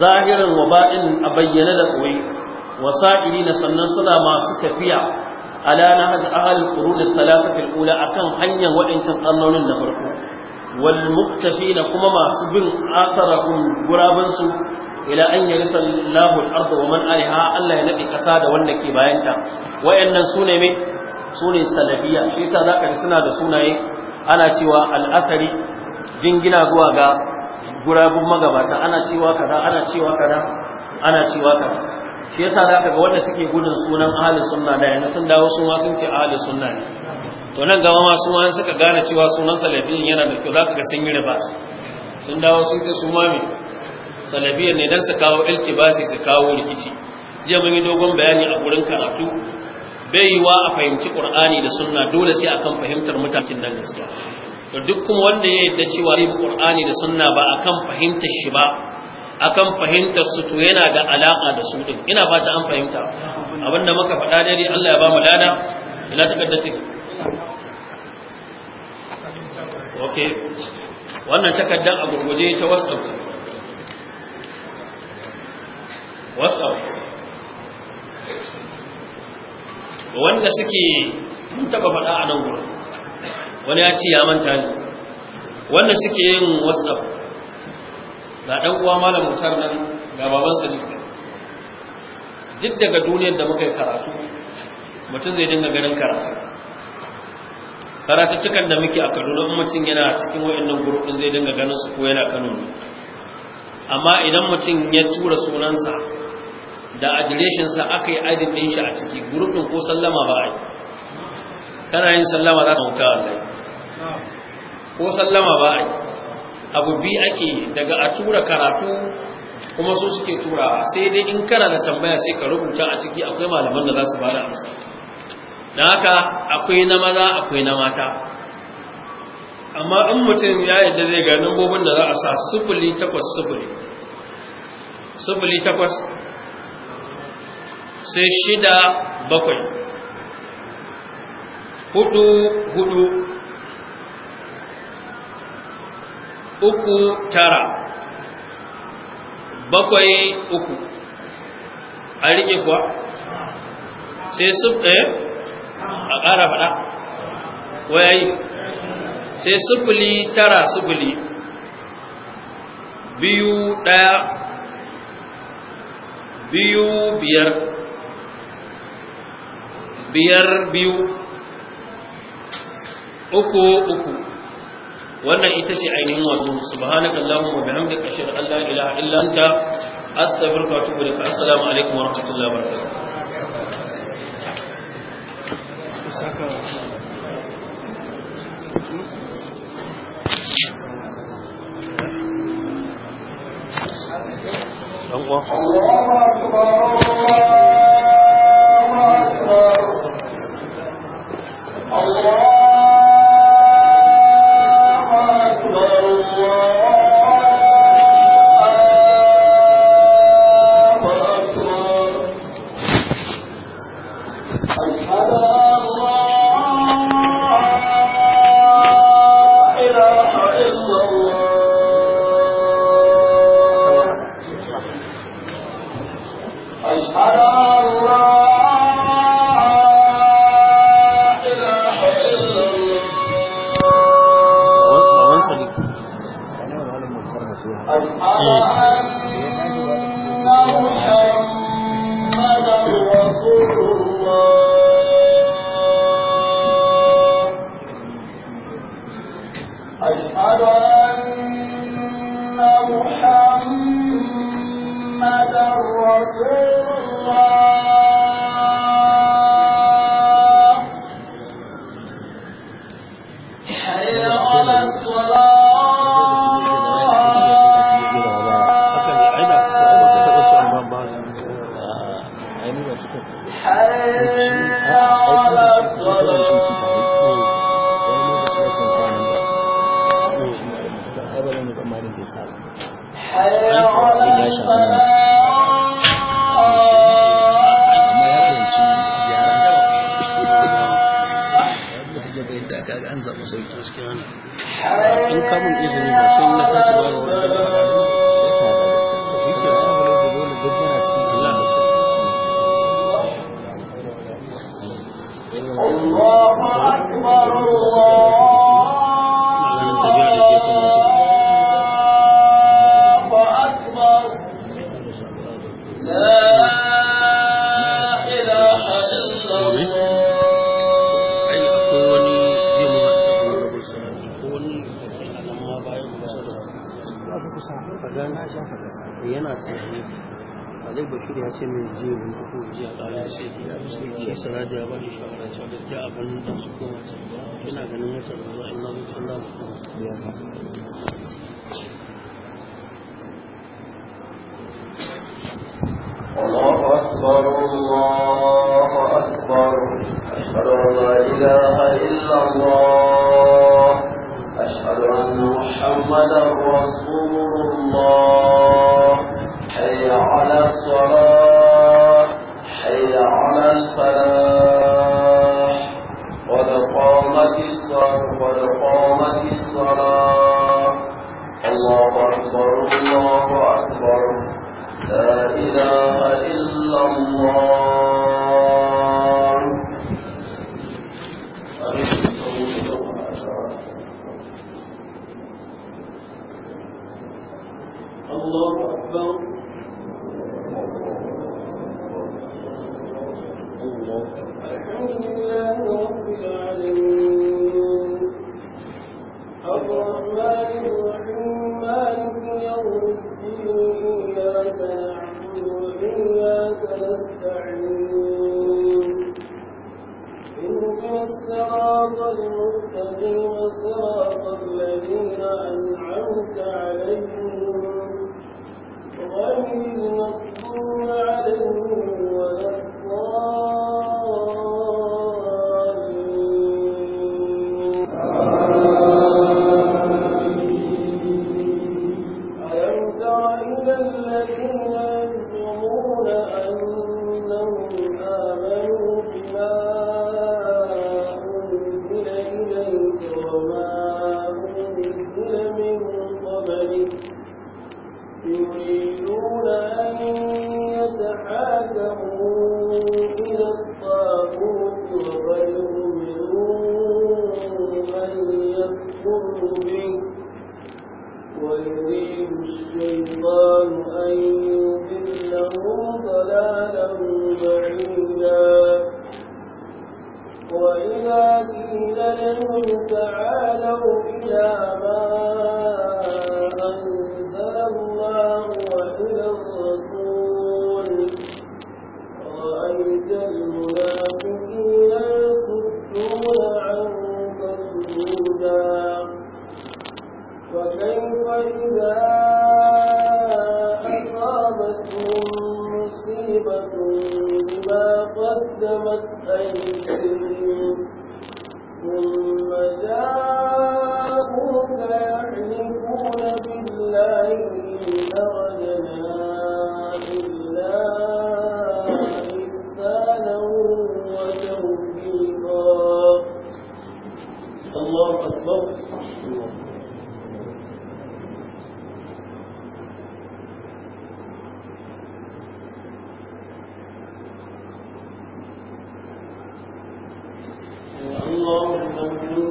zahirin wa ba'in a bayyana da koyi wasa'ili na sannan suna masu tafiya ala nahaj ahal kuru da thalathah al akan hanyar waɗancan annonin na farko wal muktafina kuma masu bin asarahum gurabansu ila an yarisa Allahu al-ardh wa man alaiha Allah ya nabi kasa da wanda ke bayanta wayannan sune me sune salafiya shi yasa zaka ji suna da sunaye ana cewa al-asari jingina zuwa ga gurabun magabata ana cewa kaza ana cewa kaza ana cewa kaza shi yasa zaka ga wanda suke gudun sunan ahli sunna da yanzu sun dawo sun ma ce ahli sunna ne to nan gaba ma su suka gane cewa sunan salafiyin yana da kyau zaka ga sun yi riba sun dawo sun ce su ma me ne dan su kawo iltibasi su kawo rikici jiya mun yi dogon bayani a wurin karatu bai yi wa a fahimci qur'ani da sunna dole sai akan fahimtar mutakin nan gaskiya to duk kuma wanda ya yadda cewa zai qur'ani da sunna ba akan fahimtar shi ba akan fahimtar su to yana da alaka da su din ina fata an fahimta abinda muka faɗa dai Allah ya ba mu lada ila takaddatin okay wannan takardar a gurguje ta whatsapp whatsapp wanda suke mun taba faɗa a nan gurin wani ya ce ya manta ne wanda suke yin whatsapp na ɗan uwa malam mutar nan ga baban sadiq duk daga duniyar da muka yi karatu mutum zai dinga ganin karatu karatuttukan da muke a kaduna in mutum yana cikin wa'annan gurbin zai dinga ganin su ko yana kano amma idan mutum ya tura sunansa da adireshinsa aka yi adin shi a ciki gurbin ko sallama ba a yi kana yin sallama za su mutu wallahi ko sallama ba a yi abu bi ake daga a tura karatu kuma su suke turawa sai dai in kana da tambaya sai ka rubuta a ciki akwai malaman da za su bada amsa da haka akwai na maza akwai na mata amma in mutum ya da zai gani gobin da za a sa sufuli takwas sufuli sufuli takwas sai shida bakwai hudu hudu uku tara bakwai uku a riƙe kuwa sai su a ƙara faɗa wayayi sai sufuli tara sufuli biyu ɗaya biyu biyar biyar biyu uku uku wannan ita ce ainihin wato subhanaka wa bihamdika ashhadu an la ilaha illa anta astaghfiruka wa atubu ilaik assalamu alaikum wa rahmatullahi wa Allah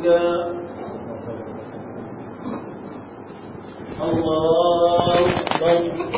ربك الله أكبر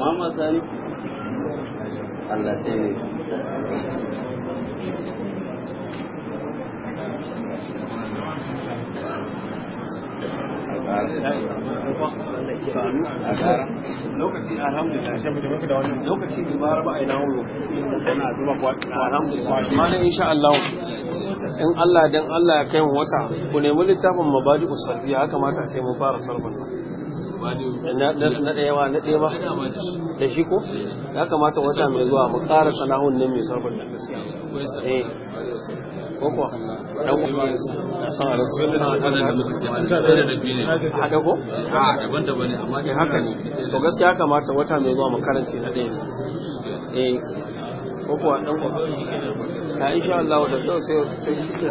Muhammad Sani Allah sai lokaci alhamdulillah lokaci ne ba a ina wuro tana zuba alhamdulillah mana insha Allah in Allah dan Allah ya kai mu wata ku nemi littafin mabadi usafiya haka mata sai mu fara sarfin na ɗaya na ɗaya da shi ko ya kamata wata mai zuwa mu ƙara sana'un nan mai sarfin da eh ko ko dan ku da ko a daban amma dai haka ne to gaskiya ya kamata wata mai zuwa mu karance na ɗaya eh ko kuwa dan ku insha Allah sai sai shi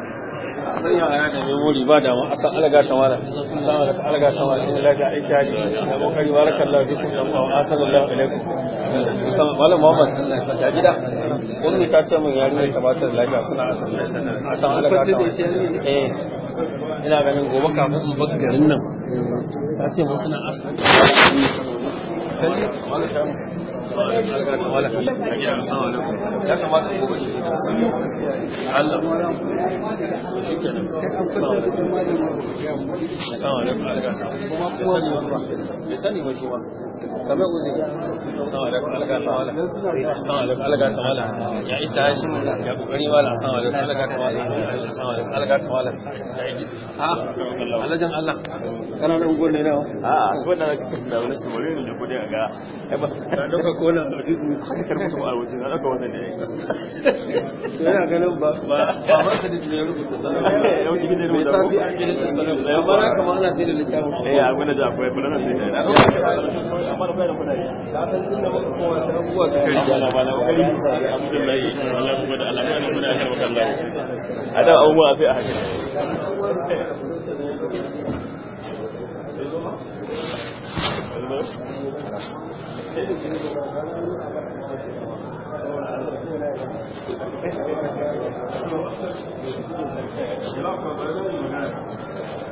sun yi ana da memori ba dama a san alaga ta mala san alaga ta mala in laga aiki haji da kokari barakan Allah zai kuma fa asallallahu alaikum san malam Muhammad din sa ta gida ummi ta ce min yarinya ta bata da lafiya suna asali a san alaga ta eh ina ganin gobe kafin in bar garin nan ta ce mun suna asali ya kamata gobe shi Allah ya sani ba shi kamar uzi ya wala Allah kana da ungon ne nawa a ko da da wani su mure ne ko dai ga da doka ko na sauki ne kar mutu a wajen da doka ne to yana ganin ba ba ba ma sai da ya rubuta sanan ya wuce gidan da safi an gidan sanan ya bara kamar ana sai da littafin eh a gwada da akwai fulana sai da a a Thank you.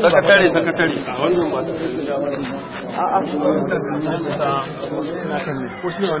sakatare sakatare a wannan masu a a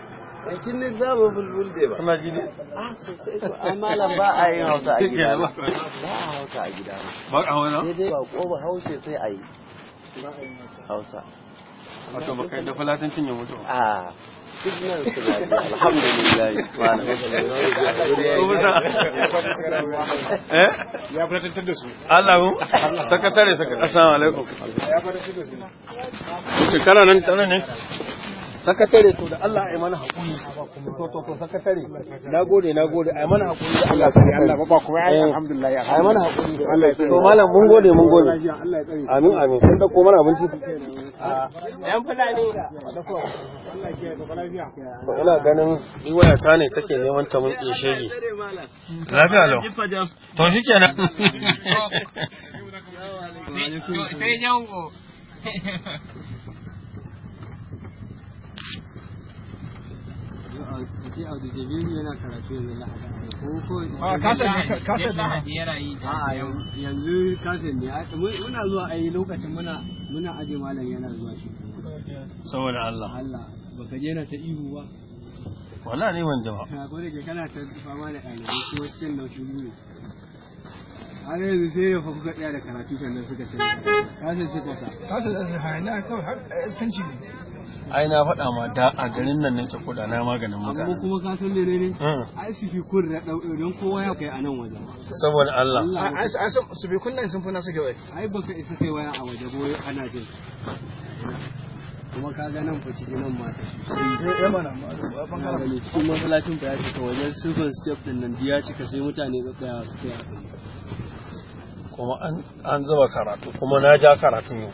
Bikin ne za mu bulbul ba. Suna ah, sosai ko. ba a yin hausa a gida ba. Ba a hausa a gida ba. Ba a dai ba ko ba haushe sai a yi. Hausa. Wato ya mutu. Ah, eh? Allah Sakatare sakatare. Assalamu alaikum. Shekara nan tana ne? sakatare to da Allah ai mana hakuri to to to sakatare nagode nagode ai mana hakuri da Allah sai Allah ba kuma ai alhamdulillah ai mana hakuri da Allah to malam mun gode mun gode amin amin sun dauko mana abinci yan fulani to ina ganin ni waya ta ne take neman ta mun ishege lafiya lo to shikenan sai yango ce Audu Jabiru yana karatu yanzu Lahadi. Ko ko ah, yana yi a ah, yanzu ne ah, muna zuwa ai lokacin muna muna aje malam yana zuwa shi. Saboda Allah. Allah baka je na ta ihu ba. Wala ne ban jama. Ko da kana ta fama da ko cikin da shi ne. Har yanzu sai ya da karatu sannan suka ce. su hayana kawai har eh, iskanci ne. ai na faɗa ma da a garin nan nake kuɗa na maganin mutane amma kuma ka san menene hm. ai su fi kun da don kowa ya kai a nan waje saboda Allah ai su bi kun nan sun fi nasu gawai ai baka isa kai waya a waje boye ana jin kuma ka ga nan fa cikin nan mata eh, eh, eh mana ba bangaren cikin masallacin fa ya cika wajen sifin step din nan ya cika sai mutane ga tsaya su tsaya kuma an zuba karatu kuma na ja karatun yau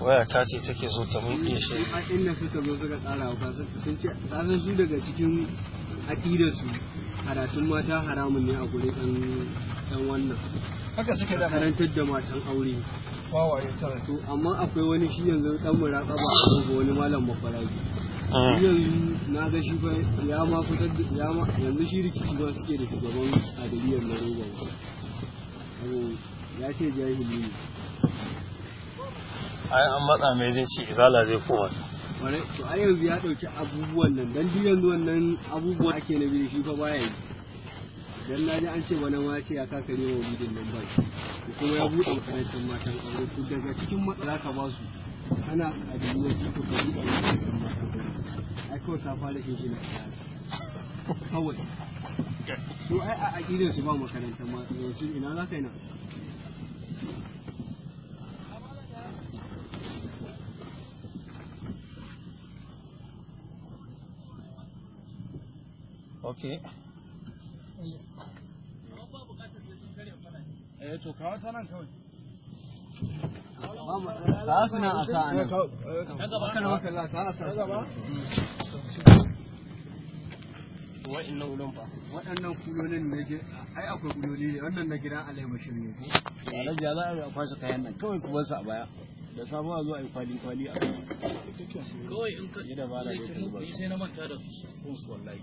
waya ta ce take so ta mun iya shi a inda suka zo suka tsara wa kasar sun ce tsarin su daga cikin aƙidar haratun karatun mata haramun ne a guri ɗan wannan haka suka da karantar da matan aure to amma akwai wani shi yanzu dan muraka ba a wani malam mafaraki ah. yanzu na ga shi fa ya ma fitar da ya ma yanzu shi rikici ba suke da shugaban adiliyar na roba ya ce jahili ne ai an matsa mai zai ci izala zai koma bare to ai yanzu ya dauki abubuwan nan dan duk yanzu wannan abubuwan ake na biyu shi fa baya yi dan naji an ce wani ma ce ya kaka ne wa bidin nan ba shi kuma ya buɗe makarantar matan aure to daga cikin matsala ka ba su ana adiyar su ka buɗe makarantar matan aure ai kawai ka fara shi na kawai to ai a aƙidar su ba makarantar matan yanzu ina za ka yi na ok eh to kawo ta nan kawai za su nan a sa'a nan eh, wa'annan ulon fa waɗannan kulolin ne ai akwai kuloli ne wannan na gidan alai bashir ne ko alhaji za a kwashe kayan nan kawai ku su a baya da samu a zo a yi kwali kwali a kawai in ka yi da bala da kuma sai na manta da su wallahi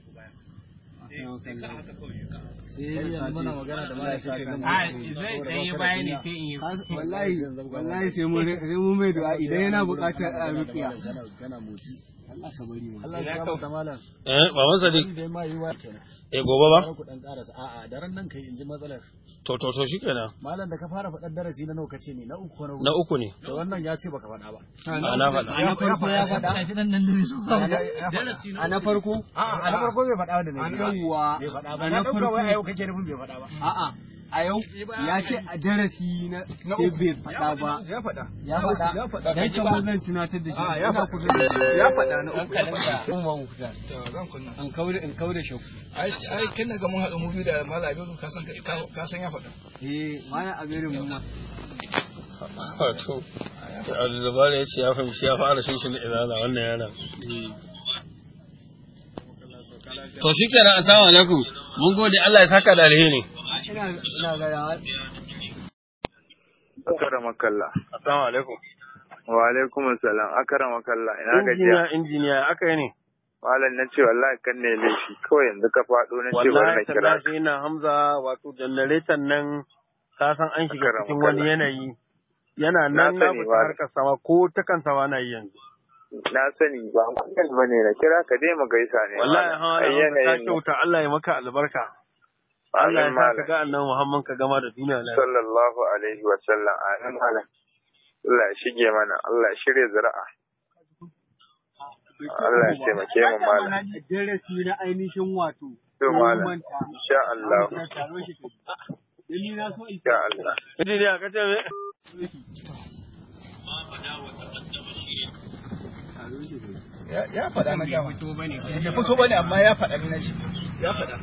mana magana da mara sai zai yi bayani sai in yi wallahi wallahi sai mun mai du'a idan yana bukatar a rukiya Allah ka bari Allah ya kawo malam eh baban sadiq dai ma yi kenan eh gobe ba ku dan a'a daren nan kai inji matsalar to to to shikenan malam da ka fara faɗar darasi na nawa kace ne na uku na uku ne to wannan ya ce baka faɗa ba ah, a na faɗa a farko ya faɗa a nan nan su na farko a na farko bai faɗa da ne yawa bai faɗa ba na farko wai ayo kake nufin bai faɗa ba a'a a yau ya ce a darasi na sai bai faɗa ba ya faɗa ya faɗa ya faɗa dan kamar zan tunatar da shi ah, ya faɗa ya faɗa na uku an ba mu fita zan kunna an kaure in kaure shi ai ai kin daga mun haɗa mu biyu da mallam Abiru ka san ka san ya faɗa eh mallam Abiru mun ma to Abdul ya ce ya fahimci ya fara shinshin izala wannan yaran to shikenan assalamu alaikum mun gode Allah ya saka da alheri ina ina ga yawa akarama kalla assalamu alaikum wa alaikum assalam akarama ina ga jiya injiniya injiniya aka ne malam na ce wallahi kan ne laifi kawai yanzu ka faɗo na ce wannan kira wallahi tallahi ina hamza wato janaretan nan ka san an shiga cikin wani yanayi yana nan na mutum harkar sama ko ta kan sama na yanzu na sani ba mutum bane na kira ka dai mu gaisa ne wallahi ha ka kyauta Allah ya maka albarka Allah ya sa ka ga annabi Muhammad ka gama da duniya lafiya sallallahu alaihi wa sallam amin Allah ya shige mana Allah ya shirya zuri'a Allah ya taimake mu malam darasi ainihin wato to malam insha Allah ah. insha Allah ka ce me ma fada wa taqaddama shi ya faɗa na jama da fito bane amma ya faɗa na shi ya faɗa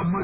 amma